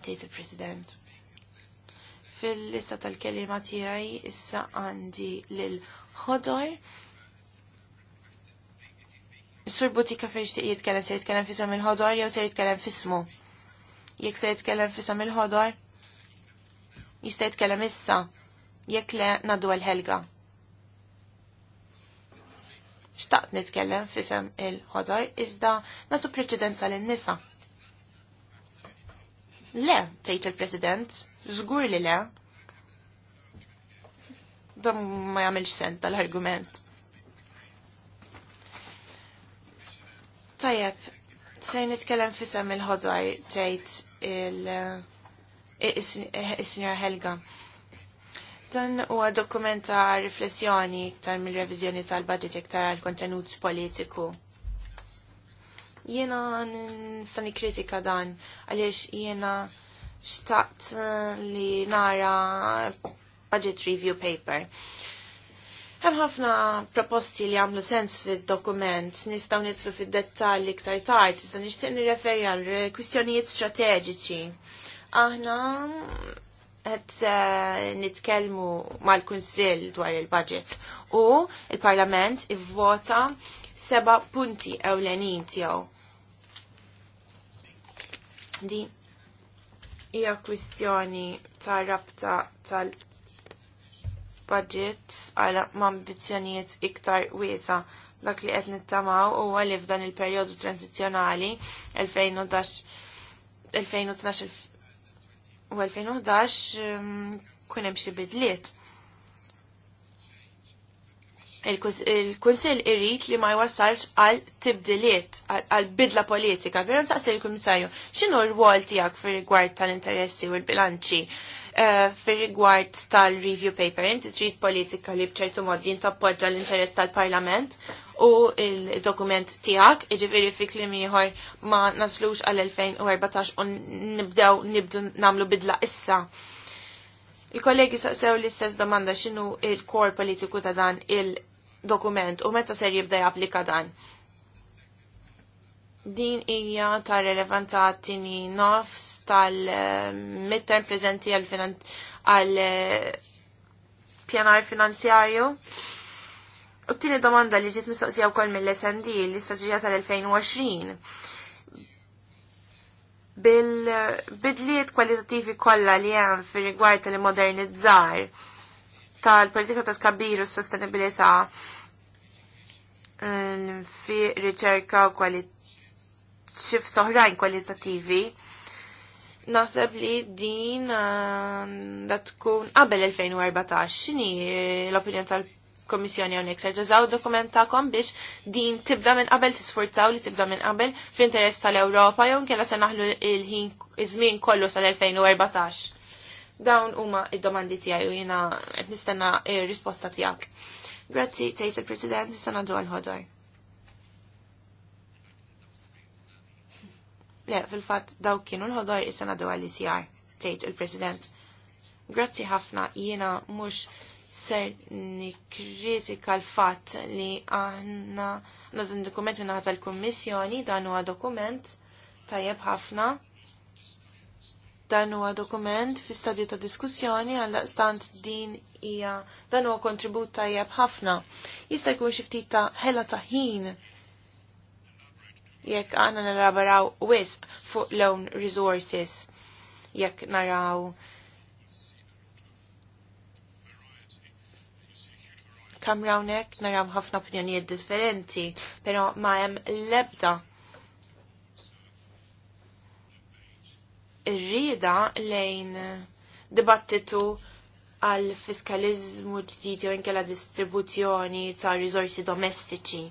tejt il-President. Fil-lista tal-kelima tiegħi issa għandi lil ħodor Sur Butika fejn xtieq jitkellem se jitkellem fisam il-ħodor jew se jitkellem fismu. Jekk se jitkellem fisam il-ħodor, jista' jitkellem issa jekk le naddu għal ħelga Xtaqt nitkellem fisem il-ħodor iżda natu preċedenza lin-nisa. Le, tgħid il-President, żgur li le. Dom ma jagħmilx sens tal-argument. Tajjeb, se nitkellem fissam il-ħodwar tgħid il-Sinjor Helga. Dan huwa dokumenta riflessjoni iktar mill-reviżjoni tal-budget iktar għal kontenut politiku Jena nistani kritika dan, għaliex jena xtaqt eh, li nara budget review paper. Hemm ħafna proposti li għamlu sens fil-dokument, nistgħu nitlu fid-dettalji iktar tard, iżda nixtieq nirreferi għal kwistjonijiet strateġiċi. Aħna qed eh, nitkellmu mal-Kunsill dwar il-budget u il-Parlament ivvota seba' punti ewlenin tiegħu waħdi hija kwistjoni ta' rabta tal-budget għal ambizzjonijiet iktar wiesa dak li qed nittamaw huwa li f'dan il-perjodu tranzizzjonali 2012 u 2011 um, kien hemm xi bidliet il-Kunsil irrit li ma jwassalx għal tibdiliet, għal bidla politika. Għirran saqsi il-Komissarju, xinu l-wol tijak fir rigward tal-interessi u l-bilanċi eh, fir rigward tal-review paper? Inti trid politika li bċertu mod jintappoġġa l-interess tal-Parlament u il-dokument tijak, iġifiri fi klim ma naslux għal-2014 u nibdew nibdu namlu bidla issa. Il-kollegi saqsew l-istess domanda xinu il-kor politiku ta' dan il- dokument u meta ser jibda japplika dan. Din hija ta' relevanza tini nofs tal-midterm prezenti għal-pjanar eh, finanzjarju. U t-tini domanda li ġiet mistoqsija wkoll mill-SND l-istraġija tal-2020 bil-bidliet kwalitattivi kollha li hemm fir rigward tal-modernizzar tal-politika ta' skabbir u sostenibilità fi riċerka u xif soħrajn kwalitativi. Naħseb li din ehm, da tkun qabel 2014 xini l-opinjon tal-Komissjoni għonek serġazaw dokumentakom biex din tibda minn qabel tisforzaw li tibda minn qabel fl-interess tal-Europa jew kella se naħlu il-ħin iż-żmien kollu sal-2014. Dawn huma id-domandi tiegħi u jiena qed nistenna r-risposta tiegħek. Grazzi tgħid il-President nista' ngħidu għall-ħodor. Le, fil-fatt dawk kienu l-ħodor issa ngħidu għall-ICR tgħid il-President. Grazzi ħafna jiena mhux ser nikritika l-fatt li għandna nażin dokument minna ħata l-Kommissjoni dan huwa dokument tajjeb ħafna Dan huwa dokument fi stadju ta' diskussjoni għal stant din hija dan huwa kontribut tajjeb ħafna. Jista' jkun xi ftit ta' ħela ta' ħin jekk għandna narabaraw wisq fuq loan resources jekk naraw kam rawnek naraw ħafna opinjonijiet differenti, pero ma hemm lebda rrida lejn dibattitu għal fiskalizmu ġdid jew inkella distribuzzjoni ta' riżorsi domestiċi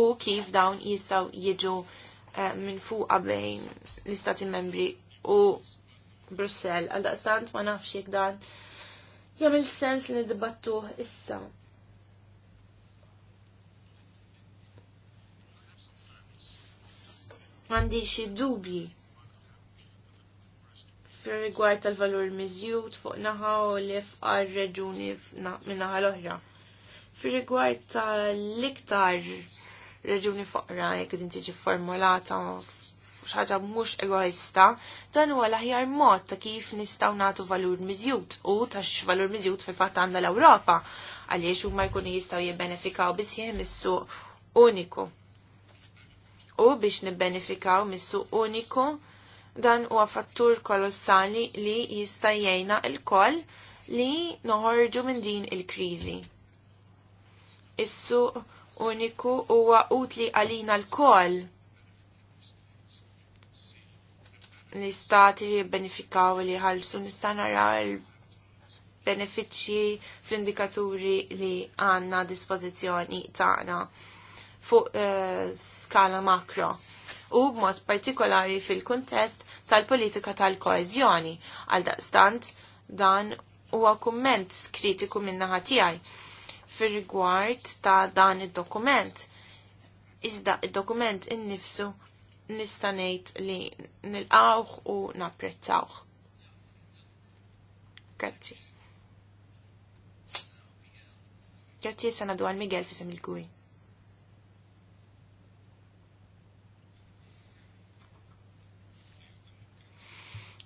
u kif dawn jistgħu jiġu eh, minn fuq bejn l-istati membri u Brussell għal daqstant ma nafx jekk dan jagħmel sens li niddibattu issa. Għandi xi dubji fil-rigward tal-valur miżjud fuq naħa u li fqar reġuni minnaħa l-oħra. Fil-rigward tal-iktar reġuni foqra, jek din tiġi formulata xaġa mhux egoista, dan huwa l-aħjar mod ta' kif nistgħu nagħtu valur miżjud u ta' valur miżjud fil-fatt għandha l-Ewropa għaliex huma jkunu jistgħu jibbenefikaw bisħieħ mis-suq uniku. U biex nibbenefikaw mis-suq uniku, Dan huwa fattur kolossali li jista' jgħinna l-koll li noħorġu minn din il-kriżi. Is-suq uniku huwa utli għalina l-koll. li stati li benefikaw li ħalsu nista' l benefiċċji fl-indikaturi li għanna dispożizzjoni tagħna fuq uh, skala makro u b'mod partikolari fil-kuntest tal-politika tal-koezjoni. Għal daqstant dan huwa għakumment kritiku minnaħa tiegħi fir-rigward ta' dan id-dokument. Iżda id-dokument innifsu nista' ngħid li nilqawh u napprezzawh. Grazzi. Grazzi sanadu għal Miguel fisem il kuj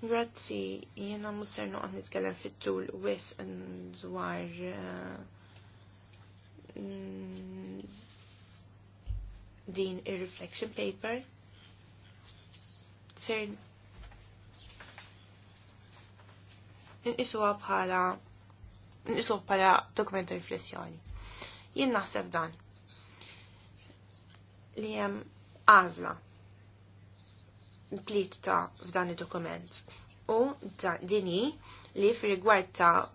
Grazzi, jena musser nuqqa nitkellem fit-tul wis dwar eh, mm, din ir-reflection paper. Ser n-iswa bħala n-iswa bħala dokumenta riflessjoni. Jien naħseb dan li jem għażla bliet ta' f'dan id-dokument. U dini li f'rigward ta'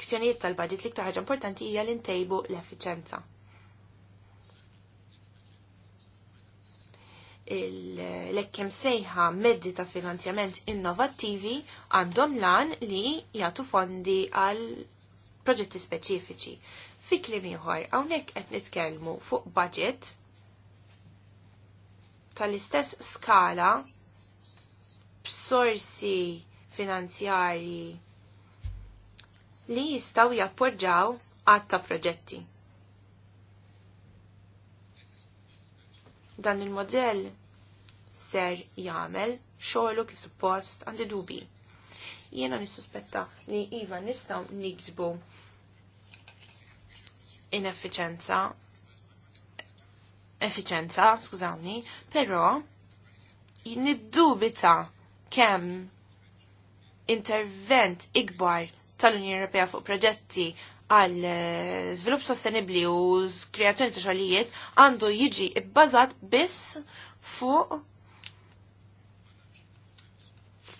kċenijiet tal-budget li ħaġa importanti hija li ntejbu l-effiċenza. l-ekkem sejħa meddi ta' finanzjament innovattivi għandhom lan li jagħtu fondi għal proġetti speċifiċi. Fi kliem ieħor hawnhekk qed nitkellmu fuq budget tal-istess skala b'sorsi finanzjarji li jistaw jappoġġaw għatta proġetti. Dan il-modell ser jagħmel xogħlu kif suppost għandi dubi. Jiena nissuspetta li iva nistgħu niksbu ineffiċenza efficienza, skużawni, però niddubita kemm intervent ikbar tal-Unjoni Ewropea fuq proġetti għal eh, żvilupp sostenibbli u kreazzjoni ta' xogħlijiet għandu jiġi bbażat biss fuq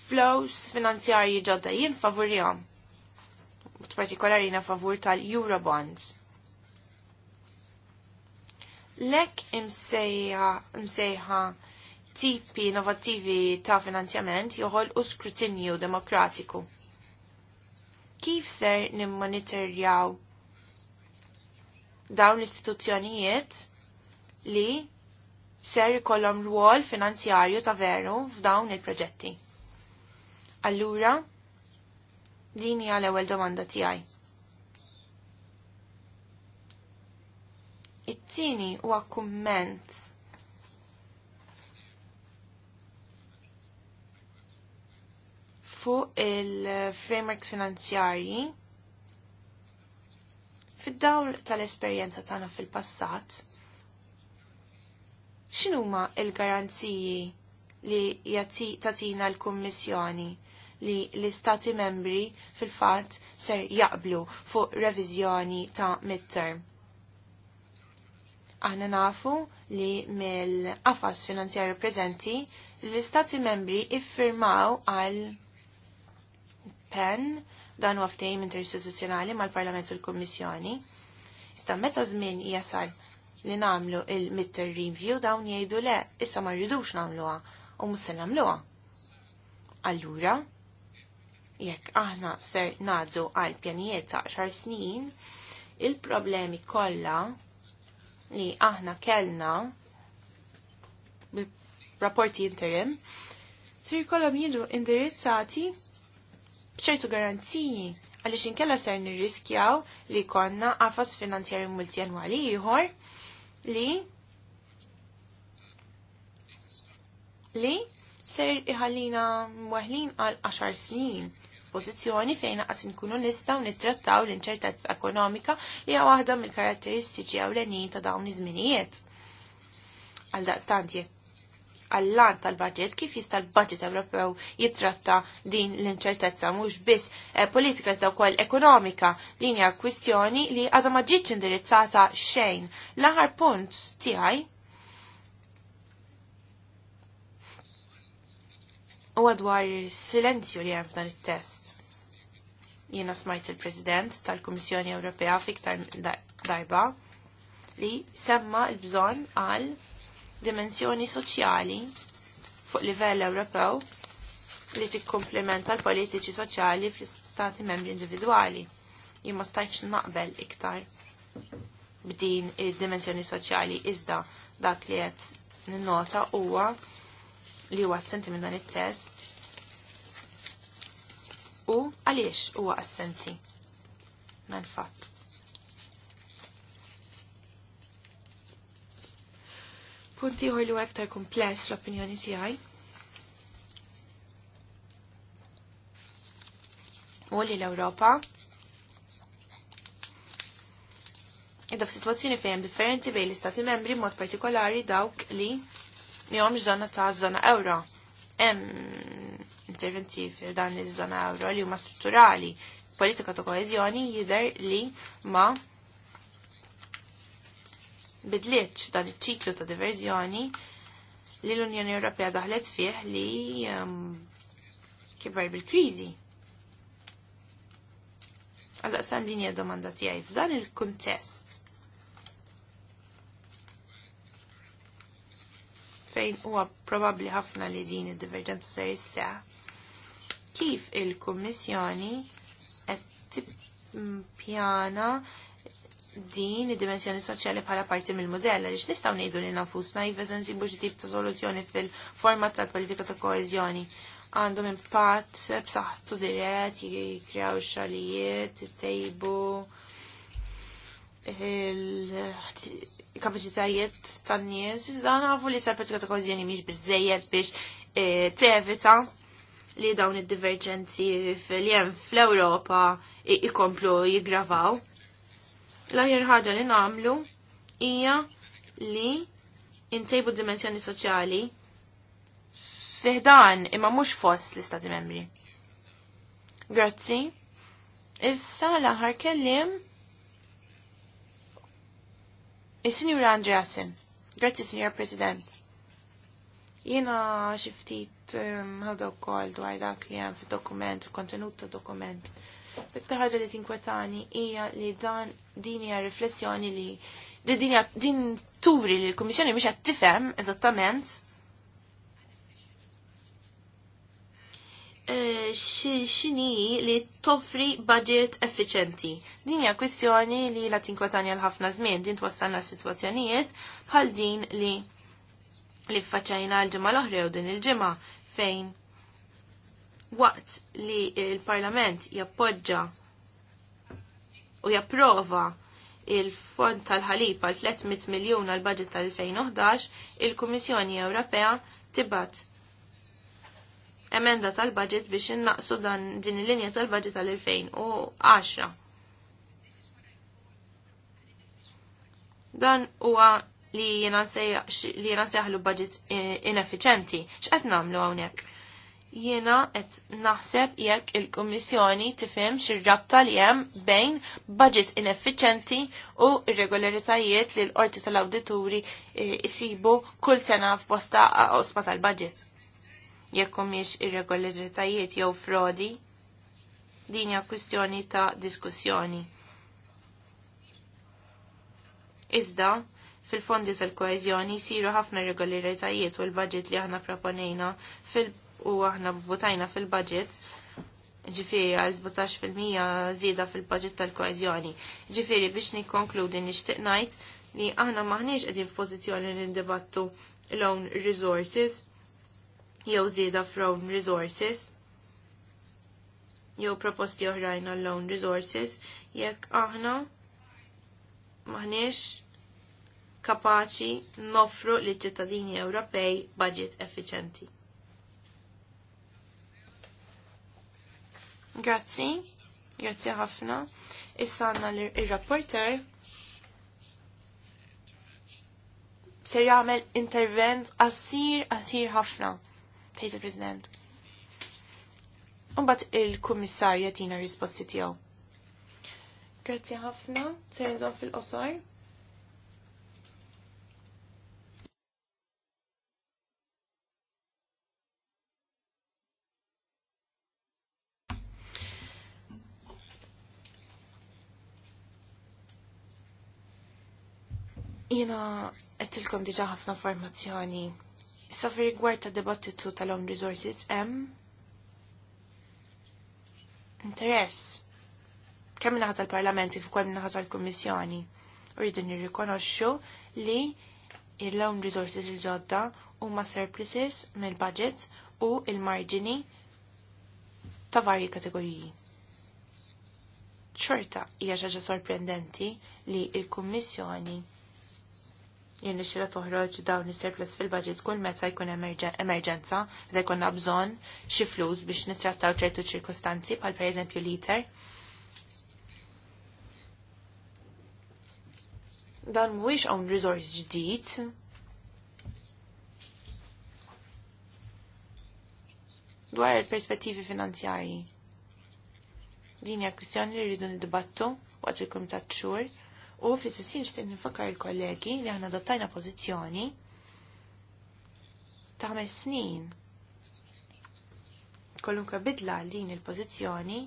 flows finanzjarji ġodda jien favorihom. Partikolari na favur tal-Eurobonds. Lek imsejħa tipi innovativi ta' finanzjament joħol u skrutinju demokratiku. Kif ser nimmonitorjaw dawn l-istituzzjonijiet li ser kolom rwol finanzjarju ta' veru f'dawn il-proġetti. Allura, din hija l-ewwel domanda tiegħi. It-tieni huwa kumment fuq il framework finanzjarji fid-dawl tal-esperjenza tagħna fil-passat x'inhuma l-garanziji li tatina l-Kummissjoni li l-Istati membri fil-fatt ser jaqblu fuq reviżjoni ta' midterm. Aħna nafu li mill-qafas finanzjarju preżenti l-istati membri iffirmaw għal PEN dan huwa ftehim interistituzzjonali mal-Parlament u l-Kummissjoni. iżda meta żmien jasal li nagħmlu il mitter review dawn jgħidu le, issa ma rridux nagħmluha u mhux se nagħmluha. Allura, jekk aħna ser ngħaddu għal pjanijiet ta' xar snin, il-problemi kollha li aħna kellna rapporti interim sir kolom jiġu indirizzati bċertu garanziji għaliex inkella ser nirriskjaw li konna għafas finanzjari multjanwali ieħor li li ser iħallina mwahlin għal 10 snin f'pożizzjoni fejn qas inkunu nistgħu nittrattaw l-inċertezza ekonomika li hija waħda mill-karatteristiċi ewlenin ta' dawn iż-żminijiet. Għal daqstant għall-lan tal-budget kif jista' l-budget Ewropew jitratta din l-inċertezza mhux biss eh, politika iżda wkoll ekonomika din hija kwistjoni li għadha ma ġietx indirizzata xejn. L-aħħar punt tiegħi u għadwar silenzju li għem f'dan il-test jiena smajt il-President tal-Kummissjoni Ewropea fiktar darba li semma l-bżonn għal dimensjoni soċjali fuq livell Ewropew li tikkomplementa l-politiċi soċjali fl-istati membri individwali. Jien ma stajtx naqbel iktar b'din id-dimensjoni soċjali iżda dak li qed ninnota huwa li huwa assenti minn dan it-test u għaliex huwa assenti. Nan fatt. Punti ħor li aktar kumpless l-opinjoni tiegħi. U li l-Ewropa f-situazzjoni fejem differenti bejn l-istati membri mod partikolari dawk li li jomx zona ta' zona euro. Hemm interventi f'dan iż-żona euro li huma strutturali. Politika ta' koeżjoni jidher li ma bidlitx dan iċ-ċiklu ta' diverżjoni li l-Unjoni Ewropea daħlet fih li um, kibar bil-kriżi. Għal-daqsan din hija domanda tiegħi f'dan il-kuntest. fejn huwa probabbli ħafna li din id-diverġenza ser jissa' kif il-Kummissjoni qed pjana din id-dimensjoni soċjali bħala parti mill modella għaliex nistgħu ngħidu li nafusna iva se nsibu xi tip ta' soluzzjoni fil-forma tal-politika ta' koeżjoni għandhom impatt b'saħħtu dirett, jikkrew xalijiet, tejbu il kapaċitajiet tan-nies, iżda nafu li sar politika ta' koeżjoni mhix biżejjed biex eh, tevita li dawn id-diverġenzi fil-jem fl-Ewropa ikomplu jiggravaw. L-aħjar ħaġa li nagħmlu hija li intejbu dimensjoni soċjali fiħdan imma mhux fost l-Istati Membri. Grazzi. Issa l-aħħar kellim is-Sinjur Andreasen. Grazzi, Sinjur President. Jiena xi ftit um, ħadda wkoll dwar dak li hemm fi dokument il-kontenut ta' dokument. L-iktar ħaġa li tinkwetani hija li dan din hija riflessjoni li din turi li l-Kummissjoni mhux qed tifhem eżattament eh, xini li toffri budget effiċenti. Din hija kwistjoni li la tinkwetani għal ħafna żmien din twassalna situazzjonijiet bħal din li li faċajna l-ġimma l-oħra u din il-ġimma fejn waqt li il-Parlament jappoġġa u japprova il-fond tal-ħalib għal 300 miljon għal budget tal-2011, il-Kummissjoni Ewropea tibat emenda tal-budget biex innaqsu dan din il-linja tal-budget tal-2010. Dan huwa li jena nsejħlu budget eh, ineffiċenti. ċqed namlu għawnek? Jena qed naħseb jekk il-Kummissjoni tifhem xir-rabta li hemm bejn budget ineffiċenti u irregolaritajiet li l-qorti tal-awdituri eh, isibu kull sena f'bosta eh, osma tal-budget. Jekk mhix irregolaritajiet jew frodi, din hija kwistjoni ta' diskussjoni. Iżda, fil-fondi tal-koezjoni jisiru ħafna regolarizajiet u l-budget li aħna proponejna fil u aħna votajna fil-budget ġifiri għal 17% zida fil-budget tal-koezjoni. Ġifiri biex nikkonkludi nixtieq ngħid li aħna maħniex f-pozizjoni li ndibattu l-own resources jew zida f'own resources jew proposti oħrajn l own resources jekk aħna maħniex kapaċi nofru li ċittadini Ewropej budget effiċenti. Grazzi, grazzi ħafna. Issa għanna l-rapporter ser jagħmel intervent qasir qasir ħafna. Tejt il-President. Umbat il-Kummissarja tina risposti tiegħu. Grazzi ħafna, ser fil-qosor. Jena għettilkom diġa ħafna formazzjoni. Issa fi rigward ta' dibattitu tal-om resources hemm interess. Kemm naħa tal-Parlamenti fuq kemm naħa tal-Kummissjoni. Rridu nirrikonoxxu li il-lawn resources il-ġodda huma surpluses mill-budget u il-marġini ta' varji kategoriji. Xorta hija xaġa sorprendenti li il-Kummissjoni jirni toħroġ dawn is-surplus fil-budget kull meta jkun emerġenza, meta jkunna bżonn xi flus biex nittrattaw ċertu ċirkostanzi bħal pereżempju liter. Dan mhuwiex hawn resource ġdid. Dwar il-perspettivi finanzjarji. Din hija kwistjoni li rridu niddibattu waqt il-Kumitat Xhur u fl-istessin xtieq nifakar il-kollegi li aħna dottajna pożizzjoni ta' ħames snin. Kollunka bidla għal din il-pożizzjoni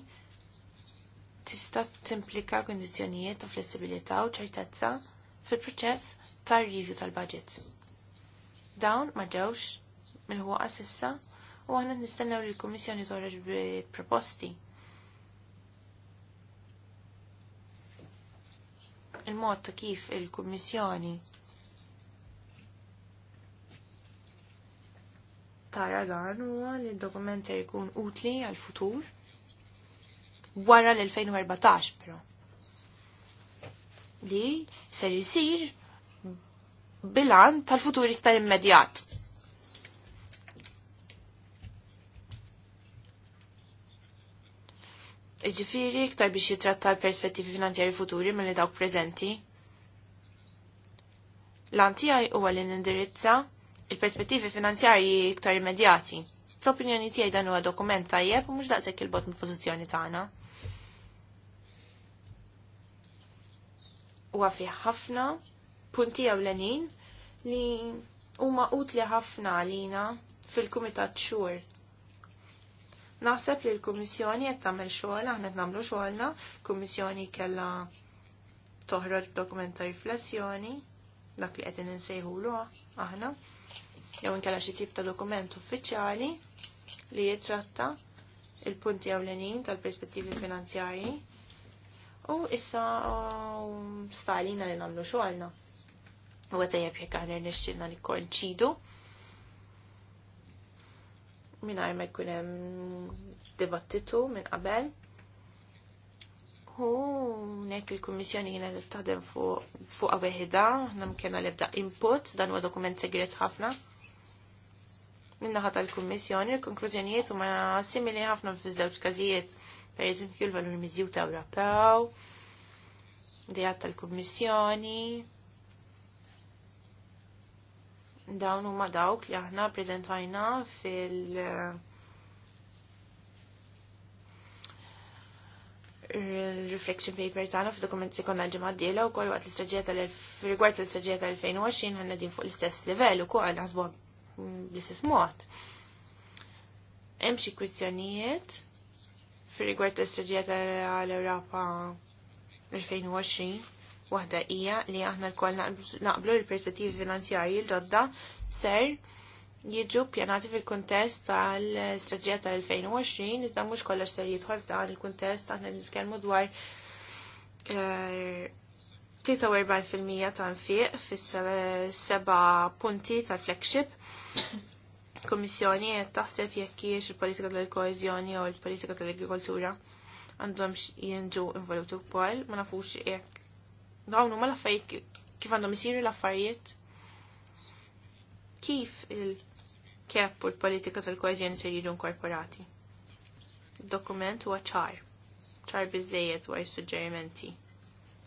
tista' timplika kondizjonijiet ta' flessibilità u ċertezza fil-proċess tar review tal-budget. Dawn ma ġewx mill-ħuqa sissa u għanna nistennew li l-Kummissjoni toħroġ bi proposti il-mod kif il-Kummissjoni tara dan huwa li d-dokument jkun utli għal futur wara l-2014 però. Li ser jisir bilan tal-futur iktar immedjat. Iġifiri, iktar biex jitratta l-perspettivi finanzjari futuri mill dawk prezenti. L-antijaj u għallin indirizza il-perspettivi finanzjari iktar immedjati. Fl-opinjoni tiegħi dan huwa dokument tajjeb u mhux daqshekk il-bot mill-pożizzjoni tagħna. Huwa fih ħafna punti lenin li huma utli ħafna għalina fil-kumitat xhur Naħseb li l-Kummissjoni qed tagħmel xogħol, aħna qed nagħmlu xogħolna, l-Kummissjoni kellha toħroġ dokument ta' riflessjoni, dak li qed insejħulu aħna, jew inkella xi tip ta' dokument uffiċjali li jitratta il-punti ewlenin tal-perspettivi finanzjarji u issa um, stajlina li nagħmlu xogħolna. U għetajab jekk aħna nixxilna li konċidu mingħajr ma jkun hemm dibattitu minn qabel. U nek il-Kummissjoni jiena l taħdem fuq għaweħida, nam kena l-ebda input, dan huwa dokument segret ħafna. Minnaħat tal-Kummissjoni, l konklużjonijiet huma simili ħafna fiż-żewġ każijiet, pereżempju l-valur ta' Ewropew, dijat tal-Kummissjoni, dawn huma dawk li aħna prezentajna fil- reflection paper tagħna f'dokument li konna ġimgħa d-diela wkoll waqt l-istraġija tal-rigward l-istraġija tal-2020 ħanna din fuq l-istess livell ukoll naħsbu bl-istess mod. Hemm xi kwistjonijiet fir-rigward l-istraġija tal-Ewropa 2020 Waħda hija li aħna lkoll naqblu l-perspettivi finanzjarji l-ġodda ser jiġu pjanati fil-kuntest tal-istraġġija tal-2020, iżda mhux kollox ser jidħol dan il-kuntest aħna niskellmu dwar 43% eh, ta' nfiq fis-seba punti tal-flagship kommissjoni qed taħseb jekk hiex il-politika tal-koeżjoni u l-politika tal-agrikoltura għandhom jinġu involuti wkoll, ma nafux jekk dawn huma l-affarijiet kif għandhom isiru l-affarijiet. Kif il-kep u l-politika tal-kohezjoni se jiġu inkorporati? Dokument huwa ċar, ċar biżejjed dwar suġġerimenti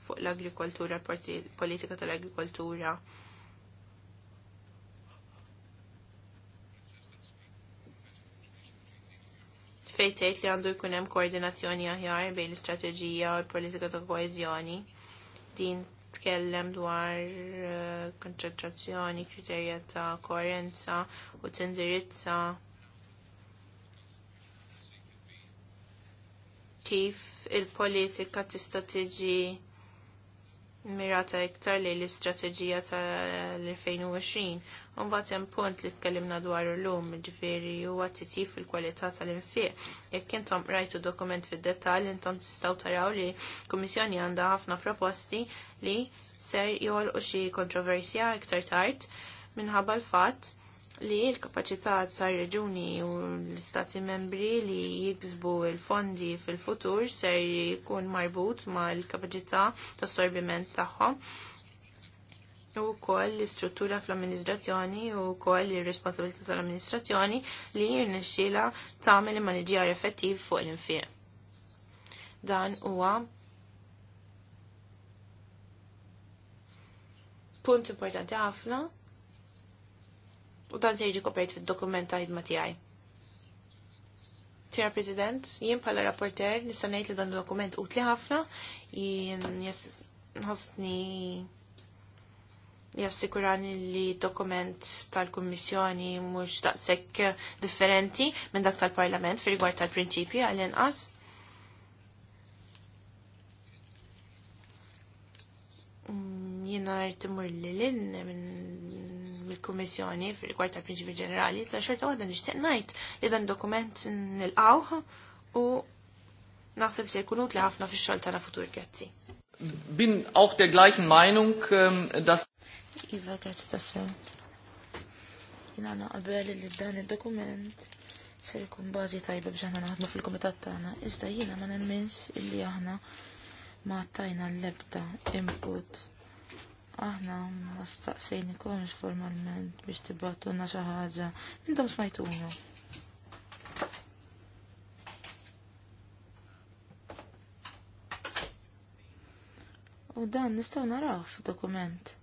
fuq l-agrikoltura, politika tal-agrikoltura. Fejtejt li għandu jkun hemm koordinazzjoni aħjar bejn l-istrateġija u l-politika tal koeżjoni din tkellem dwar eh, konċentrazzjoni, kriterja ta' koerenza u tindirizza kif il-politika tista' tiġi mirata iktar li l-istrateġija tal-2020. Unbat hemm punt li tkellimna dwar l-lum, ġifiri u titjib fil-kwalità tal-infiq. Jekk intom rajtu dokument fid detal intom tistaw taraw li komissjoni għandha ħafna proposti li ser u xi kontroversja iktar tard minħabba l-fatt li l-kapacità ta' reġuni u l-istati membri li jiksbu il-fondi fil-futur ser jkun marbut ma' l-kapacità ta' sorbiment tagħhom u koll l-istruttura fl-amministrazzjoni u koll l responsabilità tal-amministrazzjoni li jirnexxila tagħmel il-maniġjar effettiv fuq l-infieq. Dan huwa punt importanti ħafna u dan se jiġi kopert fid-dokument ta' ħidma tiegħi. Tira President, jien bħala rapporter nista' ngħid li dan dokument utli ħafna, jien ħossni jassikurani li dokument tal-Kummissjoni mhux daqshekk differenti minn dak tal-Parlament fi rigward tal-prinċipji għall-inqas. Mm, jiena rtimur li l minn mill-Kummissjoni fil-rigward tal-prinċipi ġenerali, ta' xorta waħda nishtiq najt li dan dokument nil nilqawh u nasib se jkun li ħafna fi xolta na futur. Grazzi. Bin auch der gleichen Meinung, ähm, dass Iva, grazzi se. Jina għabeli li dan il-dokument ser jkun bazi tajba biex aħna naħdmu fil-kumitat tagħna, iżda jiena ma nemminx illi aħna ma tajna l lebda input aħna ma staqsejni staqsejnikomx formalment biex tibbatuna xi ħaġa. Intom smajtuna. U dan nistgħu naraw f'dokument.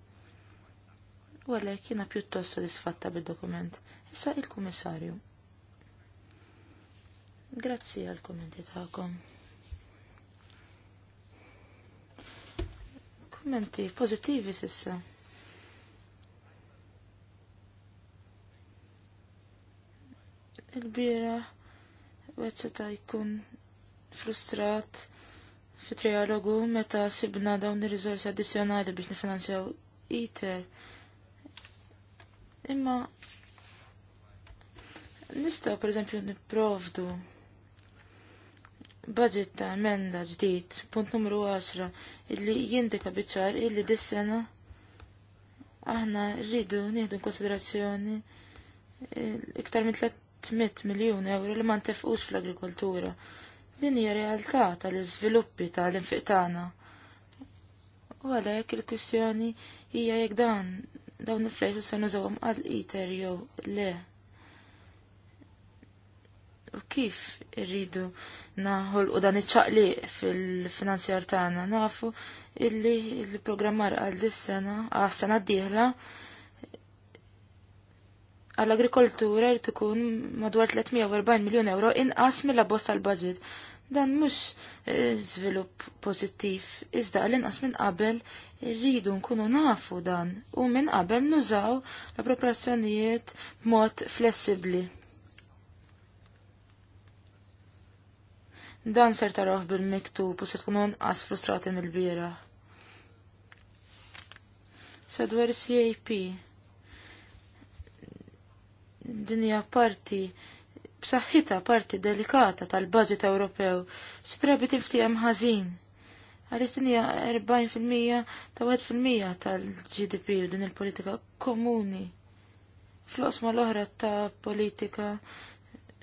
U jekk jiena pjuttost sodisfatta bid-dokument. Issa il-Kummissarju. Grazzi għal-kommenti tagħkom. Kommenti pozittivi sissa. Il-bira għed jkun frustrat fi trialogu meta sibna dawn ir rizorsi addizzjonali biex nifinanzjaw ITER. Imma nista' pereżempju nipprovdu budget ta' emenda ġdid, punt numru 10, illi jindika biċar illi dis-sena aħna rridu nieħdu konsiderazzjoni iktar minn 300 miljun euro li ma ntefqux fl-agrikoltura. Din hija realtà tal-iżviluppi tal-infiq tagħna. U għalhekk il-kwistjoni hija jekk dan dawn il flejħu se nużawhom għal iter jew le u kif irridu naħol u dan iċċaqli fil-finanzjar tagħna nafu illi il-programmar għal dis-sena għas-sena d-dieħla għall-agrikoltura jrid ikun madwar 340 miljun euro inqas mill-abbozz tal-budget. Dan mhux e, żvilupp pożittiv, iżda l-inqas minn qabel irridu nkunu nafu dan u minn qabel nużaw l-appropriazzjonijiet b'mod flessibbli Dan ser taraħ bil-miktub u se tkun għas frustrati mill-bira. Sadwar CAP dinja parti b'saħħita parti delikata tal-budget Ewropew trabi tinftiem ħażin. Għaliex din hija 40% ta' 1% tal-GDP u din il-politika komuni. Fl-osma l-oħra ta' politika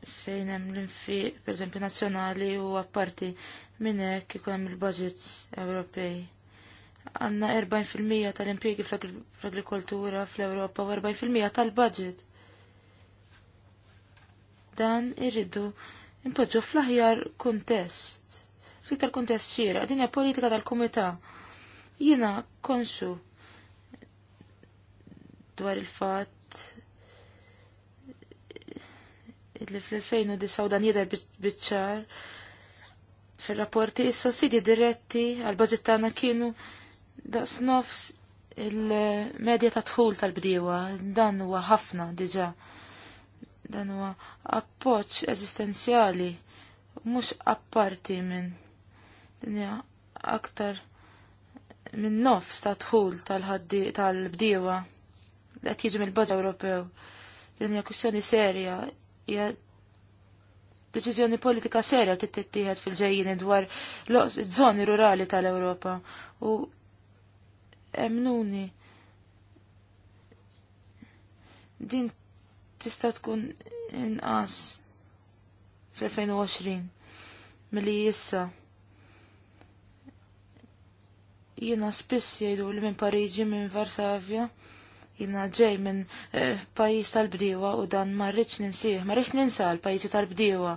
fejn hemm l-infiq pereżempju nazzjonali u apparti minn hekk ikun hemm il-budgets Ewropej. Għandna 40% tal-impjiegi fl-agrikoltura fl-Ewropa u 40% tal-budget. Dan irridu impoġġu fl-aħjar kuntest. Fl-iktar kuntest xira, din hija politika tal-kumità. Jiena konsu dwar il-fatt li fl-2009 dan jidher biċ-ċar fil-rapporti is-sussidji diretti għal budget tagħna kienu daqs nofs il-medja ta' tħul tal-bdiewa dan huwa ħafna diġà dan huwa appoġġ eżistenzjali mhux apparti minn dinja aktar minn nofs ta' tħul tal-bdiewa li qed jiġi mill-bod Ewropew. Din hija kwistjoni serja hija deċiżjoni politika serja tittieħed fil-ġejjin dwar żoni rurali tal-Ewropa u emnuni din tista' tkun inqas fl-2020 milli issa jiena spiss jgħidu li minn Pariġi minn Varsavja jina ġej minn eh, pajis tal bdiwa u dan marriċ ninsih, marriċ ninsa l-pajisi tal bdiwa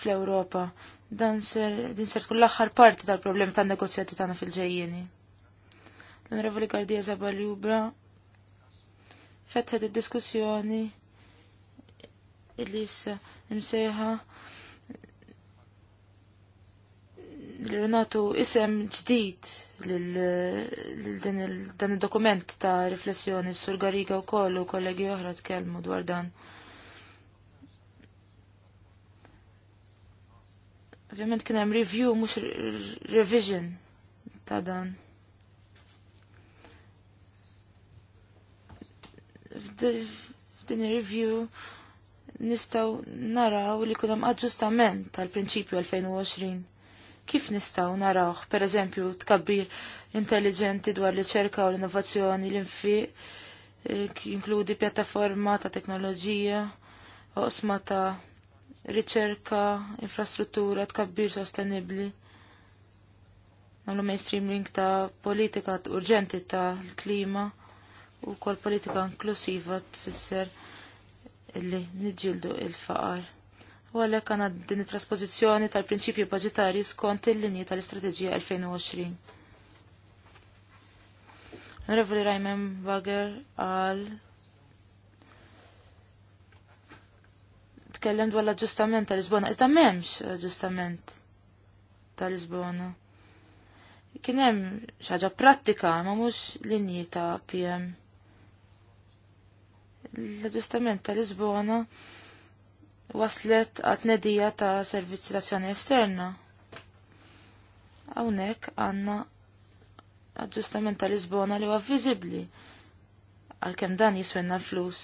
fl-Europa. Dan ser, din ser tkun l-axħar parti tal-problemi tan-negozjati tagħna fil-ġejjieni. L-Onorevoli Gardija Zabaljubra fetħet id-diskussjoni il lis imsejħa natu isem ġdid l-dan il-dokument ta' riflessjoni sur Gariga u kollu kollegi oħra tkellmu dwar dan. Ovvjament kien hemm review mhux revision ta' dan. F'din ir-review nistaw naraw li kunem aġġustament tal-prinċipju 2020 kif nistaw narawħ, per eżempju, tkabbir intelligenti dwar li ċerka u l-innovazzjoni, l-infiq, jinkludi eh, pjattaforma ta' teknoloġija, osma ta' riċerka, infrastruttura, tkabbir sostenibli. Nallu mainstreaming ta' politika urġenti ta' klima u kol politika inklusiva tfisser illi nġildu il-faqar. U għalhekk għandna din it-trasposizzjoni tal-prinċipji budgetari skont il-linji tal-Istrateġija 2020. Onorevoli Raymond Wager għal tkellem dwar l-aġġustament tal-Lisbona. Iżda m'hemmx aġġustament tal-Lisbona. Kien hemm xi ħaġa prattika ma mhux linji ta' PM. L-aġġustament tal-Lisbona waslet għat-nedija ta' servizzi l-azzjoni esterna. Hawnhekk għandna aġġustament tal Lisbona li huwa viżibbli għalkemm dan jiswenna flus.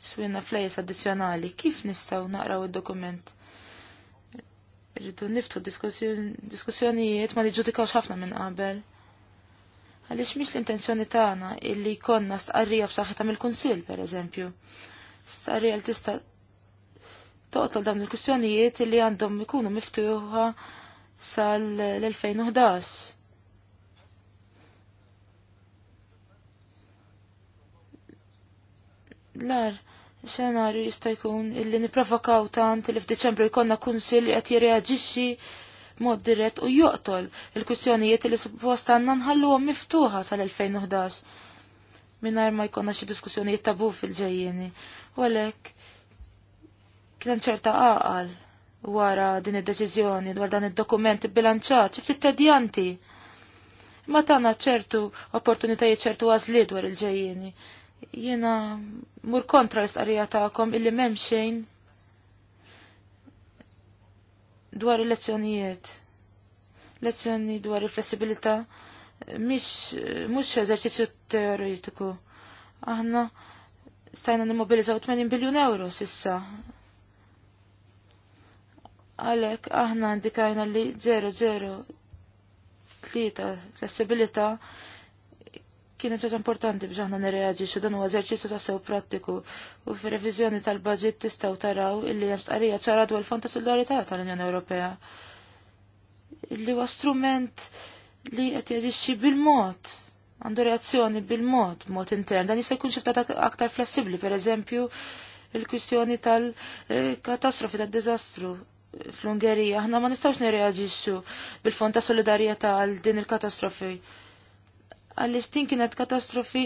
Jiswenna flejes addizzjonali. Kif nistgħu naqraw id-dokument? rridu niftu diskussjonijiet ma niġudikawx ħafna minn qabel. Għaliex miex l-intenzjoni tagħna illi konna stqarrija b'saħħitha mill-Kunsill pereżempju. Stqarrija l tista' toqtol dawn il-kwistjonijiet li għandhom ikunu miftuħa sal-2011. L-ar, xenarju jista' jkun illi niprovokaw tant li f'Diċembru jkollna kunsil li qed jirreaġixxi mod dirett u joqtol il-kwistjonijiet li suppost għandna nħalluhom miftuħa sal-2011 mingħajr ma jkollna xi diskussjonijiet tabu fil-ġejjieni. U għalhekk Kien hemm ċerta għaqal wara din id-deċiżjoni dwar dan id-dokument bilanċat ftit tedjanti. Ma tagħna ċertu opportunitajiet ċertu għażliet dwar il-ġejjieni. Jiena mur kontra l-istqarrija tagħkom illi m'hemm xejn dwar il-lezzjonijiet. Lezzjoni dwar il-flessibilità mhix mhux eżerċizzju teoretiku. Aħna stajna nimmobilizzaw 80 biljun euro sissa Għalek aħna indikajna li 0 0 003 flessibilità kienet ċaġa importanti biex aħna nirreagġi xo dan huwa eżerċizzju ta' sew prattiku u fir-reviżjoni tal-budget tistaw taraw illi hemm tqarrija ċara dwar il-Fond tal-Unjoni Ewropea. Illi huwa strument li qed jaġixxi bil-mod għandu reazzjoni bil-mod, mod intern, dan jista' jkun xiftat aktar flessibbli, per eżempju, il-kwistjoni tal-katastrofi, eh, tal-dizastru fl-Ungerija, aħna ma nistawx nirreagġixxu bil-fond ta' solidarjetà għal din il-katastrofi. Għaliex istin kienet katastrofi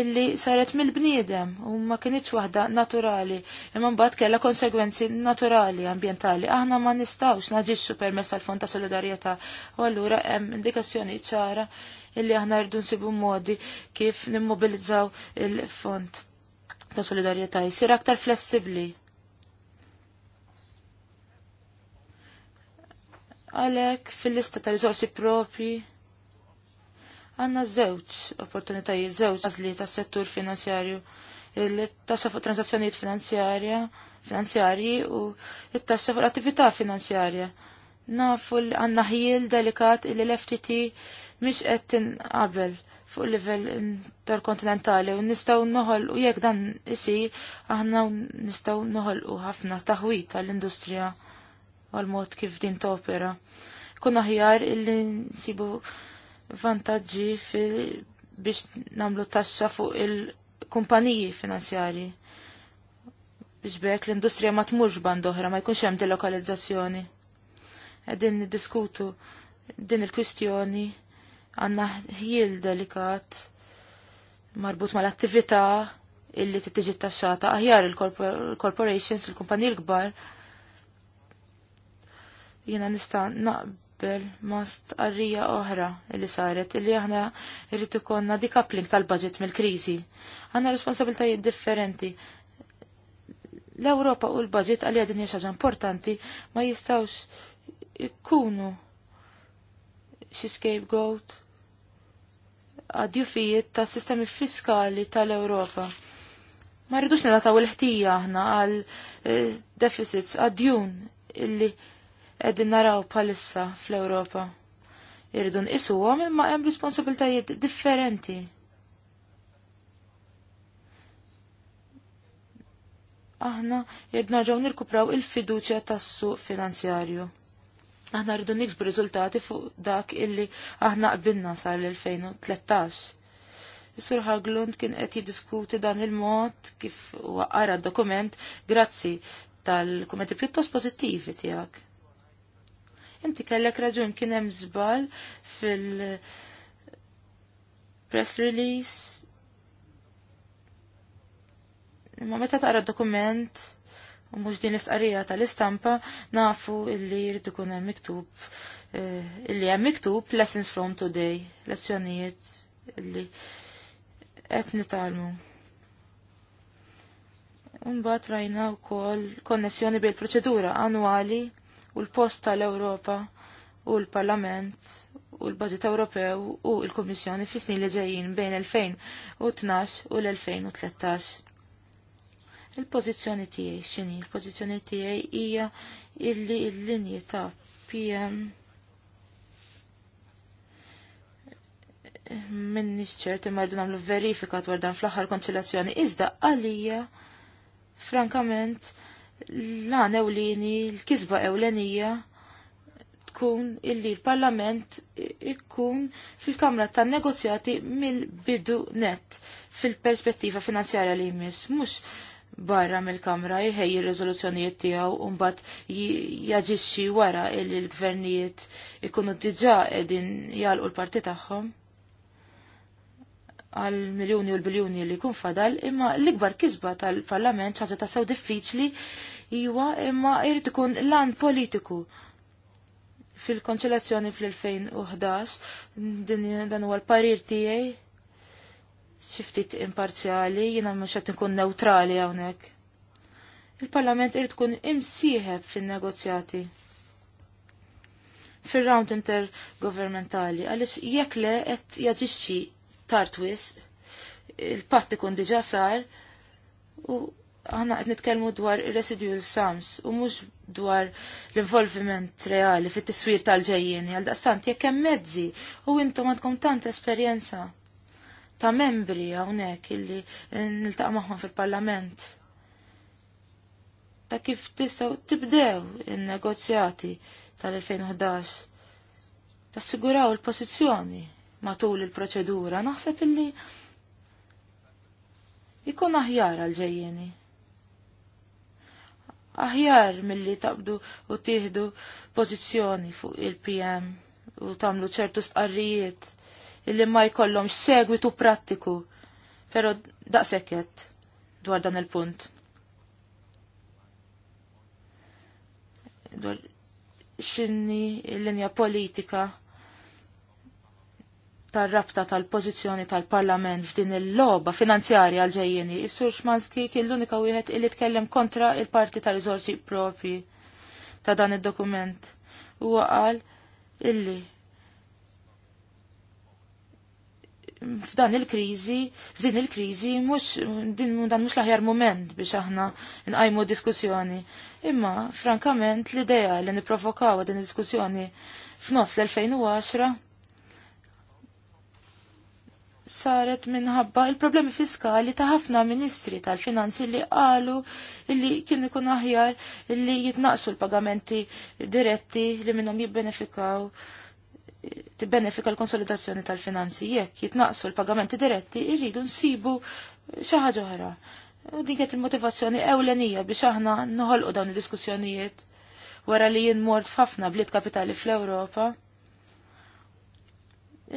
illi saret mill-bniedem u ma kienitx waħda naturali, imma mbagħad kellha konsegwenzi naturali ambjentali. Aħna ma nistawx naġixxu permess tal-fond ta' solidarjetà u allura hemm indikazzjoni ċara illi aħna rridu nsibu modi kif nimmobilizzaw il-fond ta' solidarjetà Jisir aktar flessibbli Għalek fil-lista ta' rizorsi propri għanna żewġ opportunitajiet, żewġ għazli ta' settur finanzjarju, il tassa fuq transazzjonijiet finanzjarja, finanzjarji u il tassa fuq attività finanzjarja. Nafu li għanna ħjil delikat il l-FTT miex qed tinqabel fuq livell interkontinentali u nistaw noħol u jekk dan isi aħna nistaw noħol u ħafna taħwita l industrija għal-mod kif din topera. Kun aħjar illi nsibu vantaġġi biex namlu taxxa fuq il-kumpaniji finanzjarji biex bekk l-industrija ma tmurx band oħra, ma jkunx hemm delokalizzazzjoni. Qegħdin niddiskutu din il-kwistjoni għandna ħjil delikat marbut mal-attività illi t taxxata aħjar il-corporations, il-kumpaniji l-kbar jina nista naqbel ma stqarrija oħra li saret illi aħna irrid ikonna decoupling tal-budget mill-kriżi. Għandna responsabiltajiet differenti. L-Ewropa u l-budget għalli għadin ħaġa importanti ma jistawx ikkunu xi scapegoat għadjufijiet ta' sistemi fiskali tal ewropa Ma rridux nilataw il-ħtija aħna għal eh, deficits għadjun illi qegħdin naraw bħalissa fl-Ewropa. isu għom imma hemm responsabiltajiet differenti. Aħna jrid nerġgħu nirkupraw il-fiduċja tas-suq finanzjarju. Aħna rridu niksbu riżultati fuq dak illi aħna qbilna sal-2013. Is-Sur Haglund kien qed jiddiskuti dan il-mod kif waqara d-dokument grazzi tal-kumenti pjuttost pożittivi tiegħek. Inti kellek raġun kien hemm żball fil- press release. Imma meta taqra dokument u mhux din l-istqarrija tal-istampa nafu illi jrid ikun hemm miktub eh, illi hemm miktub lessons from today, lezzjonijiet illi qed nitalmu. Unbat rajna u kol konnessjoni bil proċedura annwali u l-post tal-Ewropa u l-Parlament u l-Budget Ewropew u l komissjoni fi snin li ġejjin bejn 2012 u l-2013. Il-pożizzjoni tiegħi x'inhi? Il-pożizzjoni tiegħi hija illi l-linji ta' PM minni ċerti mardu namlu verifika dwar dan fl-aħħar konċilazzjoni iżda għalija frankament lan ewlini, l-kisba ewlenija tkun illi l-Parlament ikkun fil-Kamra tan negozjati mill-bidu net fil-perspettiva finanzjarja li jmiss, mux barra mill-Kamra jħej il-rezoluzzjonijiet tiegħu u mbagħad jaġixxi wara illi l-gvernijiet ikunu diġà qegħdin jalqu l-parti tagħhom għal miljoni u l-biljoni li kun fadal, imma l-ikbar kisba tal-parlament ċaġa ta' sew diffiċli iwa imma irrid ikun lan politiku fil-konċelazzjoni fl-2011 dan huwa l-parir tiegħi xiftit imparzjali, jiena mhux qed inkun neutrali hawnhekk. Il-Parlament irid tkun imsieħeb fin-negozjati fil-round intergovernmentali, għalix jekk le qed jaġixxi tard wisq, il-patt ikun diġà sar u aħna qed nitkellmu dwar residual sums u mhux dwar l-involviment reali fit-tiswir tal-ġejjieni għal daqstant jekk hemm mezzi u intom għandkom tant esperjenza ta' membri hawnhekk illi niltaqa' magħhom fil-Parlament. Ta' kif tistaw tibdew in-negozjati tal-2011 siguraw il-pożizzjoni matul il-proċedura, naħseb illi ikun aħjar għal-ġejjeni. Aħjar mill-li taqbdu u tiħdu pożizzjoni fuq il-PM u tamlu ċertu stqarrijiet illi ma jkollhomx segwitu prattiku. Pero daqsekket dwar dan il-punt. Dwar xinni l-linja politika tar-rabta tal-pożizzjoni tal-Parlament f'din il-logħba finanzjarja għal ġejjeni, is-Sur Xmanski kien l-unika wieħed illi tkellem kontra il-parti ta' riżorsi propri ta' dan id-dokument. Huwa qal illi f'dan il-kriżi, f'din il-kriżi mhux din dan mhux l-aħjar mument biex aħna nqajmu diskussjoni. Imma frankament l-idea li nipprovokaw din id-diskussjoni f'nofs l-2010 saret minħabba il-problemi fiskali ta' ħafna ministri tal-finanzi li qalu li kien ikun aħjar li jitnaqsu l-pagamenti diretti li minnhom jibbenefikaw tibbenefika l-konsolidazzjoni tal-finanzi jekk jitnaqsu l-pagamenti diretti irridu nsibu xi ħaġa oħra. U din kienet il-motivazzjoni ewlenija biex aħna noħolqu dawn id-diskussjonijiet wara li jien mort f'ħafna bliet kapitali fl-Ewropa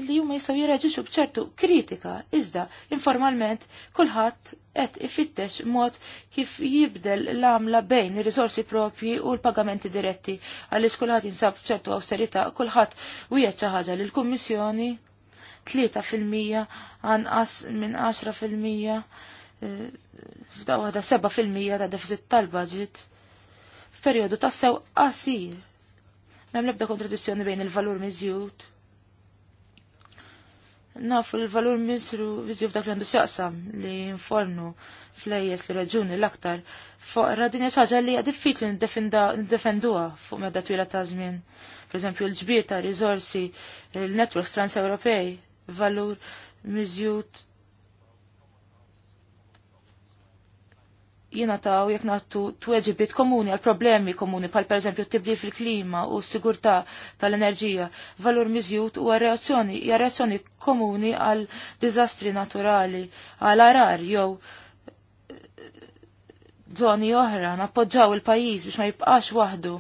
li huma jistgħu jirreġixxu bċertu kritika, iżda informalment kulħadd qed ifittex mod kif jibdel l-għamla bejn ir risorsi propji u l-pagamenti diretti għaliex kulħadd jinsab b'ċertu awsterità, kulħadd wieħed xi ħaġa lil kummissjoni 3% anqas minn 10% e, f'da waħda 7% ta' deficit tal-budget f'perjodu ta' sew qasir. Mem ebda kontradizzjoni bejn il-valur miżjud nafu l-valur misru vizju f'dak li għandu xaqsam li informu flejjes li raġuni l-aktar fuq radinja ċaġa li hija diffiċli ndefenduha fuq medda twila ta' żmien. Pereżempju l-ġbir ta' rizorsi, l-networks trans-Ewropej, valur miżjut jina taw jek nattu tweġibit komuni għal problemi komuni pal per eżempju tibdil fil-klima u s-sigurta tal-enerġija, valur miżjut u reazzjoni, hija reazzjoni komuni għal dizastri naturali, għal arar jew eh, zoni oħra, nappoġġaw il pajjiż biex ma jibqax waħdu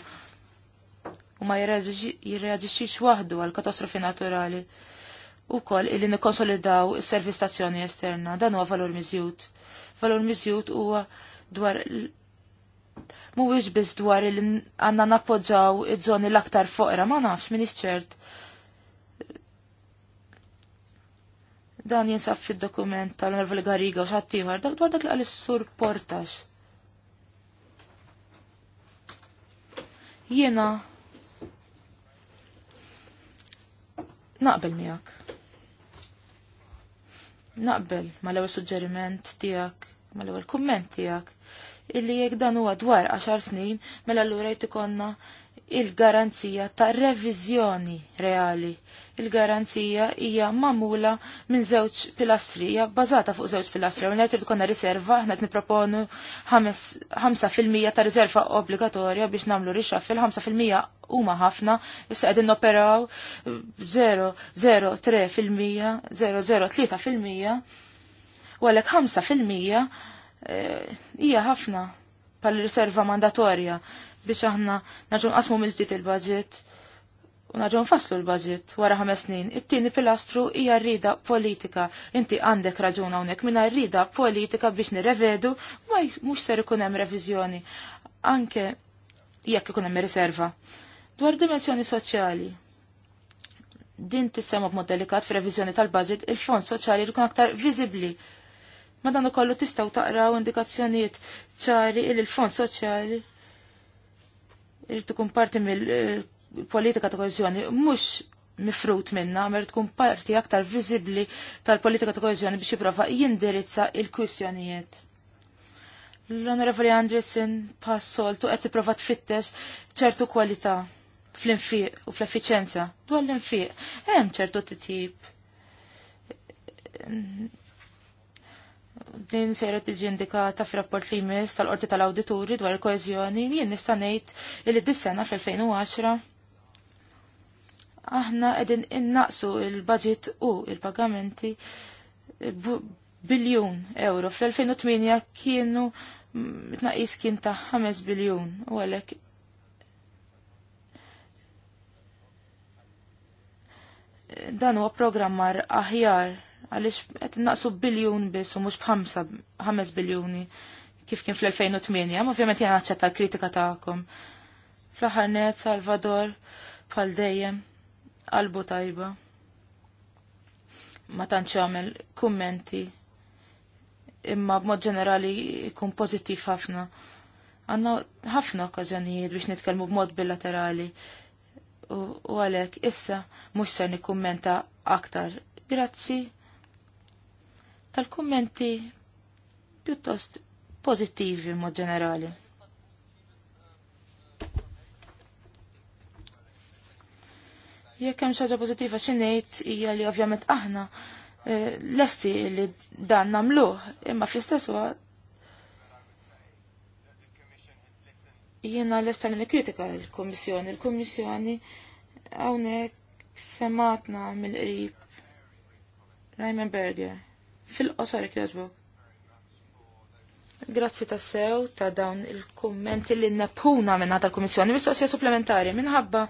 u ma jirreġiċiċ waħdu għal katastrofi naturali. U koll illi nikonsolidaw is-servistazzjoni esterna, dan huwa valur miżjut. Valur miżjut huwa dwar mhuwiex biss dwar li għandna nappoġġaw iż-żoni l-aktar foqra, ma nafx min ċert. Dan jinsab fid-dokument tal-Nervoli Gariga u xattiħar, dak dwar dak li għal-sur portax. Jiena naqbel miegħek. Naqbel ma l-ewwel suġġeriment tiegħek mal-ewwel kumment tiegħek illi jekk dan huwa dwar 10 snin mela allura jrid ikonna il-garanzija ta' reviżjoni reali. Il-garanzija hija mamula minn żewġ pilastri, hija bbażata fuq żewġ pilastri, u qed tkonna riserva, aħna qed nipproponu 5% ta' riserva obbligatorja biex nagħmlu rixaf fil-5% huma ħafna, issa qegħdin noperaw 0.03%, 0.03% u għalhekk 5% eh, hija ħafna pal riserva mandatorja biex aħna naġun qasmu mill-ġdid il-budget u naġun faslu l-budget wara ħames snin. It-tieni pilastru hija rrida politika. Inti għandek raġun hawnhekk minn rrida politika biex nirrevedu ma mhux ser ikun hemm reviżjoni. Anke jekk ikun hemm riserva. Dwar dimensjoni soċjali. Din tissema b'mod delikat f'reviżjoni tal-budget il-fond soċjali jkun aktar viżibbli Madan ukollu tistaw taqraw indikazzjonijiet ċari il fond soċjali irid tkun parti mill-politika ta' koeżjoni mhux mifrut minna, mer tkun parti aktar viżibbli tal-politika ta' koeżjoni biex jipprova jindirizza il-kwistjonijiet. L-Onorevoli Andresen passoltu qed tipprova tfittex ċertu kwalità fl-infiq u fl-effiċenza. Dwar l-infiq, hemm ċertu titjib din sejra tiġi indikata fir-rapport li jmiss tal-qorti tal-awdituri dwar il koezjoni li jien nista' ngħid li dis-sena fil 2010 aħna qegħdin innaqsu il-budget u il-pagamenti biljun euro. Fl-2008 kienu mm, tnaqis kien ta' 5 biljun u għalhekk dan huwa programmar aħjar għaliex qed naqsu biljun biss u mhux b'ħamsa ħames biljuni kif kien fl-2008, ovvjament jiena naċċetta l-kritika tagħkom. Fl-aħħar Salvador bħal dejjem għalbu tajba. Ma tantx għamel kummenti imma b'mod ġenerali jkun pożittiv ħafna. Għanna ħafna okkażjonijiet biex nitkellmu b'mod bilaterali. U, u għalek, issa mux ser nikkummenta aktar. Grazzi tal-kummenti pjuttost pozittivi mod ġenerali. Jekk hemm xi ħaġa pożittiva xi ngħid hija li ovvjament aħna eh, lesti li dan nagħmluh, imma fl-istess waqt jiena lesta li nikkritika l-Kummissjoni. l kummissjoni hawnhekk sematna mill-qrib Raymond Berger fil-qosar kħedbu. Grazzi ta' sew ta' dawn il-kommenti li nepuna minna ta' komissjoni mistoqsija supplementari minħabba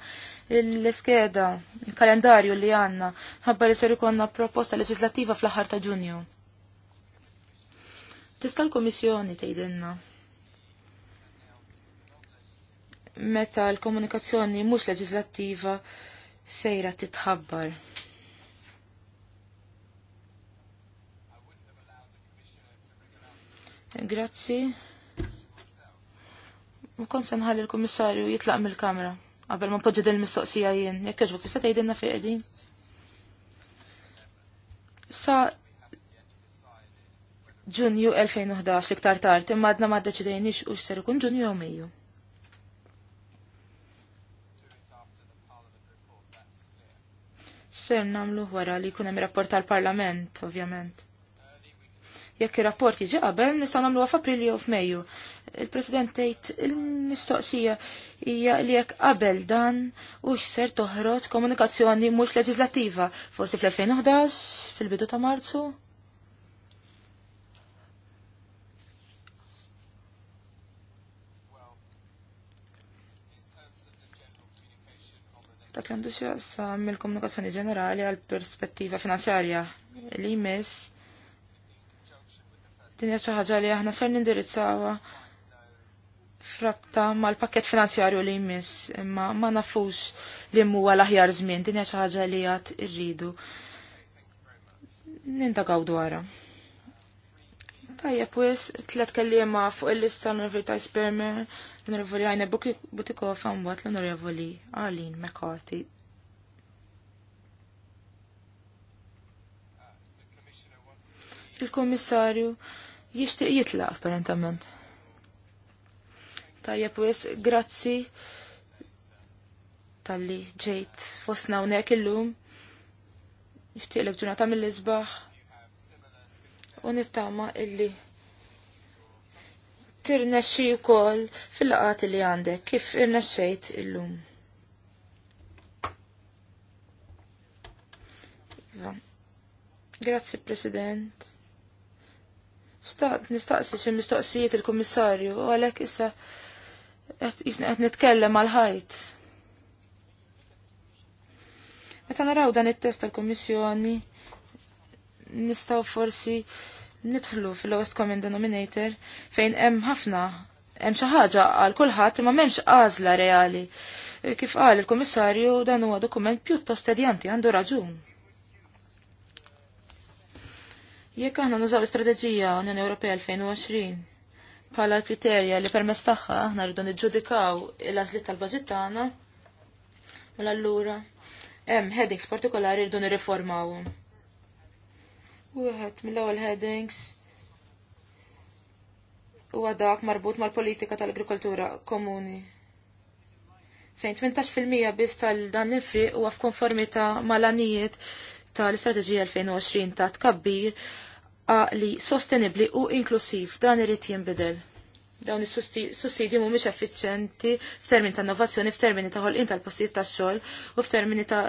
l-skeda, il-kalendarju li għanna, ħabba li seru konna proposta legislativa fl-ħar ta' ġunju. Tista' l-komissjoni tgħidilna meta l-komunikazzjoni mhux leġislattiva sejra titħabbar. Grazzi. Ma konsa nħalli l-Kummissarju jitlaq mill-kamra qabel ma poġġi il mistoqsija jien. Jekk għax tista' tgħidilna fi qegħdin. Sa Ġunju 2011 iktar tard imma għadna ma ddeċidejniex u x'ser ikun Ġunju jew Mejju. Ser nagħmlu wara li jkun hemm rapport tal-Parlament, ovvjament. Jekk ir-rapport jiġi qabel, nistgħu nagħmluha f'April jew f'Mejju. Il-President tgħid il-mistoqsija hija li jekk qabel dan u ser toħroġ komunikazzjoni mhux leġislattiva, forsi fl-2011, fil-bidu ta' Marzu. ta' xie tuxjaqsam mill-komunikazzjoni ġenerali għal perspettiva finanzjarja li jmiss Dinja ċaħġa xi ħaġa li aħna ser nindirizzawha frabta mal-pakket finanzjarju li jmiss, imma ma nafux li huwa l-aħjar żmien, dinja xi ħaġa li għat irridu. Nindagaw dwarha. Tajja, pues, tlet kellima fuq il-lista l ta' Spermer, l-Università Għajna Butikov, għambat l li Arlene McCarthy. Il-Komissarju jixtieq jitlaq apparentament. Tajjeb wis, grazzi tal-li ġejt il hawnhekk illum. Nixtieqlek ġunata mill-isbaħ. U nittama illi tirnexxi wkoll fil-laqat li għandek kif irnexxejt illum. Iva. Grazzi President nistaqsi xi mistoqsijiet il-Kummissarju u għalhekk issa qed nitkellem għal ħajt. Meta naraw dan it-test tal-Kummissjoni nistgħu forsi nidħlu fil-lowest common denominator fejn hemm ħafna hemm xi ħaġa għal kulħadd ma m'hemmx għażla reali. Kif qal il-Kummissarju dan huwa dokument pjuttost tedjanti għandu raġun. Jekk aħna nużaw l-istrateġija Unjoni Ewropea 2020 bħala kriterja li permess tagħha aħna rridu niġġudikaw il-għażliet tal-baġit tagħna, mela allura hemm headings partikolari rridu nirriformawhom. Wieħed mill-ewwel headings huwa dak marbut mal-politika tal-agrikoltura komuni fejn 18% biss tal-dan il-fiq u f'konformità mal-anijiet tal-Istrateġija 2020 ta' tkabbir għaqli sostenibli u inklusiv dan irid jinbidel. Dawn is-sussidji mhumiex effiċjenti f'termini ta' innovazzjoni, f'termini ta' ħolqien tal-postijiet tax-xogħol u f'termini ta'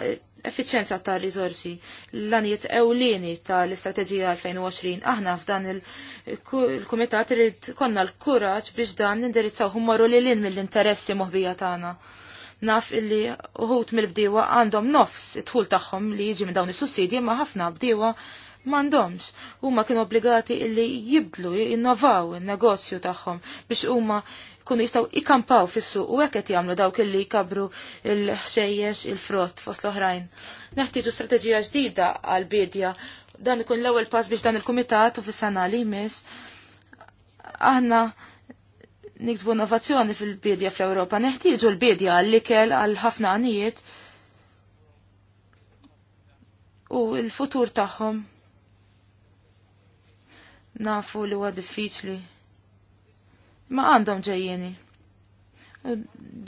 effiċjenza ta' riżorsi. L-anijiet ewlieni tal-Istrateġija 2020 aħna f'dan il-Kumitat irid konna l-kuraġġ biex dan nindirizzaw marru lil mill-interessi moħbija tagħna. Naf illi uħut mill-bdiewa għandhom nofs it-tħul tagħhom li jiġi minn dawn is-sussidji ma ħafna bdiewa m'għandhomx. Huma kienu obbligati illi jibdlu jinnovaw in-negozju tagħhom biex huma kunu jistaw ikampaw fissu u għeket qed jagħmlu dawk illi jkabru il-ħxejjex il-frott fost l-oħrajn. Neħtieġu strateġija ġdida għal bidja dan ikun l-ewwel pass biex dan il-kumitat u fis-sana li jmiss aħna niktbu innovazzjoni fil-bidja fl-Ewropa. Neħtieġu l-bidja għall-ikel għal ħafna għanijiet u l-futur tagħhom. Nafu li huwa diffiċli. Ma għandhom ġejjeni.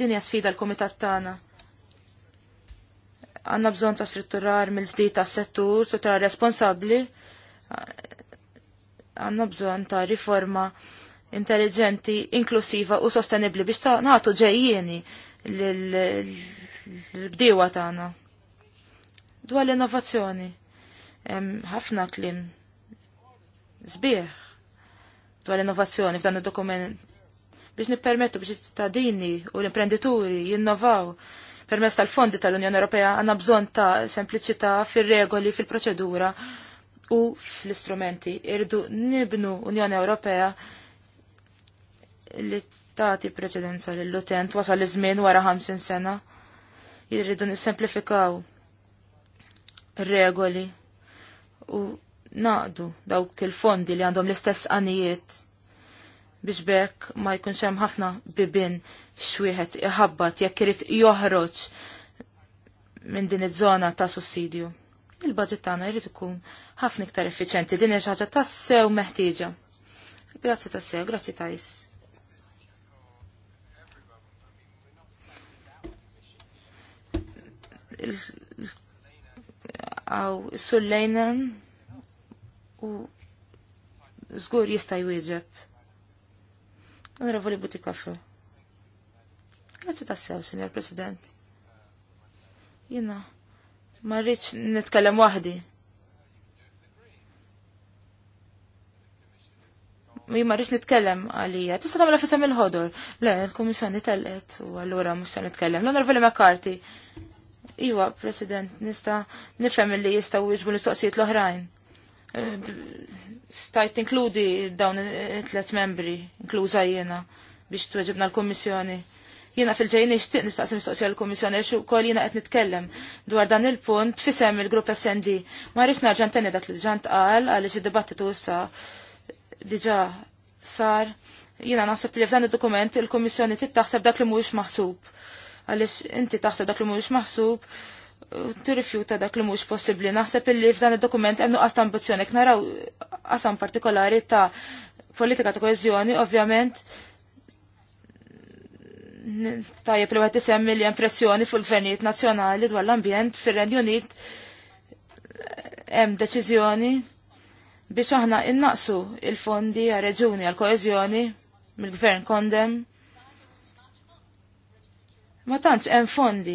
Dinja sfida l-komitat tagħna għanna bżon ta' strutturar mill ġdid ta' settur, strutturar responsabli, għanna bżon ta' riforma intelligenti, inklusiva u sostenibli biex ta' nagħtu ġejjieni l bdiwa tagħna. Dwar l-innovazzjoni, ħafna klim sbieħ dwar l-innovazzjoni f'dan id-dokument biex nippermettu biex ċittadini u l-imprenditori jinnovaw permess tal-fondi tal-Unjoni Ewropea għanna bżon ta' sempliċità fil-regoli, fil-proċedura u fl-istrumenti. Irdu nibnu Unjoni Ewropea li tagħti preċedenza lill-utent wasal iż-żmien wara 50 sena. Jirridu nissemplifikaw regoli u naqdu dawk il-fondi li għandhom l-istess għanijiet biex bekk ma jkunx hemm ħafna bibin xwieħed iħabbat jekk irid joħroġ minn din iż-żona ta' sussidju. Il-budget tagħna jrid ikun ħafna iktar effiċenti. din hija xi ħaġa tassew meħtieġa. Grazzi tas-sew, grazzi tajs. għaw sullejnen u zgur jistaj jista' jwieġeb. Onorevoli Butikofru. Grazzi tassew, Sinjor President. Jina, marriċ rridx nitkellem waħdi. Mi marriċ rridx nitkellem għalija. Tista' tagħmel fisem il ħodur Le, il-Kummissjoni telqet u għallura mhux se nitkellem. L-Onorevoli McCarthy. Iwa, President, nista nifhem li jistgħu jiġbu l-istoqsijiet l-oħrajn. Eh, stajt inkludi dawn it-tlet membri, inkluża jiena, biex tweġibna l-Kummissjoni Jena fil-ġejn nixtieq nistaqsi mistoqsija l-Kummissjoni għax ukoll jiena qed nitkellem dwar dan il-punt fisem il-grupp SND. Ma rridx narġa' ntenni dak li ġant qal għaliex id-dibattitu issa diġà sar. Jiena naħseb li f'dan id-dokument il-Kummissjoni tittaħseb dak li mhuwiex maħsub għaliex inti taħseb dak li mhux maħsub tirrifjuta dak li mhux possibbli. Naħseb illi f'dan id-dokument hemm nuqqas ta' ambizzjoni. naraw qasam partikolari ta' politika ta' koeżjoni, ovvjament tajjeb li għed isemmi li impressjoni fil-gvernijiet nazzjonali dwar l-ambjent fir-Renju Unit hemm deċiżjoni biex aħna innaqsu il-fondi għal reġuni għal koeżjoni mill-gvern kondem Ma tantx hemm fondi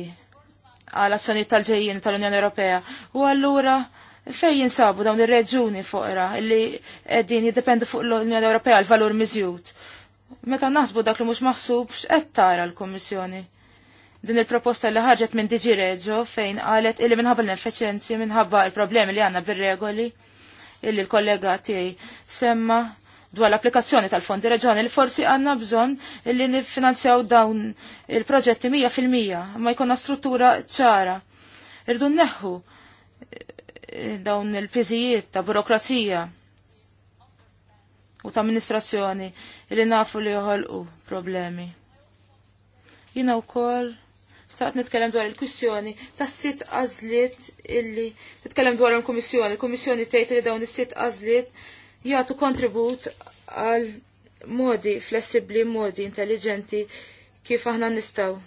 għal azzjonijiet tal-ġejjin tal-Unjoni Ewropea. U allura fejn jinsabu dawn ir-reġuni foqra li qegħdin jiddependu fuq l-Unjoni Ewropea l-valur miżjud. Meta naħsbu dak li mhux maħsubx qed tara l-Kummissjoni din il-proposta li ħarġet minn diġi Reġo fejn qalet illi minħabba l-inefficienzi minħabba il-problemi li għandna bir-regoli illi l-kollega tiegħi semma dwar l-applikazzjoni tal-fondi reġjoni li forsi għanna bżon li nifinanzjaw dawn il-proġetti 100% ma jkunna struttura ċara. Irdu neħu eh, dawn il-piżijiet ta' burokrazija u ta' amministrazzjoni li nafu li joħolqu problemi. Jina u kol, staqt nitkellem dwar il-kwissjoni ta' sit għazliet illi titkellem dwar il-kummissjoni. Il-kummissjoni tejt li dawn is sit għażliet jgħatu kontribut għal modi flessibli, modi intelligenti kif aħna nistaw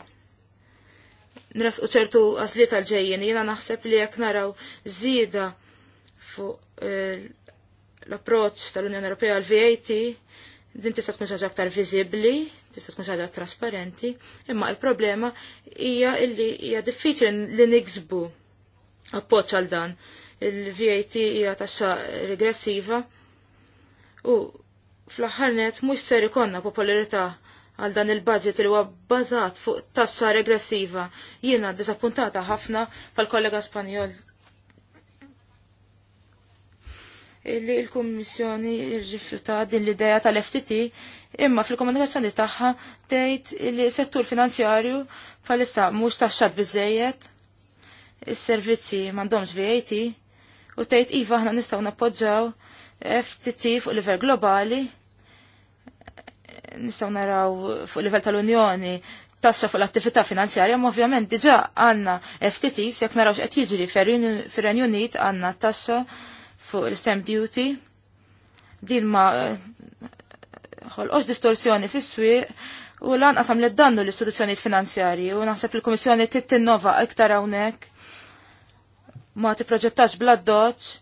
u ċertu għażliet tal-ġejjen, Jiena naħseb li jekk naraw żieda fuq eh, l-approċċ tal-Unjoni Ewropea għal VAT din tista' tkun xaġa aktar viżibbli, tista' tkun xaġa trasparenti, imma il-problema hija li hija diffiċli li niksbu appoġġ għal dan. Il-VAT hija taxxa regressiva U fl-aħħar net mhux ser ikonna popolarità għal dan il-budget li huwa bbażat fuq tassa regressiva. Jiena disappuntata ħafna pal-kollega Spanjol Illi l-Kummissjoni rrifjuta din l-idea tal-FTT imma fil-komunikazzjoni tagħha tgħid li settur finanzjarju bħalissa mhux taxxat biżejjed, is-servizzi m'għandhomx VAT u tgħid iva aħna nistgħu nappoġġaw FTT fuq livell globali nistgħu naraw fuq livell tal-Unjoni tassa fuq l-attività finanzjarja, ma ovvjament diġà għandna FTTs, jekk narawx qed jiġri fir-Renju Unit għandna tassa fuq l stem duty. Din ma eh, ħolqox distorsjoni fis-swieq u lanqas għamlet dannu l-istituzzjonijiet finanzjarji u naħseb il-Kummissjoni tittinnova iktar hawnhekk ma tipproġettax bla doċ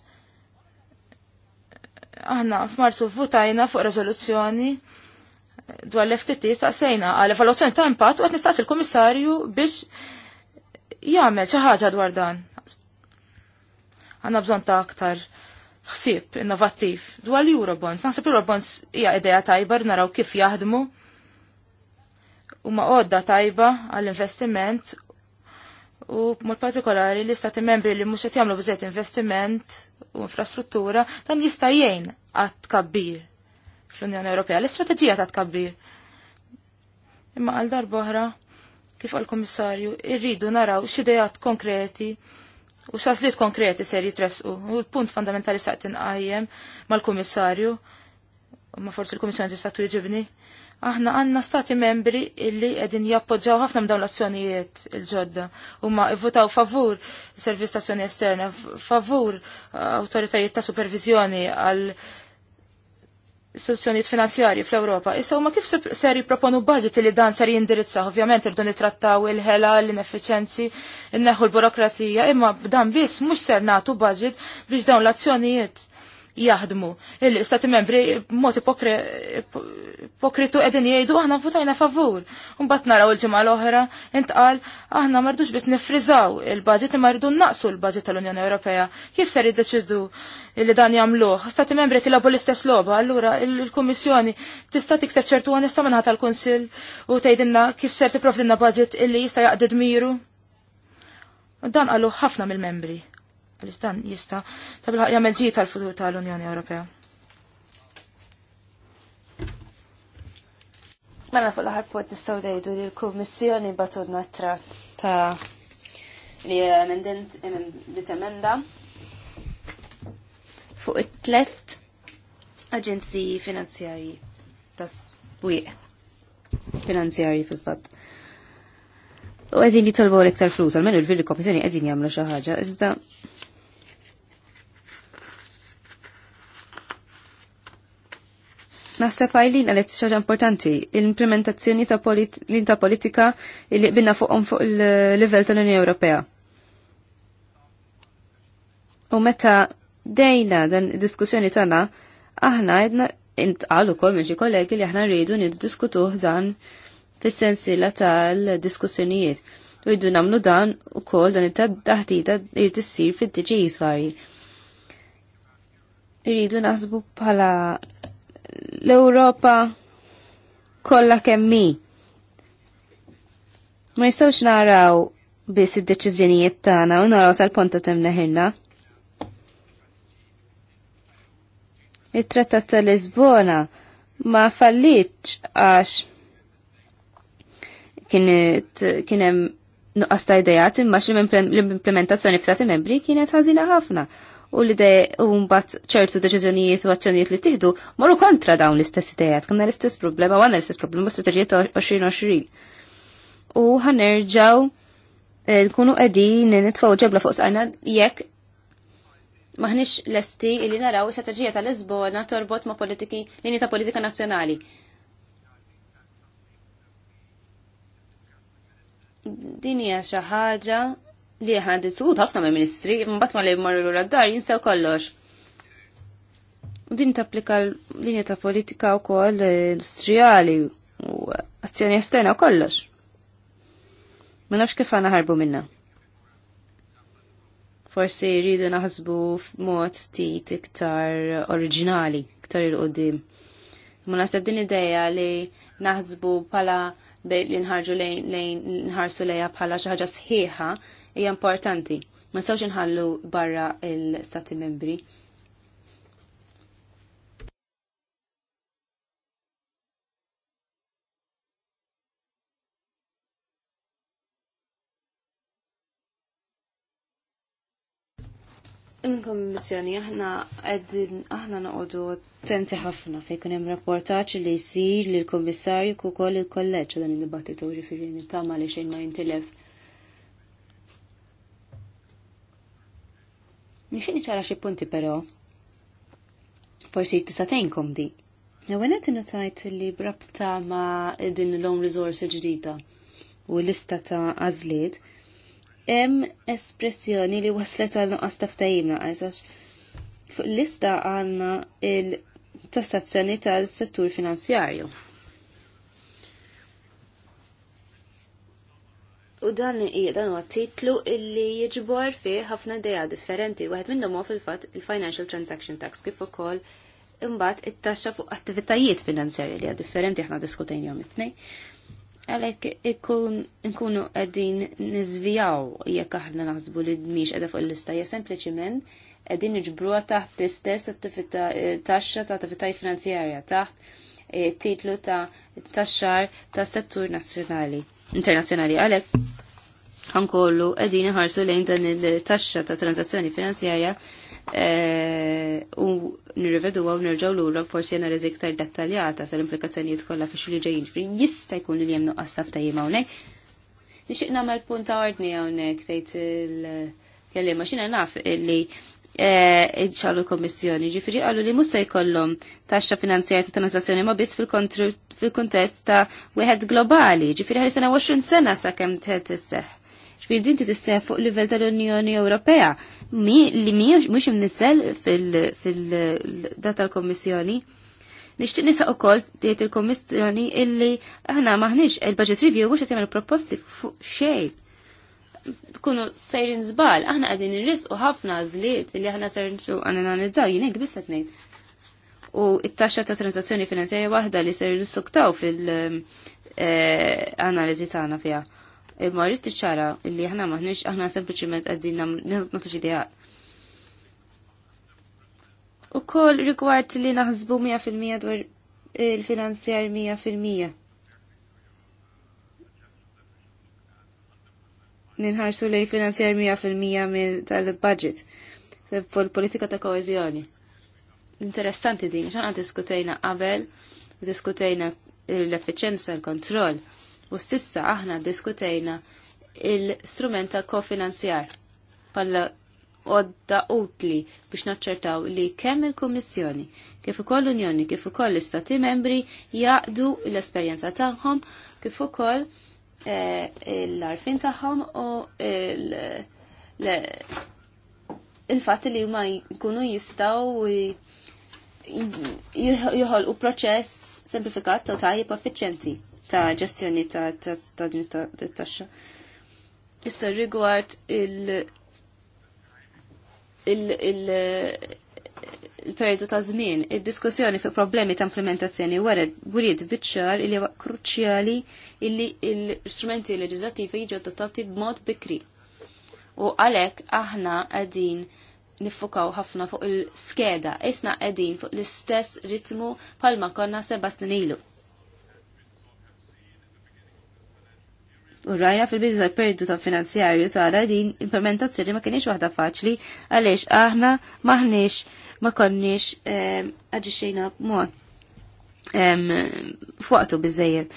aħna f'Marzu votajna fuq rezoluzzjoni dwar l-FTT staqsejna għal evaluazzjoni ta' impatt u qed nistaqs il kummissarju biex jagħmel xi ħaġa dwar dan. Għanna bżonn ta' aktar ħsieb innovattiv dwar l-Eurobonds. Naħseb Eurobonds hija idea tajba naraw kif jaħdmu u ma' għodda tajba għall-investiment u mod partikolari l-istati membri li mhux qed jagħmlu investiment u infrastruttura dan jista' jgħin għat tkabbir fl-Unjoni Ewropea, l-istrateġija ta' tkabbir. Imma għal darboħra, kif għal komissarju, irridu naraw x'idejat konkreti u sasliet konkreti ser jitresqu. U l-punt fundamentali saqtin għajjem mal-komissarju, ma forsi l-komissjoni tista' jġibni. Aħna għanna stati membri illi għedin jappoġġaw ħafna mdawn l-azzjonijiet il-ġodda. Huma votaw favur servizz ta' azzjoni esterna, favur uh, autoritajiet ta' supervizjoni għal istituzzjonijiet finanzjari fl-Ewropa. Issa huma kif ser jipproponu budget li dan ser jindirizza, ovvjament irdu jitrattaw il-ħela, l-ineffiċenzi, inneħu l-burokrazija, imma dan biss mhux ser nagħtu budget biex dawn l-azzjonijiet jaħdmu. Il-stati membri b'mod ipokritu qegħdin jgħidu aħna votajna favur. Mbagħad naraw il-ġimgħa l-oħra intqal aħna mardux biss nifriżaw il-baġit imma rridu naqsu l-baġit tal-Unjoni Ewropea. Kif ser jiddeċidu li dan jagħmluh? Stati membri tilgħu l-istess logħba, allura il-Kummissjoni tista' tikseb ċertu għanista minnha tal-Kunsill u tgħidilna kif ser tipprovdilna baġit illi jista' jaqdid miru. Dan qalu ħafna mill-membri għal-istan jista' tabla jagħmel ġid tal-futur tal-Unjoni Ewropea. Mela fuq l-aħħar punt nistgħu ngħidu li l-Kummissjoni batud natra ta' li emendent emenda fuq it-tlet aġenziji finanzjarji tas wieq finanzjari fil-fatt. U għedin jitolbu l-iktar flus, għal menu l-fil-komissjoni għedin jamlu xaħġa, iżda Naħseb għajlin għalet xaġa importanti, l-implementazzjoni ta' l-inta politika li binna fuqhom fuq il-level tal-Unjoni Ewropea. U meta dejna dan diskussjoni tagħna, aħna għedna intqal ukoll minn xi kollegi li aħna rridu niddiskutuh dan fis-sensiela tal-diskussjonijiet. U jiddu namlu dan ukoll dan it-taħdita jrid issir fid-DGs varji. Rridu naħsbu bħala l-Europa kollha kemmi. Ma jistgħux naraw biss id-deċiżjonijiet tagħna u naraw sal-ponta temna neħilna. it-trattat ta' Lisbona ma fallitx għax kien hemm nuqqas ta' idejat imma xi l-implementazzjoni f'stati membri kienet ħażina ħafna u li un mbagħad ċertu deċiżjonijiet u azzjonijiet li tieħdu marru kontra dawn l-istess idejat. Kanna l-istess problema u l-istess problema strateġijiet 2020. U ħanerġaw eh, nkunu qegħdin nitfgħu ġebla fuq sajna jekk maħniex lesti li naraw strateġija tal-Lisbona torbot ma' politiki linji ta' politika nazzjonali. Din hija xi ħaġa li ħan disud ħafna minn ministri mbagħad ma li marru l-dar jinsew kollox. U din tapplika l-linja ta' politika wkoll eh, industrijali u azzjoni esterna u kollox. Ma nafx kif għana ħarbu minna. Forsi rridu naħsbu f'mod ftit iktar oriġinali, iktar il-qoddim. Ma naħseb din ideja li naħsbu pala li nħarġu lejn nħarsu lejha bħala xi ħaġa sħiħa hija importanti. Ma sawx inħallu barra l stati membri. Il-kommissjoni, aħna għeddin, aħna naqodu tenti ħafna fejkun hemm rapportaċ li jsir li l-kommissarju kukoll il-kolleġġ dan id-dibattitu ġifieri nittama li xejn ma jintilef Nixin iċara xie punti pero, forsi tista' tgħinkom di. Nawenet innotajt li brabta ma din l-om resource ġdida u lista ta' għazlid, hemm espressjoni li waslet għal nuqqas taftajim naqas fuq lista għanna il-tassazzjoni tal-settur finanzjarju. U dan dan huwa titlu illi jiġbor fih ħafna idea differenti. Waħed minnhom huwa fil-fatt il-Financial Transaction Tax kif ukoll imbagħad it-taxxa fuq attivitajiet finanzjarji li hija differenti aħna diskutejn jom it-tnejn. Għalhekk ikun nkunu qegħdin niżvijaw jekk aħna naħsbu li mhix qiegħda fuq il-lista hija sempliċiment qegħdin niġbruha taħt l-istess taxxa ta' attivitajiet finanzjarja taħt eh, titlu ta' taxxar ta' settur nazzjonali internazzjonali għalek, għankollu qegħdin ħarsu lejn dan il-taxxa ta' transazzjoni finanzjarja eh, u nirrivedu għaw nirġaw l-ura forsi jena rizik tar dettaljata tal-implikazzjonijiet kollha fi xulli ġejjin fri jista' jkun li hemm għastaf ta' tajjim hawnhekk. Nixtieq nagħmel punta għardni ordni hawnhekk tgħid il-kelliema maċina naf li Eh, iċċalu l-Komissjoni. Ġifiri għallu li musa jkollhom taxxa finanzjarja ta' transazzjoni ma biss fil-kontest ta' wieħed globali. Ġifiri għalli sena 20 sena sakemm tisseħ. Ġifiri din tisseħ fuq livell tal-Unjoni Ewropea li mhux imnissel fil-data tal-Komissjoni. Nixtieq nisa ukoll tgħid il-Komissjoni illi aħna maħniex il-budget review mhux qed jagħmel proposti fuq xejn tkunu sejrin zbal, aħna għadin u ħafna zliet li aħna ser nsu għananizzaw jinek biss nejn. U it-taxxa ta' transazzjoni finanzjarja waħda li ser suktaw fil-analiżi ehm, eh, tagħna fiha. Imma t ċara li aħna maħniex aħna sempliċiment qegħdin nagħtux ideat. U kol rigward li naħsbu 100% dwar il-finanzjar 100%. ninħarsu li finanzjar 100% tal-budget politika ta' koezjoni. Interessanti din, xan għad diskutejna qabel, diskutejna l-efficienza, l-kontroll, u sissa aħna diskutejna il-strument ta' kofinanzjar palla għodda utli biex naċċertaw li kemm il-Kummissjoni kif ukoll l-Unjoni kif ukoll l-Istati membri jaqdu l-esperjenza tagħhom kif ukoll Eh, l-arfin tagħhom u il fat li huma jkunu jistgħu u proċess semplifikat ta' tajjeb effiċenti ta' ġestjoni ta' taxxa. Issa rigward il- il- il- il-periodu ta' żmien, id-diskussjoni fuq problemi ta' implementazzjoni wared wrid biċċar li huwa kruċjali illi l-istrumenti leġislattivi jiġu adottati b'mod bikri. U għalhekk aħna qegħdin niffukaw ħafna fuq il-skeda, isna qegħdin fuq l-istess ritmu palma konna seba' snin ilu. U rajna fil-bidu tal-periodu ta' finanzjarju tara din implementazzjoni ma kienx waħda faċli għaliex aħna maħniex ma konniex ehm, aġiċejna mod ehm, fuqtu bizzejed.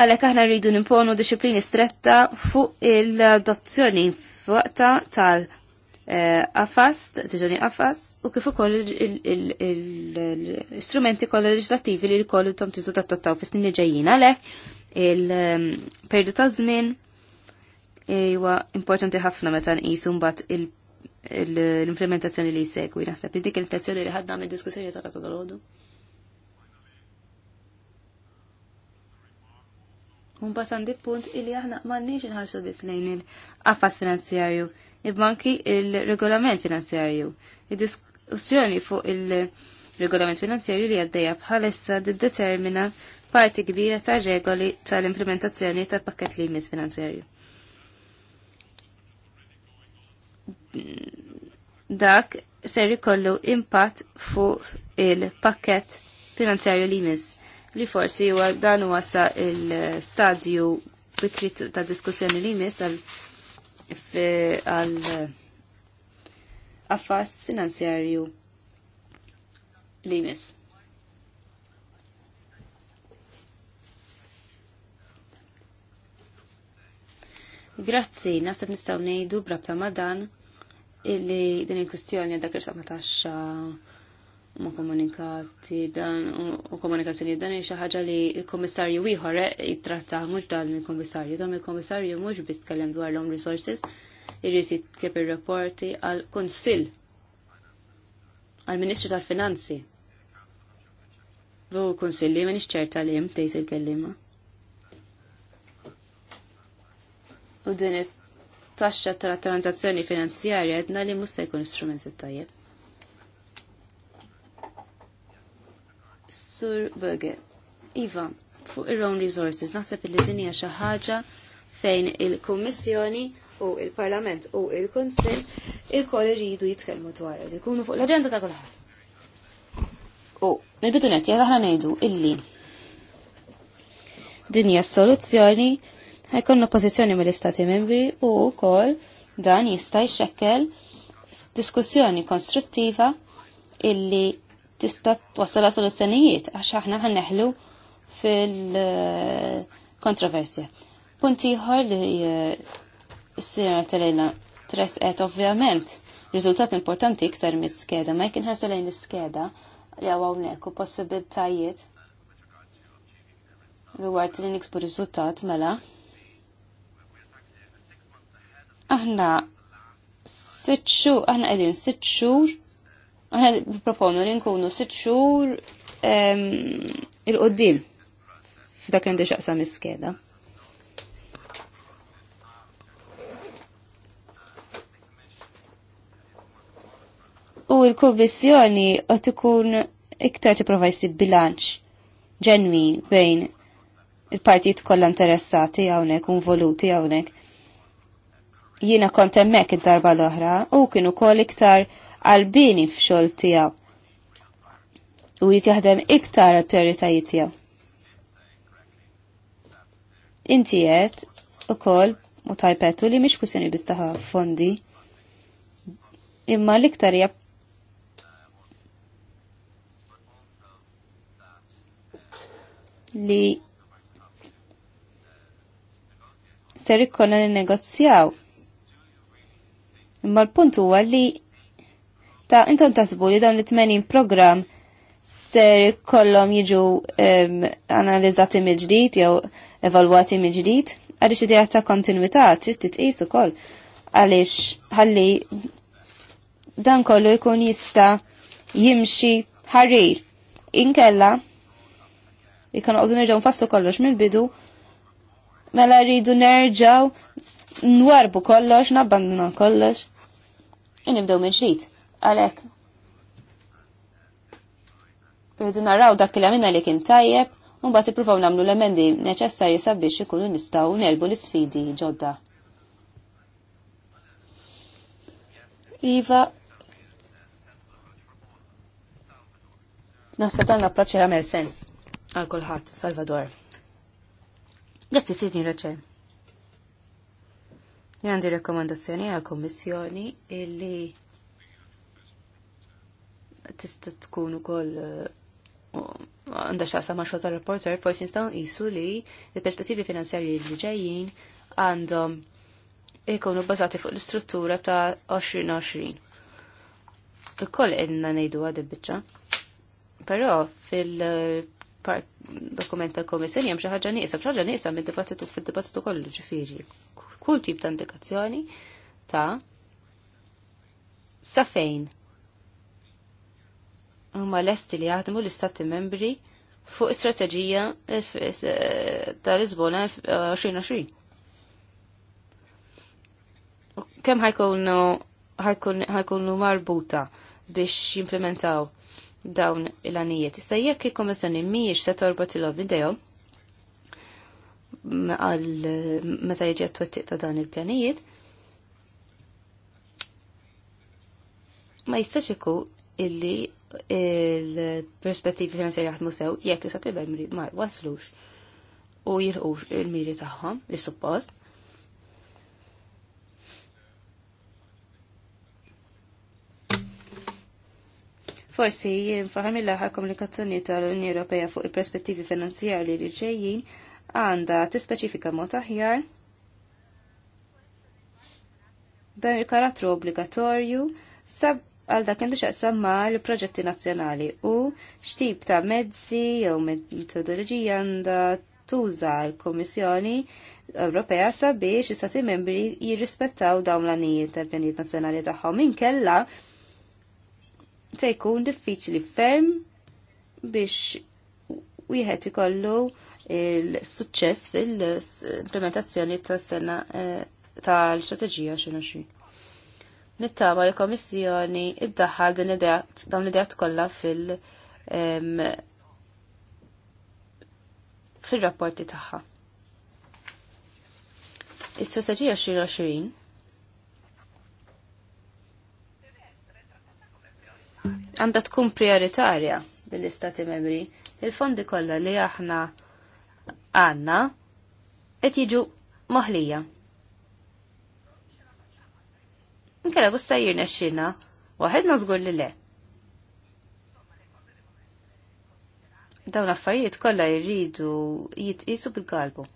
Għalek aħna rridu nimponu disciplini stretta fuq il-dozzjoni fuqta tal- t tiġani għafas, u kif ukoll l-istrumenti kollha leġislativi li l-koll tom t-tattaw fis-snin ġejjin għalhekk il-perdu ehm, ta' żmien jwa importanti ħafna metan jisum bat il- l-implementazzjoni li jsegwi. Naħseb li dik il-tazzjoni li ħadna minn diskussjoni ta' ta' dal-ħodu. Unbat għandi punt illi aħna m'għandniex inħarsu bis lejn il affas finanzjarju, ibanki il-regolament finanzjarju. Id-diskussjoni fuq il-regolament finanzjarju li għaddejja bħalissa determina parti kbira ta' regoli tal-implementazzjoni tal-pakket li jmiss finanzjarju. dak ser ikollu impatt fuq il-pakket finanzjarju li jmiss li forsi huwa dan huwa sa il-stadju bitri ta' diskussjoni li jmiss għal affas finanzjarju li jmiss. Grazzi, nasab nistaw nejdu brabta madan illi din il-kustjoni għadda li saqma taxxa ma komunikati dan u komunikazzjoni dan hija xi ħaġa li l-kummissarju ieħor jittratta mhux dan il-kummissarju, dan il-kummissarju mhux biss tkellem dwar l-home resources, irrid jitkeb ir-rapporti għal kunsill għal ministru tal-Finanzi. Bu kunsilli minix ċerta li jem tejt il-kellima. U din taxxa tal transazzjoni finanzjarja għedna li musa jkun strumenti tajjeb. Sur Böge, Iva, fuq ir rown Resources, naħseb li din hija xi ħaġa fejn il-Kummissjoni u il-Parlament u il-Kunsill il-kol iridu jitkellmu dwar li jkunu fuq l-aġenda ta' kulħadd. U mill-bidunet jgħid aħna ngħidu illi din hija soluzzjoni ħajkun l-oppożizzjoni mill-Istati membri u kol dan jista' jxekkel diskussjoni konstruttiva illi tista' twassal soluzzjonijiet għax aħna ħanneħlu fil-kontroversja. Punt ieħor li eh, s-sira tal tres tresqet ovvjament riżultat importanti iktar mis-skeda, ma jkun ħarsu lejn l-skeda li għawnek u possibiltajiet rigward li niksbu riżultat mela aħna sitt xhur aħna qegħdin sitt xhur aħna proponu li nkunu sitt xhur ehm, il-qoddim f'dak li għandi xaqsam iskeda. u l-kommissjoni qed ikun iktar tipprova jsib bilanċ ġenwi bejn il-partijiet kollha interessati hawnhekk u involuti hawnhekk. Jiena kont hemmhekk id-darba l-oħra u kienu kol iktar għalbini f'xogħol tiegħu. U jrid jaħdem iktar prioritajiet prijoritajiet tiegħu. Inti u ukoll u tajpetu li miex kusini bistaħa fondi. Imma l-iktar li ser li ninnegozjaw Imma l-punt huwa li ta' intom tasbu li dawn l tmenin program ser kollom jiġu um, analizzati mill-ġdid jew evalwati mill-ġdid għaliex idea ta' kontinuità trid titqis ukoll għaliex ħalli dan kollu jkun jista' jimxi ħarir. Inkella jkun qogħdu nerġgħu nfasslu kollox mill-bidu mela rridu nerġgħu nwarbu kollox, nabbanduna kollox. Inibdew minn ġdid. Għalhekk Rridu narraw dak li għamilna li kien tajjeb u mbagħad ippruvaw nagħmlu l-emendi neċessarji sabiex ikunu nistgħu nelbu l-isfidi ġodda. Iva, Nasta dan l-approċċ jagħmel sens għal kulħadd, Salvador. Grazzi Sidni Reċer. Li għandi rekomendazzjoni għal kommissjoni illi tista' tkun ukoll uh, għandha xaqsa ma' xogħol reporter forsi nistgħu qisu li l-perspettivi finanzjarji li ġejjin għandhom ikunu bbażati fuq l-istruttura ta' 2020. Ukoll qedna ngħidu għad biċċa. Però fil-dokument tal-Komissjoni hemm xi ħaġa nieqsa, xi ħaġa nieqsa mid-dibattitu fid-dibattitu kollu ġifieri kull tip ta' indikazzjoni ta' sa' fejn huma lesti li jaħdmu l-istati membri fuq is-strateġija eh, eh, ta' Lisbona 2020. Eh, kem ħajkunu marbuta biex jimplementaw dawn il-għanijiet. Issa jekk il-Kommissjoni mhijiex se torbot il-lobby għal meta jiġi għat ta' dan il-pjanijiet, ma jistax ikun illi il-perspettivi finanzjarji jaħdmu sew jekk li mri ma waslux u jirqux il-miri taħħom, li suppost. Forsi, jinfaħam il-laħar komunikazzjoni tal-Unjoni Ewropea fuq il-perspettivi finanzjarji li ġejjin għanda tispeċifika mod aħjar dan il-karattru obbligatorju sab għal dak kendu xaqsam ma l-proġetti nazjonali u xtib ta' mezzi jew metodoloġija għanda tuża l-Komissjoni Ewropea sabiex istati membri jirrispettaw dawn l għanijiet tal-pjanijiet nazjonali tagħhom inkella se jkun diffiċli ferm biex wieħed ikollu il-suċċess fil-implementazzjoni tas-sena eh, tal-strateġija xin. Nittama li komissjoni id din dan dawn l kolla kollha fil- fil-rapporti tagħha. Is-strateġija 2020 għandha tkun prioritarja bil istati membri il-fondi kollha li aħna għanna qed jiġu moħlija. Nkella busta jirna xina, waħedna żgur li le. Dawn l-affarijiet kollha jridu jitqisu bil-qalbu.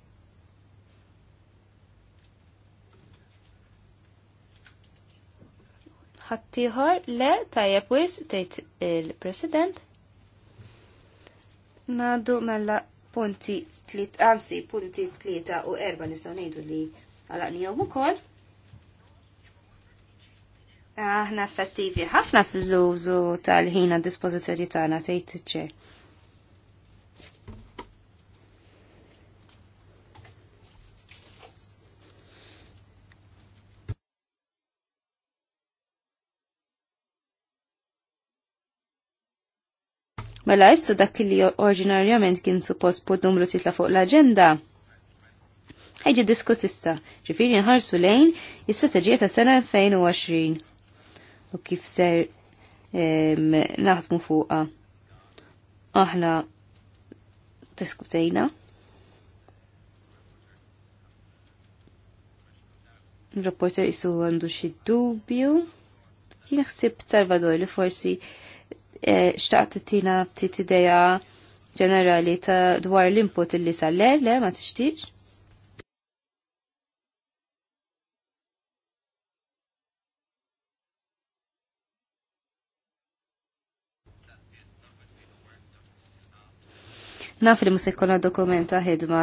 ħattijħor le tajjeb wis tgħid il-President. Nadu mella punti tliet anzi punti tlieta u erba' nistgħu ngħidu li għalaqnihom ukoll. Aħna effettivi ħafna fil-lużu tal-ħin għad tagħna tgħid iċ Mela issa dak li oriġinarjament kien suppost pod numru titla fuq l-agenda. Ħeġi diskus issa, ġifiri nħarsu lejn l-istrateġija ta' sena 2020 u kif ser naħdmu fuqa. Aħna diskutejna. Il-rapporter isu għandu xi dubju. Jien ħsib Salvador li forsi Eh, xtaqt t-tina ftit ideja ġenerali ta' dwar l-input illi salle, le ma ma tixtiex? naf li musa jkollna dokumenta ħidma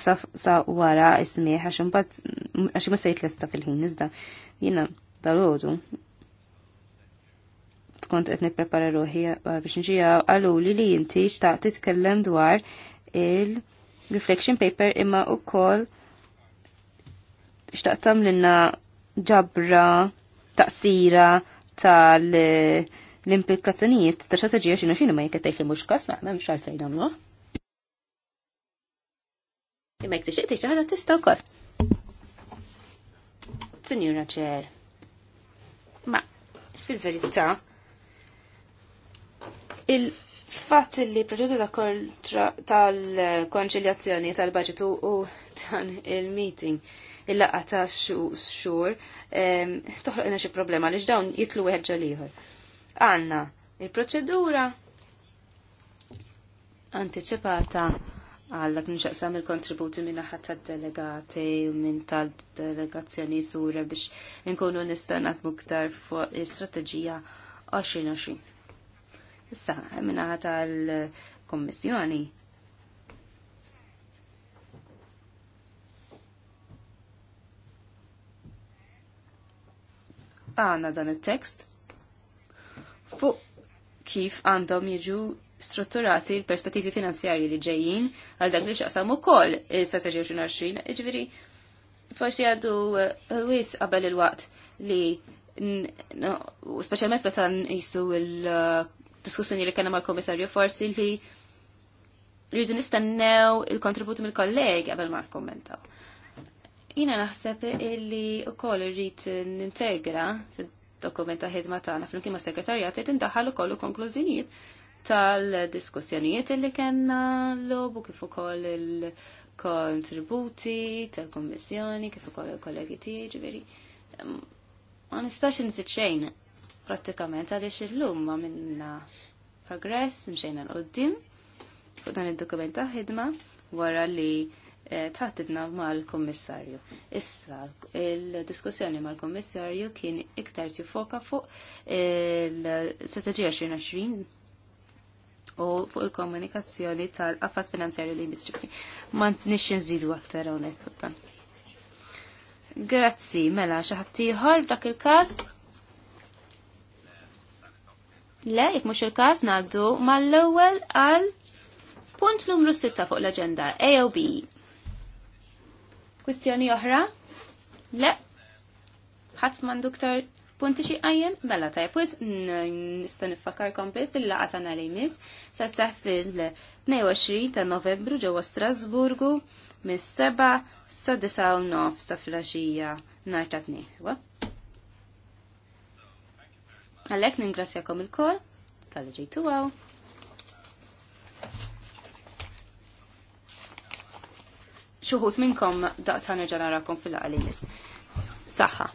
sa wara ismiħ għax imbagħad għax ma l-esta fil-ħin iżda jiena dal-għodu kont qed nipprepara ruħi biex nġija għaluli li inti xtaqt titkellem dwar il-reflection paper imma wkoll xtaqt tagħmlilna ġabra taqsira tal l-implikazzjonijiet ta' xasaġija xinu xinu ma jekk li mhux kas naqma mhux għalfejn għamlu. Imma jekk tixtieq tixtieq ħaġa tista' wkoll. Sinjura ċer. Ma fil-verità il-fatt li proċedura tal-konċiljazzjoni tal baġitu u dan il-meeting il-laqqa ta' xur toħloqna xi problema li dawn jitlu wieħed ġalieħor. Għandna il-proċedura antiċipata għallak nċaqsam il-kontributi minna ħatta delegati u minn tal-delegazzjoni sura biex nkunu nistanak għatmu fuq il-strategija 2020. Issa, minna tal-Kommissjoni. Għana dan il-tekst fuq kif għandhom jiġu strutturati l-perspettivi finanzjarji li ġejjin għal dak li xaqsam ukoll il strateġija 2020, iġviri, forsi għaddu uh, wis qabel il-waqt li specialment meta nqisu l diskussjoni li kena mal-komissarju forsi li rridu nistennew il-kontributu mill-kollegi qabel ma kommentaw. Jina naħseb illi u koll rrit n-integra fil-dokumenta ħidma tagħna fl-imkien ma' segretarjat qed indaħħal ukoll konklużijiet tal-diskussjonijiet illi kellna lobu kif ukoll il-kontributi tal-kommissjoni kif ukoll il-kollegi tiġi. veri. Ma nistax insit prattikament għaliex illum ma minna progress mxejna l-qoddim fuq dan id-dokument ta' ħidma wara li eh, taħtidna mal-kommissarju. Issa, il-diskussjoni mal-kommissarju kien iktar tifoka fuq il-strategija eh, 2020 u fuq il-komunikazzjoni tal affas finanzjarju li jmistribni. Ma nixin zidu aktar għonek dan. Grazzi, mela, xaħatiħor dak il-kas. Le, jek mux il-kaz naddu mal ewwel għal punt numru 6 fuq l-agenda, A o B. Kwistjoni oħra? Le, ħat man ktar punti xie għajem, mela tajb, wiz, nistan nifakar kompis il-laqa tana li mis, sa' seħ fil-22 ta' novembru ġewwa Strasburgu, mis-7 sa' 9 sa' fil-axija nar ta' Għalek ningrazzjakom il-kol, tal-li ġejtu għaw. Xuħut minnkom daqtan ġanarakom fil-għalilis. Saħħa.